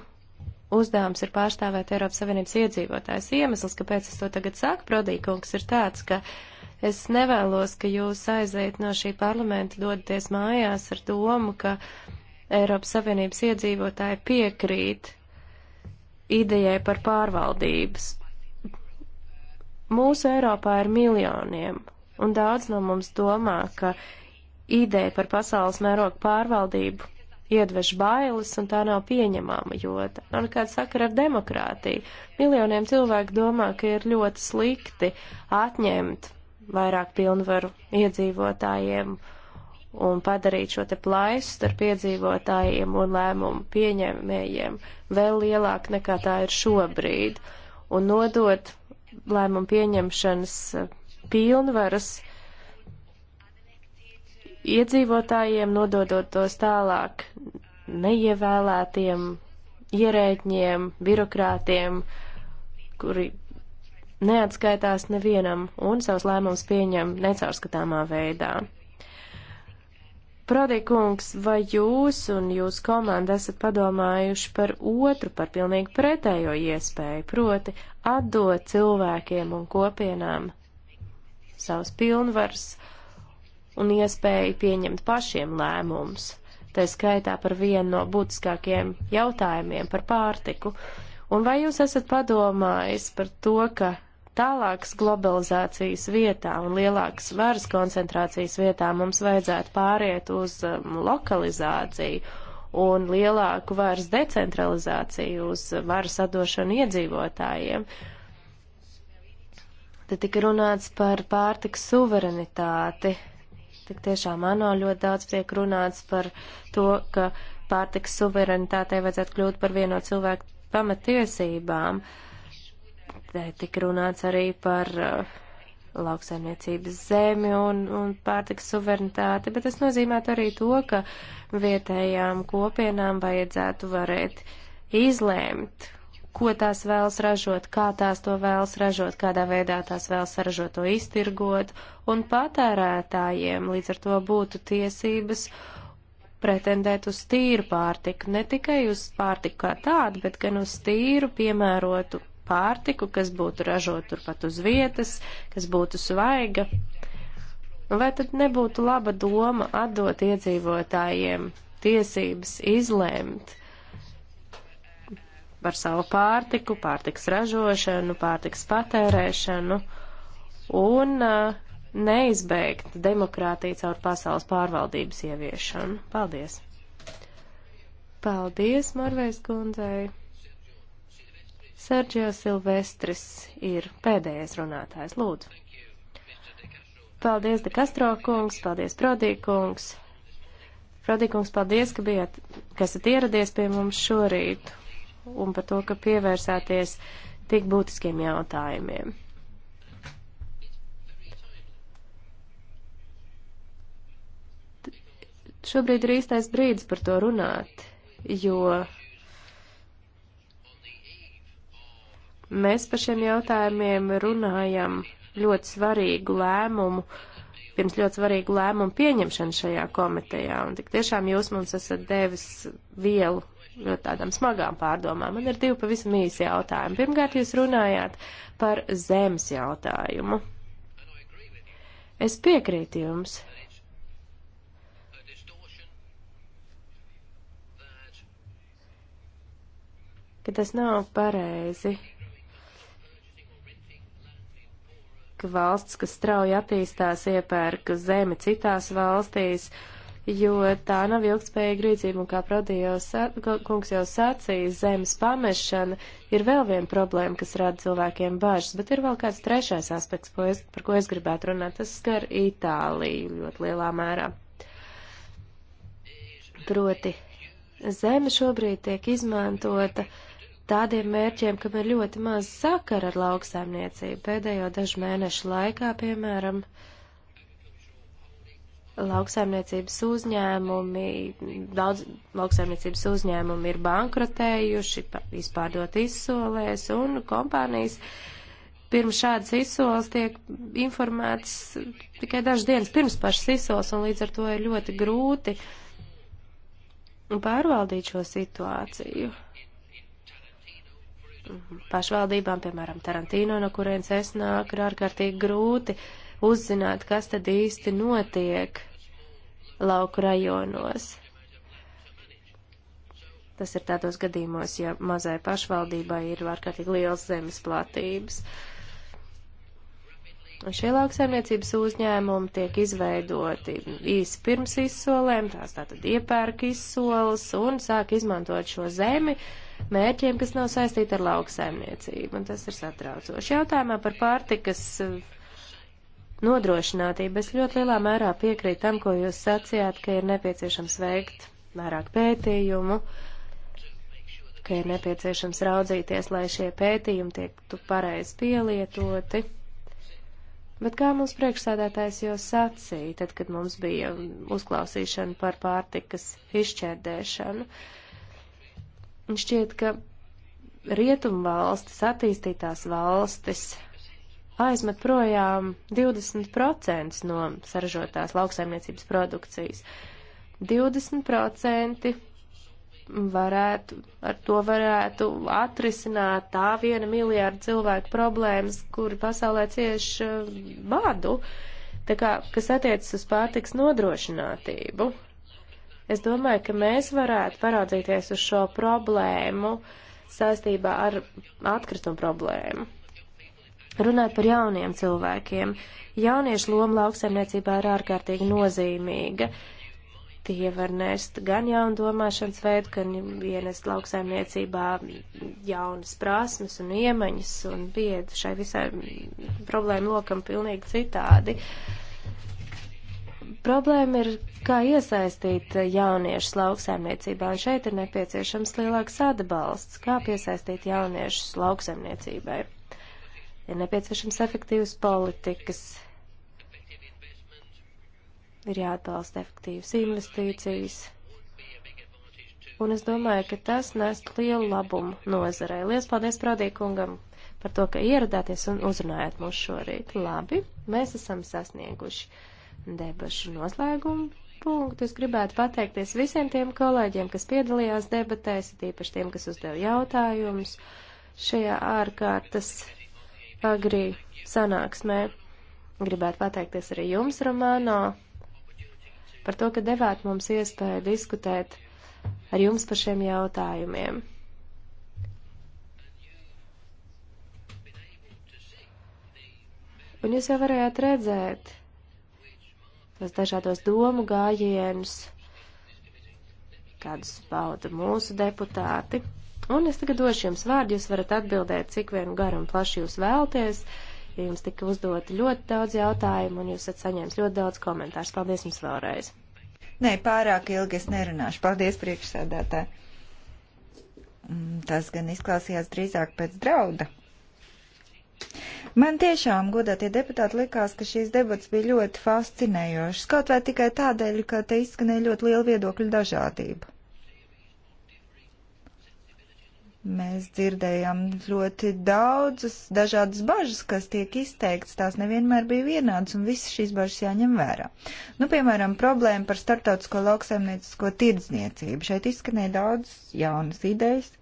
uzdevums ir pārstāvēt Eiropas Savienības iedzīvotājs. Iemesls, kāpēc es to tagad saku, Prodīkungs, ir tāds, ka es nevēlos, ka jūs aiziet no šī parlamenta, dodaties mājās ar domu, ka Eiropas Savienības iedzīvotāji piekrīt idejai par pārvaldības mūsu Eiropā ir miljoniem, un daudz no mums domā, ka ideja par pasaules mēroga pārvaldību iedvež bailes, un tā nav pieņemama, jo tā nav nekāda sakara ar demokrātiju. Miljoniem cilvēku domā, ka ir ļoti slikti atņemt vairāk pilnvaru iedzīvotājiem un padarīt šo te plaisu starp iedzīvotājiem un lēmumu pieņēmējiem vēl lielāk nekā tā ir šobrīd, un nodot lēmumu pieņemšanas eh, pilnvaras iedzīvotājiem, nododot tos tālāk neievēlētiem ierēģiem, birokrātiem, kuri neatskaitās nevienam un savus lēmumus pieņem necaurskatāmā veidā. Prodikungs, vai jūs un jūs komanda esat padomājuši par otru, par pilnīgi pretējo iespēju, proti atdot cilvēkiem un kopienām savus pilnvars un iespēju pieņemt pašiem lēmumus, tā skaitā par vienu no būtiskākiem jautājumiem par pārtiku. Un vai jūs esat padomājis par to, ka Tālākas globalizācijas vietā un lielākas varas koncentrācijas vietā mums vajadzētu pāriet uz um, lokalizāciju un lielāku varas decentralizāciju uz varas atdošanu iedzīvotājiem. Tad tika runāts par pārtiks suverenitāti. Tik tiešām ANO ļoti daudz tiek runāts par to, ka pārtiks suverenitātei vajadzētu kļūt par vieno cilvēku pamatiesībām. Uh, Te tika runāts arī par uh, lauksaimniecības zemi un, un pārtiks suverenitāti, bet tas nozīmētu arī to, ka vietējām kopienām vajadzētu varēt izlēmt, ko tās vēlas ražot, kā tās to vēlas ražot, kādā veidā tās vēlas ražot to iztirgot, un patērētājiem līdz ar to būtu tiesības pretendēt uz tīru pārtiku, ne tikai uz pārtiku kā tādu, bet gan uz tīru piemērotu pārtiku, kas būtu ražot turpat uz vietas, kas būtu svaiga. Vai tad nebūtu laba doma atdot iedzīvotājiem tiesības izlēmt par savu pārtiku, pārtiks ražošanu, pārtiks patērēšanu un uh, neizbeigt demokrātiju caur pasaules pārvaldības ieviešanu? Paldies! Paldies, Marvēs kundzei! Sergio Silvestris ir pēdējais runātājs. Lūdzu. Paldies, De Castro kungs, paldies, Prodī kungs. Prodī kungs, paldies, ka bijāt, ka esat ieradies pie mums šorīt un par to, ka pievērsāties tik būtiskiem jautājumiem. T šobrīd ir īstais brīdis par to runāt, jo Mēs par šiem jautājumiem runājam ļoti svarīgu lēmumu, pirms ļoti svarīgu lēmumu pieņemšanu šajā komitejā, un tik tiešām jūs mums esat devis vielu ļoti tādām smagām pārdomām. Man ir divi pavisam īsi jautājumi. Pirmkārt, jūs runājāt par zemes jautājumu. Es piekrītu jums. Ka tas nav pareizi. ka valsts, kas strauji attīstās, iepērk zemi citās valstīs, jo tā nav ilgspējīga rīcība, un kā Prodījos kungs jau sacīja, zemes pamešana ir vēl viena problēma, kas rada cilvēkiem bažas, bet ir vēl kāds trešais aspekts, ko es, par ko es gribētu runāt, tas skar Itāliju ļoti lielā mērā. Proti, zeme šobrīd tiek izmantota uh, tādiem mērķiem, kam ir ļoti maz sakara ar lauksaimniecību. Pēdējo dažu mēnešu laikā, piemēram, lauksaimniecības uzņēmumi, daudz lauksaimniecības uzņēmumi ir bankrotējuši, izpārdot izsolēs, un kompānijas pirms šādas izsoles tiek informētas tikai dažas dienas pirms pašas izsoles, un līdz ar to ir ļoti grūti pārvaldīt šo situāciju pašvaldībām, piemēram, Tarantīno, no kurienes es nāku, ir ārkārtīgi grūti uzzināt, kas tad īsti notiek lauku rajonos. Tas ir tādos gadījumos, ja mazai pašvaldībai ir ārkārtīgi liels zemes platības. Un šie lauksaimniecības uzņēmumi tiek izveidoti īsi pirms izsolēm, tās tātad iepērk izsoles un sāk izmantot šo zemi, uh, mērķiem, kas nav saistīti ar lauksaimniecību, un tas ir satraucoši. Jautājumā par pārtikas eh, nodrošinātību es ļoti lielā mērā piekrītu tam, ko jūs sacījāt, ka ir nepieciešams veikt vairāk pētījumu, ka ir nepieciešams raudzīties, lai šie pētījumi tiektu pareizi pielietoti. Bet kā mums priekšsēdētājs jau sacīja, tad, kad mums bija uzklausīšana par pārtikas izšķērdēšanu, uh, Šķiet, ka rietumu valstis, attīstītās valstis aizmet projām 20% no saražotās lauksaimniecības produkcijas. 20% varētu, ar to varētu atrisināt tā viena miljārda cilvēku problēmas, kuri pasaulē cieš uh, badu, tā kā, kas attiecas uz pārtiks nodrošinātību. Es domāju, ka mēs varētu paraudzīties uz šo problēmu saistībā ar atkritumu problēmu. Runāt par jauniem cilvēkiem. Jauniešu loma lauksaimniecībā ir ārkārtīgi nozīmīga. Tie var nest gan jaunu domāšanas veidu, gan ienest lauksaimniecībā jaunas prasmes un iemaņas un bied šai visai problēmu lokam pilnīgi citādi. Uh, Problēma ir, kā iesaistīt jauniešus lauksaimniecībā, un šeit ir nepieciešams lielāks atbalsts, kā piesaistīt jauniešus lauksaimniecībai. Ir nepieciešams efektīvas politikas, ir jāatbalsta efektīvas investīcijas, un es domāju, ka tas nest lielu labumu nozarei. Lielas paldies Prodīkungam par to, ka ieradāties un uzrunājāt mūs šorīt. Labi, mēs esam sasnieguši debašu noslēgumu punktu. Es gribētu pateikties visiem tiem kolēģiem, kas piedalījās debatēs, tīpaši tiem, kas uzdeva jautājumus šajā ārkārtas agrī sanāksmē. Gribētu pateikties arī jums, Romano, par to, ka devāt mums iespēju diskutēt ar jums par šiem jautājumiem. Un jūs jau varējāt redzēt, tas dažādos domu gājienus, kādus bauda mūsu deputāti. Un es tagad došu jums vārdu, jūs varat atbildēt, cik vien garu un plaši jūs vēlties. Jums tika uzdoti ļoti daudz jautājumu, un jūs esat saņēmis ļoti daudz komentārus. Paldies jums vēlreiz! Nē, pārāk ilgi es nerunāšu. Paldies, priekšsēdētāji! Mm, tas gan izklausījās drīzāk pēc drauda. Man tiešām, godātie deputāti, likās, ka šīs debats bija ļoti fascinējošas, kaut vai tikai tādēļ, ka te izskanēja ļoti liela viedokļu dažādība. Mēs dzirdējām ļoti daudzas dažādas bažas, kas tiek izteiktas, tās nevienmēr bija vienādas, un visas šīs bažas jāņem vērā. Nu, piemēram, problēma par starptautisko lauksaimniecisko tirdzniecību. Šeit izskanēja daudz jaunas idejas.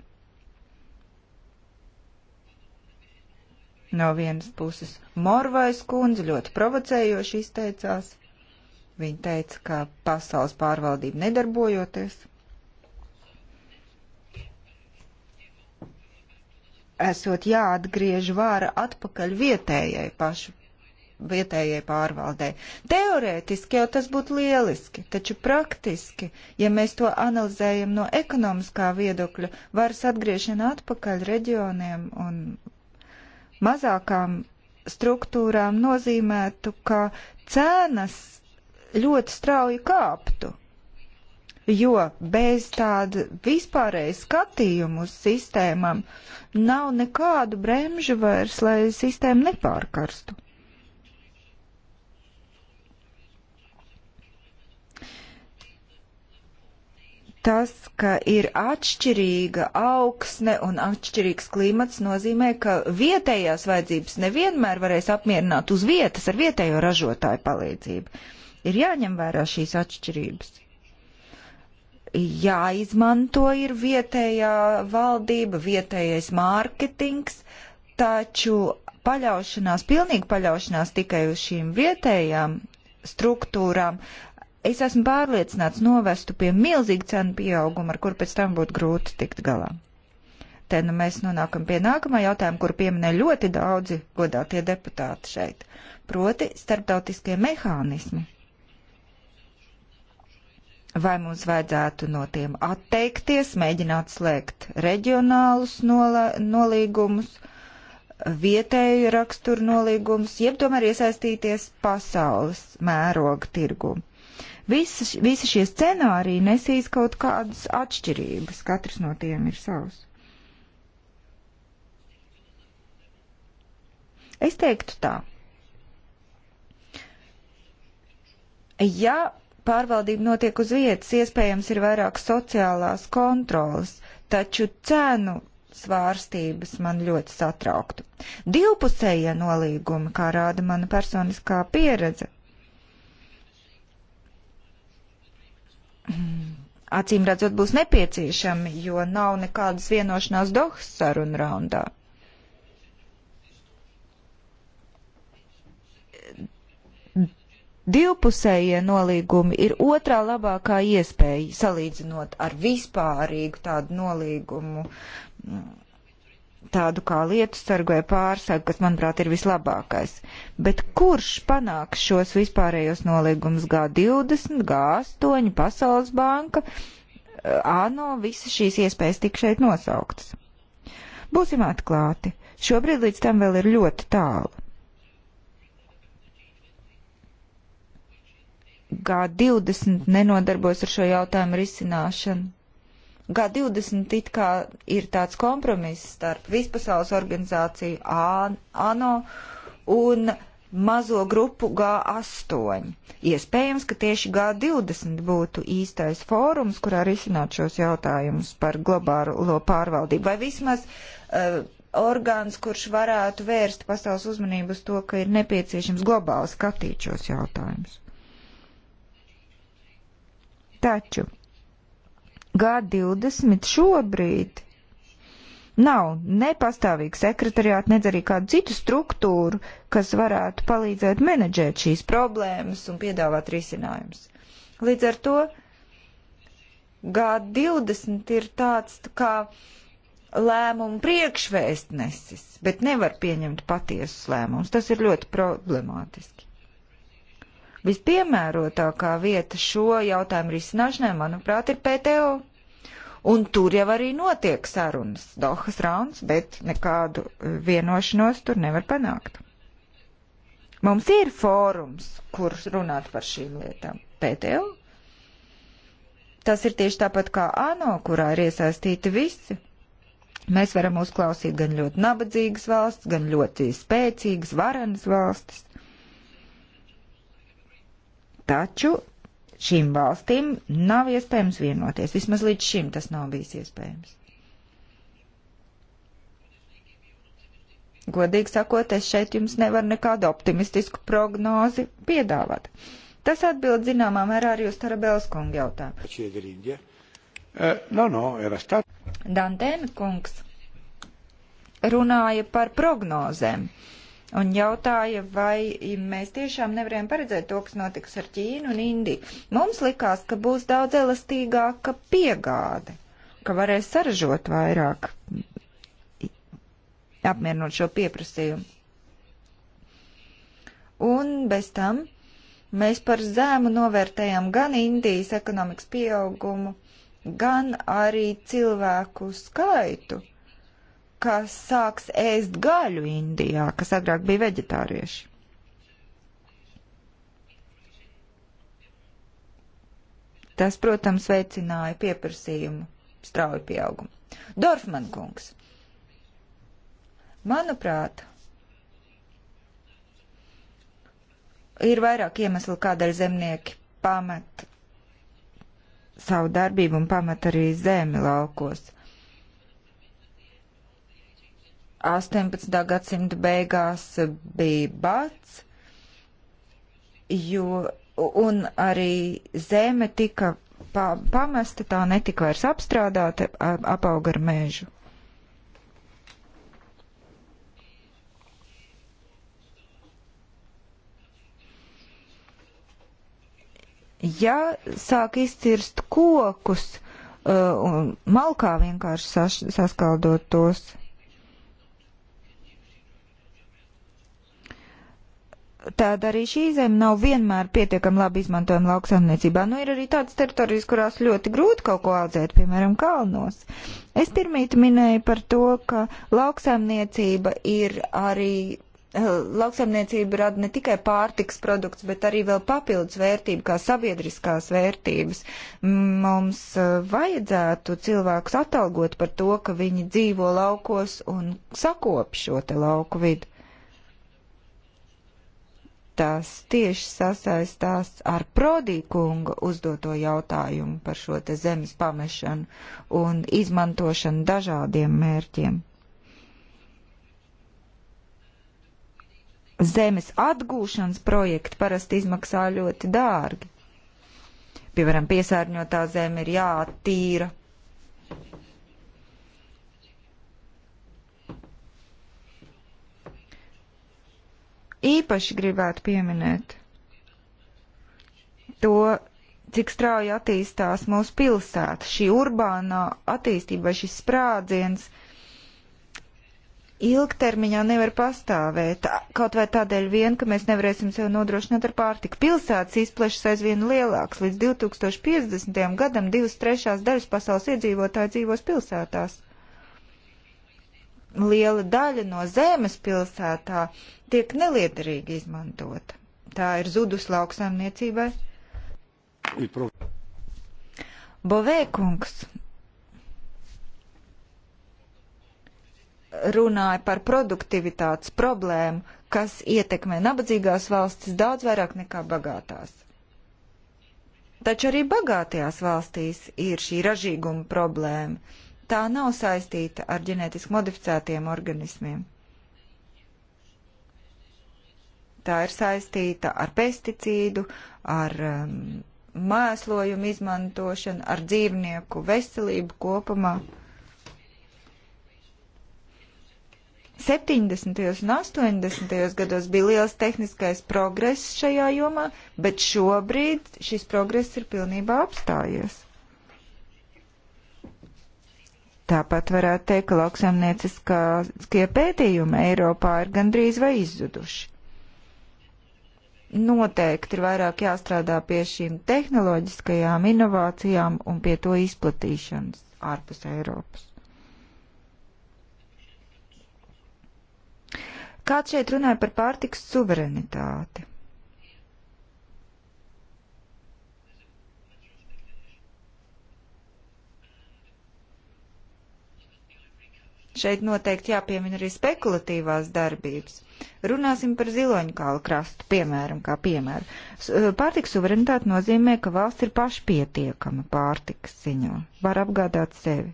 No vienas puses Morvais kundze ļoti provocējoši izteicās. Viņa teica, ka pasaules pārvaldība nedarbojoties. Esot jāatgriež vāra atpakaļ vietējai pašu vietējai pārvaldē. Teorētiski jau tas būtu lieliski, taču praktiski, ja mēs to analizējam no ekonomiskā viedokļa, varas atgriešana atpakaļ reģioniem un mazākām struktūrām nozīmētu, ka cenas ļoti strauji kāptu, jo bez tāda vispārēja skatījuma uz sistēmām nav nekādu bremžu vairs, lai sistēma nepārkarstu. Tas, ka ir atšķirīga augsne un atšķirīgs klimats, nozīmē, ka vietējās vajadzības nevienmēr varēs apmierināt uz vietas ar vietējo ražotāju palīdzību. Ir jāņem vērā šīs atšķirības. Jāizmanto ir vietējā valdība, vietējais mārketings, taču paļaušanās, pilnīga paļaušanās tikai uz šīm vietējām struktūrām es esmu pārliecināts, novestu pie milzīga cenu pieauguma, ar kur pēc tam būtu grūti tikt galā. Te nu mēs nonākam pie nākamā jautājuma, kur pieminē ļoti daudzi godātie deputāti šeit, proti starptautiskie mehānismi. Vai mums vajadzētu no tiem atteikties, mēģināt slēgt reģionālus nola, nolīgumus, vietēju raksturu nolīgumus, jeb tomēr iesaistīties pasaules mēroga tirgumu? Visas, visi šie scenāriji nesīs kaut kādas atšķirības, katrs no tiem ir savs. Es teiktu tā. Ja pārvaldība notiek uz vietas, iespējams ir vairāk sociālās kontrolas, taču cenu svārstības man ļoti satrauktu. Divpusējie nolīgumi, kā rāda mana personiskā pieredze, acīm redzot būs nepieciešami, jo nav nekādas vienošanās Dohas sarunu raundā. Divpusējie nolīgumi ir otrā labākā iespēja salīdzinot ar vispārīgu tādu nolīgumu tādu kā lietu sargoja pārsegu, kas, manuprāt, ir vislabākais. Bet kurš panāks šos vispārējos nolīgumus G20, G8, Pasaules banka, ANO, visas šīs iespējas tik šeit nosauktas? Būsim atklāti, šobrīd līdz tam vēl ir ļoti tālu. G20 nenodarbos ar šo jautājumu risināšanu G20 it kā ir tāds kompromiss starp vispasaules organizāciju ANO un mazo grupu G8. Iespējams, ka tieši G20 būtu īstais fórums, kurā risināt šos jautājumus par globālo pārvaldību, vai vismaz uh, orgāns, kurš varētu vērst pasaules uzmanību uz to, ka ir nepieciešams globāli skatīt šos jautājumus. Taču G20 šobrīd nav nepastāvīga sekretariāta, nedz arī kādu citu struktūru, kas varētu palīdzēt menedžēt šīs problēmas un piedāvāt risinājumus. Līdz ar to G20 ir tāds tā kā lēmumu priekšvēstnesis, bet nevar pieņemt patiesus lēmumus. Tas ir ļoti problemātiski. Vispiemērotākā vieta šo jautājumu risināšanai, manuprāt, ir PTO. Un tur jau arī notiek sarunas, Dohas rauns, bet nekādu e, vienošanos tur nevar panākt. Mums ir fórums, kur runāt par šīm lietām. PTO. Tas ir tieši tāpat kā ANO, kurā ir iesaistīti visi. Mēs varam uzklausīt gan ļoti nabadzīgas valsts, gan ļoti spēcīgas, varenas valstis. Taču šīm valstīm nav iespējams vienoties. Vismaz līdz šim tas nav bijis iespējams. Godīgi sakot, es šeit jums nevaru nekādu optimistisku prognozi piedāvāt. Tas atbild zināmā mērā arī uz Tarabēlas kunga jautājumu. No, no, Dantēna kungs runāja par prognozēm. Uh, un jautāja, vai mēs tiešām nevarējām paredzēt to, kas notiks ar Ķīnu un Indiju. Mums likās, ka būs daudz elastīgāka piegāde, ka varēs saražot vairāk, apmierinot šo pieprasījumu. Un bez tam mēs par zēmu novērtējām gan Indijas ekonomikas pieaugumu, gan arī cilvēku skaitu kas sāks ēst gaļu Indijā, kas agrāk bija veģetārieši. Tas, protams, veicināja pieprasījumu strauju pieaugumu. Dorfman kungs. Manuprāt, ir vairāk iemeslu, kādēļ zemnieki pamet savu darbību un pamet arī zemi laukos. 18. gadsimta beigās bija bats, jo, un arī zeme tika pamesta, tā netika vairs apstrādāta, apauga ar mēžu. Ja sāk izcirst kokus, uh, un malkā vienkārši sas saskaldot tos, tad arī šī zeme nav vienmēr pietiekami labi izmantojama lauksaimniecībā. Nu, ir arī tādas teritorijas, kurās ļoti grūti kaut ko audzēt, piemēram, kalnos. Es pirmīt minēju par to, ka lauksaimniecība ir arī. Eh, lauksaimniecība rada ne tikai pārtiks produkts, bet arī vēl papildus vērtību, kā sabiedriskās vērtības. Mums eh, vajadzētu cilvēkus atalgot par to, ka viņi dzīvo laukos un sakop šo te lauku vidu tas tieši sasaistās ar Prodīkunga uzdoto jautājumu par šo te zemes pamešanu un izmantošanu dažādiem mērķiem. Zemes atgūšanas projekti parasti izmaksā ļoti dārgi. Piemēram, piesārņotā zeme ir jāattīra Īpaši gribētu pieminēt to, cik strauji attīstās mūsu pilsēta, šī urbānā attīstība, šis sprādziens ilgtermiņā nevar pastāvēt, kaut vai tādēļ vien, ka mēs nevarēsim sev nodrošināt ar pārtiku. Pilsētas izplešas aizvien lielāks, līdz 2050. gadam divas trešās daļas pasaules iedzīvotāji dzīvos pilsētās liela daļa no zemes pilsētā tiek neliederīgi izmantota. Tā ir zudus lauksaimniecībai. Bovēkungs runāja par produktivitātes problēmu, kas ietekmē nabadzīgās valstis daudz vairāk nekā bagātās. Taču arī bagātajās valstīs ir šī ražīguma problēma tā nav saistīta ar ģenētiski modificētiem organismiem. Tā ir saistīta ar pesticīdu, ar um, mēslojumu izmantošanu, ar dzīvnieku veselību kopumā. 70. un 80. gados bija liels tehniskais progress šajā jomā, bet šobrīd šis progress ir pilnībā apstājies. Tāpat varētu teikt, ka lauksaimnieciskie pētījumi Eiropā ir gandrīz vai izzuduši. Noteikti ir vairāk jāstrādā pie šīm tehnoloģiskajām inovācijām un pie to izplatīšanas ārpus Eiropas. Kāds šeit runāja par pārtiks suverenitāti? Šeit noteikti jāpiemina arī spekulatīvās darbības. Runāsim par ziloņkālu krastu, piemēram, kā piemēru. Eh, pārtiks suverenitāte nozīmē, ka valsts ir pašpietiekama pārtiks ziņā, var apgādāt sevi.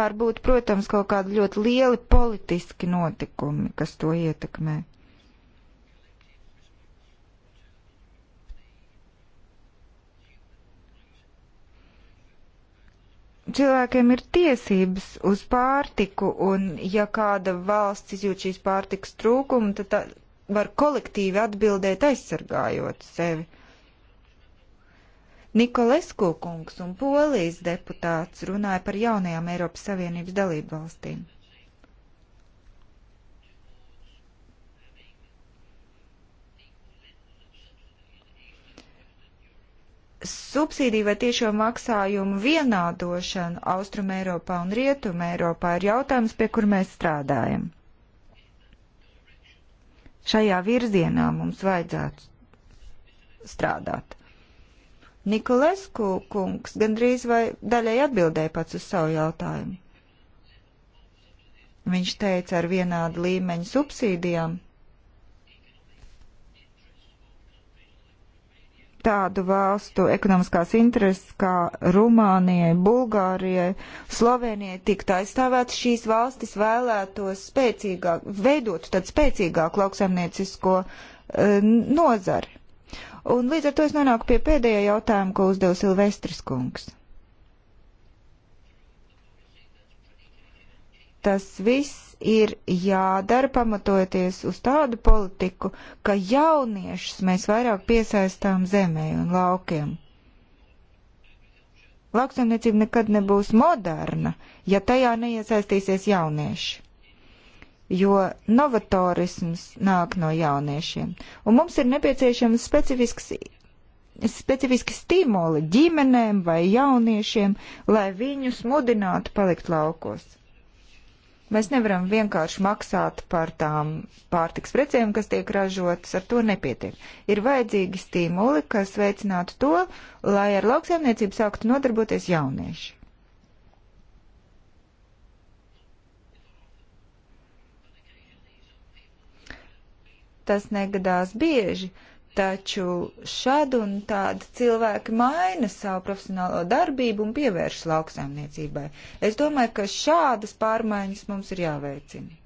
Varbūt, protams, kaut kādi ļoti lieli politiski notikumi, kas to ietekmē. cilvēkiem ir tiesības uz pārtiku, un ja kāda valsts izjūt šīs pārtikas trūkumu, tad tā var kolektīvi atbildēt aizsargājot sevi. Nikolesko kungs un polijas deputāts runāja par jaunajām Eiropas Savienības dalību valstīm. subsīdiju vai tiešo maksājumu vienādošanu Austrum Eiropā un Rietum Eiropā ir jautājums, pie kur mēs strādājam. Šajā virzienā mums vajadzētu strādāt. Nikolesku kungs gandrīz vai daļai atbildēja pats uz savu jautājumu. Viņš teica ar vienādu līmeņu subsīdijām tādu valstu ekonomiskās intereses kā Rumānijai, Bulgārijai, Slovenijai tiktu aizstāvētas, šīs valstis vēlētos spēcīgāk, veidot tad spēcīgāku lauksaimniecisko uh, nozari. Un līdz ar to es nonāku pie pēdējā jautājuma, ko uzdev Silvestris kungs. Tas viss ir jādara pamatojoties uz tādu politiku, ka jauniešus mēs vairāk piesaistām zemē un laukiem. Lauksaimniecība nekad nebūs moderna, ja tajā neiesaistīsies jaunieši, jo novatorisms nāk no jauniešiem, un mums ir nepieciešams specifisks specifiski stimuli ģimenēm vai jauniešiem, lai viņus mudinātu palikt laukos. Mēs nevaram vienkārši maksāt par tām pārtiks precēm, kas tiek ražotas, ar to nepietiek. Ir vajadzīgi stimuli, kas veicinātu to, lai ar lauksaimniecību sāktu nodarboties jaunieši. Tas negadās bieži, Taču šad un tādi cilvēki maina savu profesionālo darbību un pievērš lauksaimniecībai. Es domāju, ka šādas pārmaiņas mums ir jāveicina.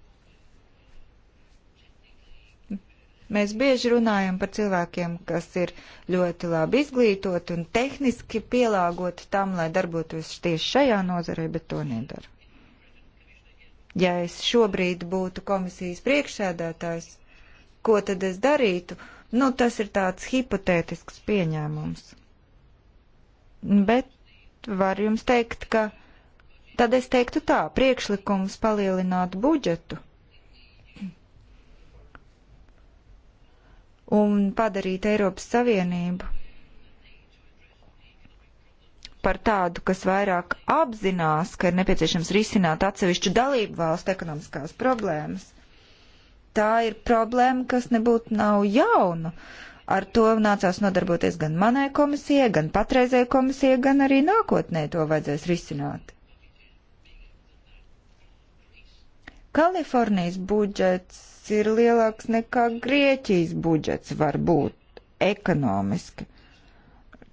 Mēs bieži runājam par cilvēkiem, kas ir ļoti labi izglītoti un tehniski pielāgoti tam, lai darbotos tieši šajā nozarē, bet to nedara. Ja es šobrīd būtu komisijas priekšsēdētājs, ko tad es darītu? Nu, tas ir tāds hipotētisks pieņēmums. Bet var jums teikt, ka tad es teiktu tā, priekšlikums palielināt budžetu un padarīt Eiropas Savienību par tādu, kas vairāk apzinās, ka ir nepieciešams risināt atsevišķu dalību valstu ekonomiskās problēmas tā ir problēma, kas nebūtu nav jauna. Ar to nācās nodarboties gan manai komisijai, gan patreizējai komisijai, gan arī nākotnē to vajadzēs risināt. Kalifornijas budžets ir lielāks nekā Grieķijas budžets var būt ekonomiski.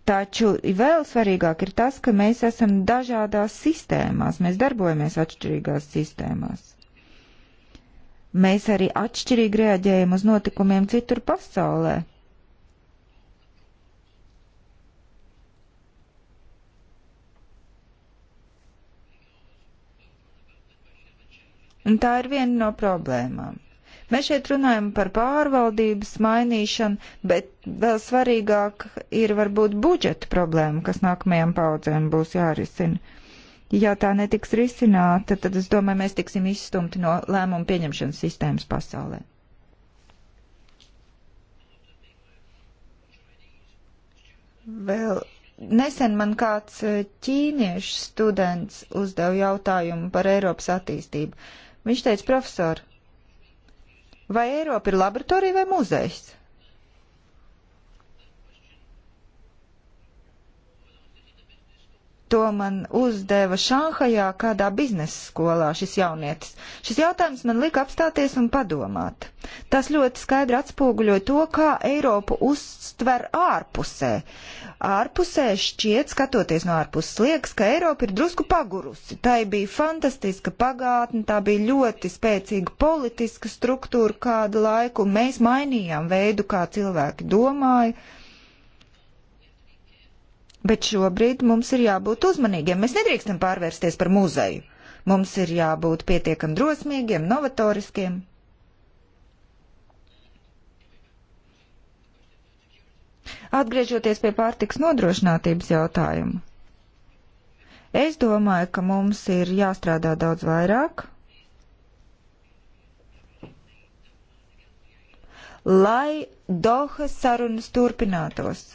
Taču vēl svarīgāk ir tas, ka mēs esam dažādās sistēmās, mēs darbojamies atšķirīgās sistēmās. Mēs arī atšķirīgi reaģējam uz notikumiem citur pasaulē. Un tā ir viena no problēmām. Mēs šeit runājam par pārvaldības mainīšanu, bet vēl svarīgāk ir varbūt budžeta problēma, kas nākamajām paudzēm būs jārisina. Ja tā netiks risināta, tad es domāju, mēs tiksim izstumti no lēmumu pieņemšanas sistēmas pasaulē. Vēl nesen man kāds eh, ķīniešu students uzdeva jautājumu par Eiropas attīstību. Viņš teica, profesor, vai Eiropa ir laboratorija vai muzejs? To man uzdeva Šanhajā kādā biznesa skolā šis jaunietis. Šis jautājums man lika apstāties un padomāt. Tas ļoti skaidri atspoguļo to, kā Eiropu uztver ārpusē. Ārpusē šķiet, skatoties no ārpus sliekas, ka Eiropa ir drusku pagurusi. Tā bija fantastiska pagātne, tā bija ļoti spēcīga politiska struktūra kādu laiku. Mēs mainījām veidu, kā cilvēki domāja Bet šobrīd mums ir jābūt uzmanīgiem. Mēs nedrīkstam pārvērsties par muzeju. Mums ir jābūt pietiekam drosmīgiem, novatoriskiem. Atgriežoties pie pārtiks nodrošinātības jautājuma, es domāju, ka mums ir jāstrādā daudz vairāk, lai Dohas sarunas turpinātos.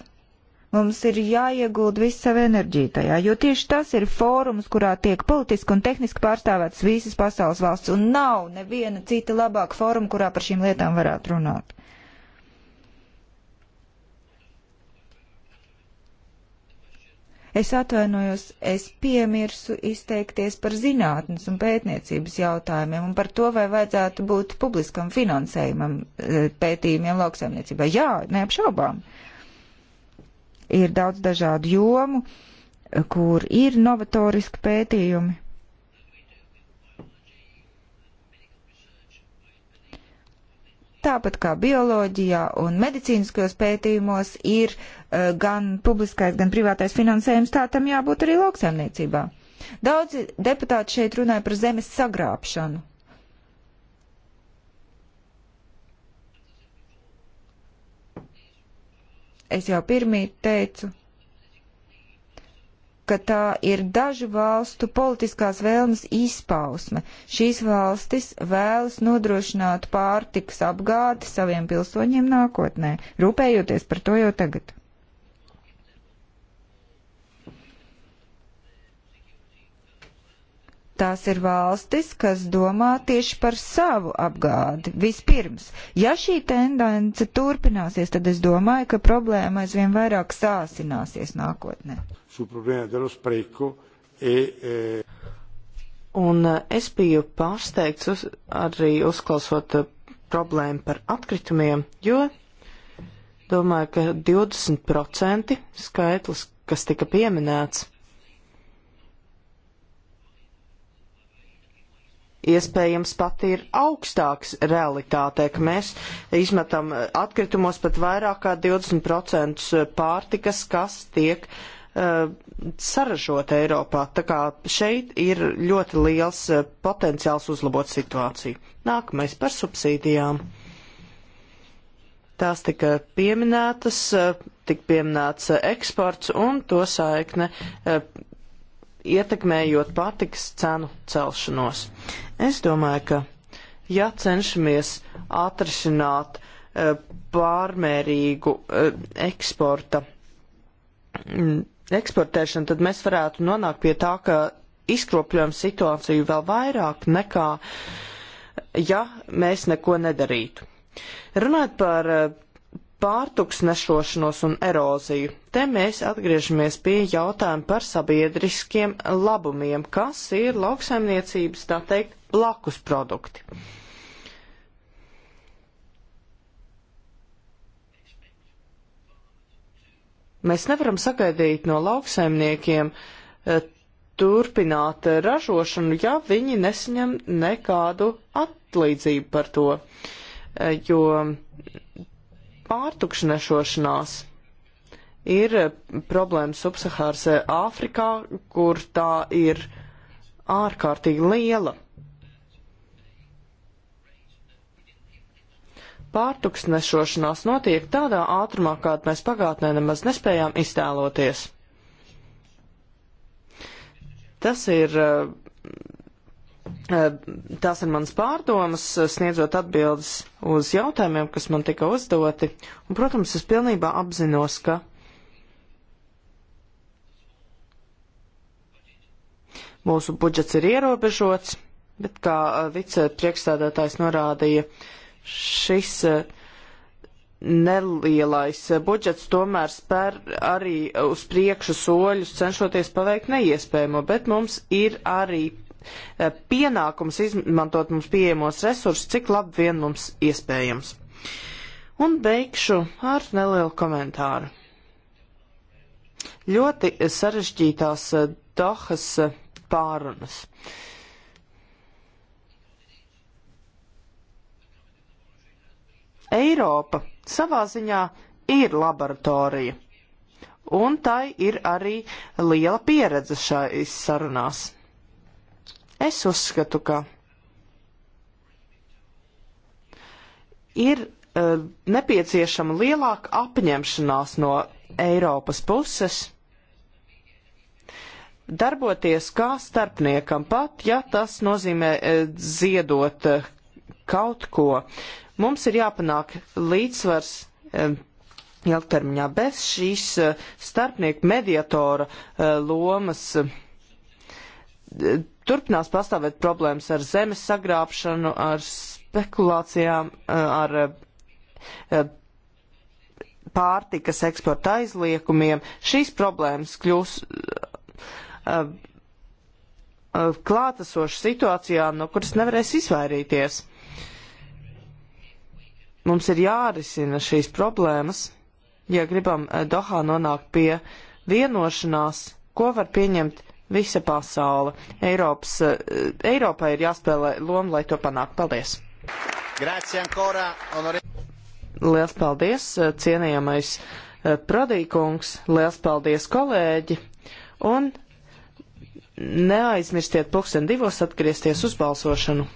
Mums ir jāieguld visu savu enerģiju tajā, jo tieši tas ir fórums, kurā tiek politiski un tehniski pārstāvēts visas pasaules valsts, un nav neviena cita labāka fóruma, kurā par šīm lietām varētu runāt. Es atvainojos, es piemirsu izteikties par zinātnes un pētniecības jautājumiem un par to, vai vajadzētu būt publiskam finansējumam eh, pētījumiem lauksaimniecībā. Jā, neapšaubām. Uh, Ir daudz dažādu jomu, kur ir novatoriski pētījumi. Tāpat kā bioloģijā un medicīniskajos pētījumos ir uh, gan publiskais, gan privātais finansējums, tā tam jābūt arī lauksaimniecībā. Daudzi deputāti šeit runāja par zemes sagrābšanu. Es jau pirmīt teicu, ka tā ir dažu valstu politiskās vēlmes izpausme. Šīs valstis vēlas nodrošināt pārtikas apgādi saviem pilsoņiem nākotnē, rūpējoties par to jau tagad. Tās ir valstis, kas domā tieši par savu apgādi vispirms. Ja šī tendence turpināsies, tad es domāju, ka problēma aizvien vairāk sāsināsies nākotnē. E, e, Un e, es biju pārsteigts uz, arī uzklausot problēmu par atkritumiem, jo domāju, ka 20% skaitlis, kas tika pieminēts, iespējams pat ir augstāks realitātē, ka mēs izmetam atkritumos pat vairāk kā 20% pārtikas, kas tiek uh, saražot Eiropā. Tā kā šeit ir ļoti liels uh, potenciāls uzlabot situāciju. Nākamais par subsīdijām. Tās tika pieminētas, uh, e, tika pieminēts eksports un to saikne ietekmējot patikas cenu celšanos. Es domāju, ka ja cenšamies atrisināt e, pārmērīgu e, eksporta eksportēšanu, tad mēs varētu nonākt pie tā, ka izkropļojam situāciju vēl vairāk nekā, ja mēs neko nedarītu. Runājot par e, pārtuksnešošanos un eroziju. Te mēs atgriežamies pie jautājuma par sabiedriskiem labumiem, kas ir lauksaimniecības, tā teikt, blakus produkti. Mēs nevaram sagaidīt no lauksaimniekiem eh, turpināt eh, ražošanu, ja viņi nesaņem nekādu atlīdzību par to, eh, jo pārtukšnesošanās ir eh, problēma subsahāras eh, Āfrikā, kur tā ir ārkārtīgi liela. Pārtuksnešošanās notiek tādā ātrumā, kādu mēs pagātnē nemaz nespējām iztēloties. Tas ir eh, Tās ir manas pārdomas, sniedzot atbildes uz jautājumiem, kas man tika uzdoti. Un, protams, es pilnībā apzinos, ka mūsu budžets ir ierobežots, bet, kā uh, vicepriekšstādātājs norādīja, šis uh, nelielais uh, budžets tomēr spēr arī uz priekšu soļus, cenšoties paveikt neiespējamo, bet mums ir arī Eh, pienākums izmantot mums pieejamos resursus, cik labi vien mums iespējams. Un beigšu ar nelielu komentāru. Ļoti sarežģītās eh, Dohas eh, pārunas. Eiropa savā ziņā ir laboratorija, un tai ir arī liela pieredze šai sarunās. Es uzskatu, ka ir uh, nepieciešama lielāka apņemšanās no Eiropas puses darboties kā starpniekam, pat ja tas nozīmē uh, ziedot uh, kaut ko. Mums ir jāpanāk līdzsvars ilgtermiņā bez šīs starpnieku mediatora lomas turpinās pastāvēt problēmas ar zemes sagrābšanu, ar spekulācijām, eh, ar eh, pārtikas eksporta aizliekumiem. Šīs problēmas kļūs eh, klātesošu situācijā, no kuras nevarēs izvairīties. Mums ir jārisina šīs problēmas, ja gribam Dohā nonākt pie vienošanās, ko var pieņemt visa pasaule. Eiropas, eh, Eiropai ir jāspēlē loma, lai to panāktu. Paldies! Ancora, onore... Liels paldies, eh, cienījamais eh, Prodīkungs, liels paldies, kolēģi! Un neaizmirstiet pulksten divos atgriezties uz balsošanu.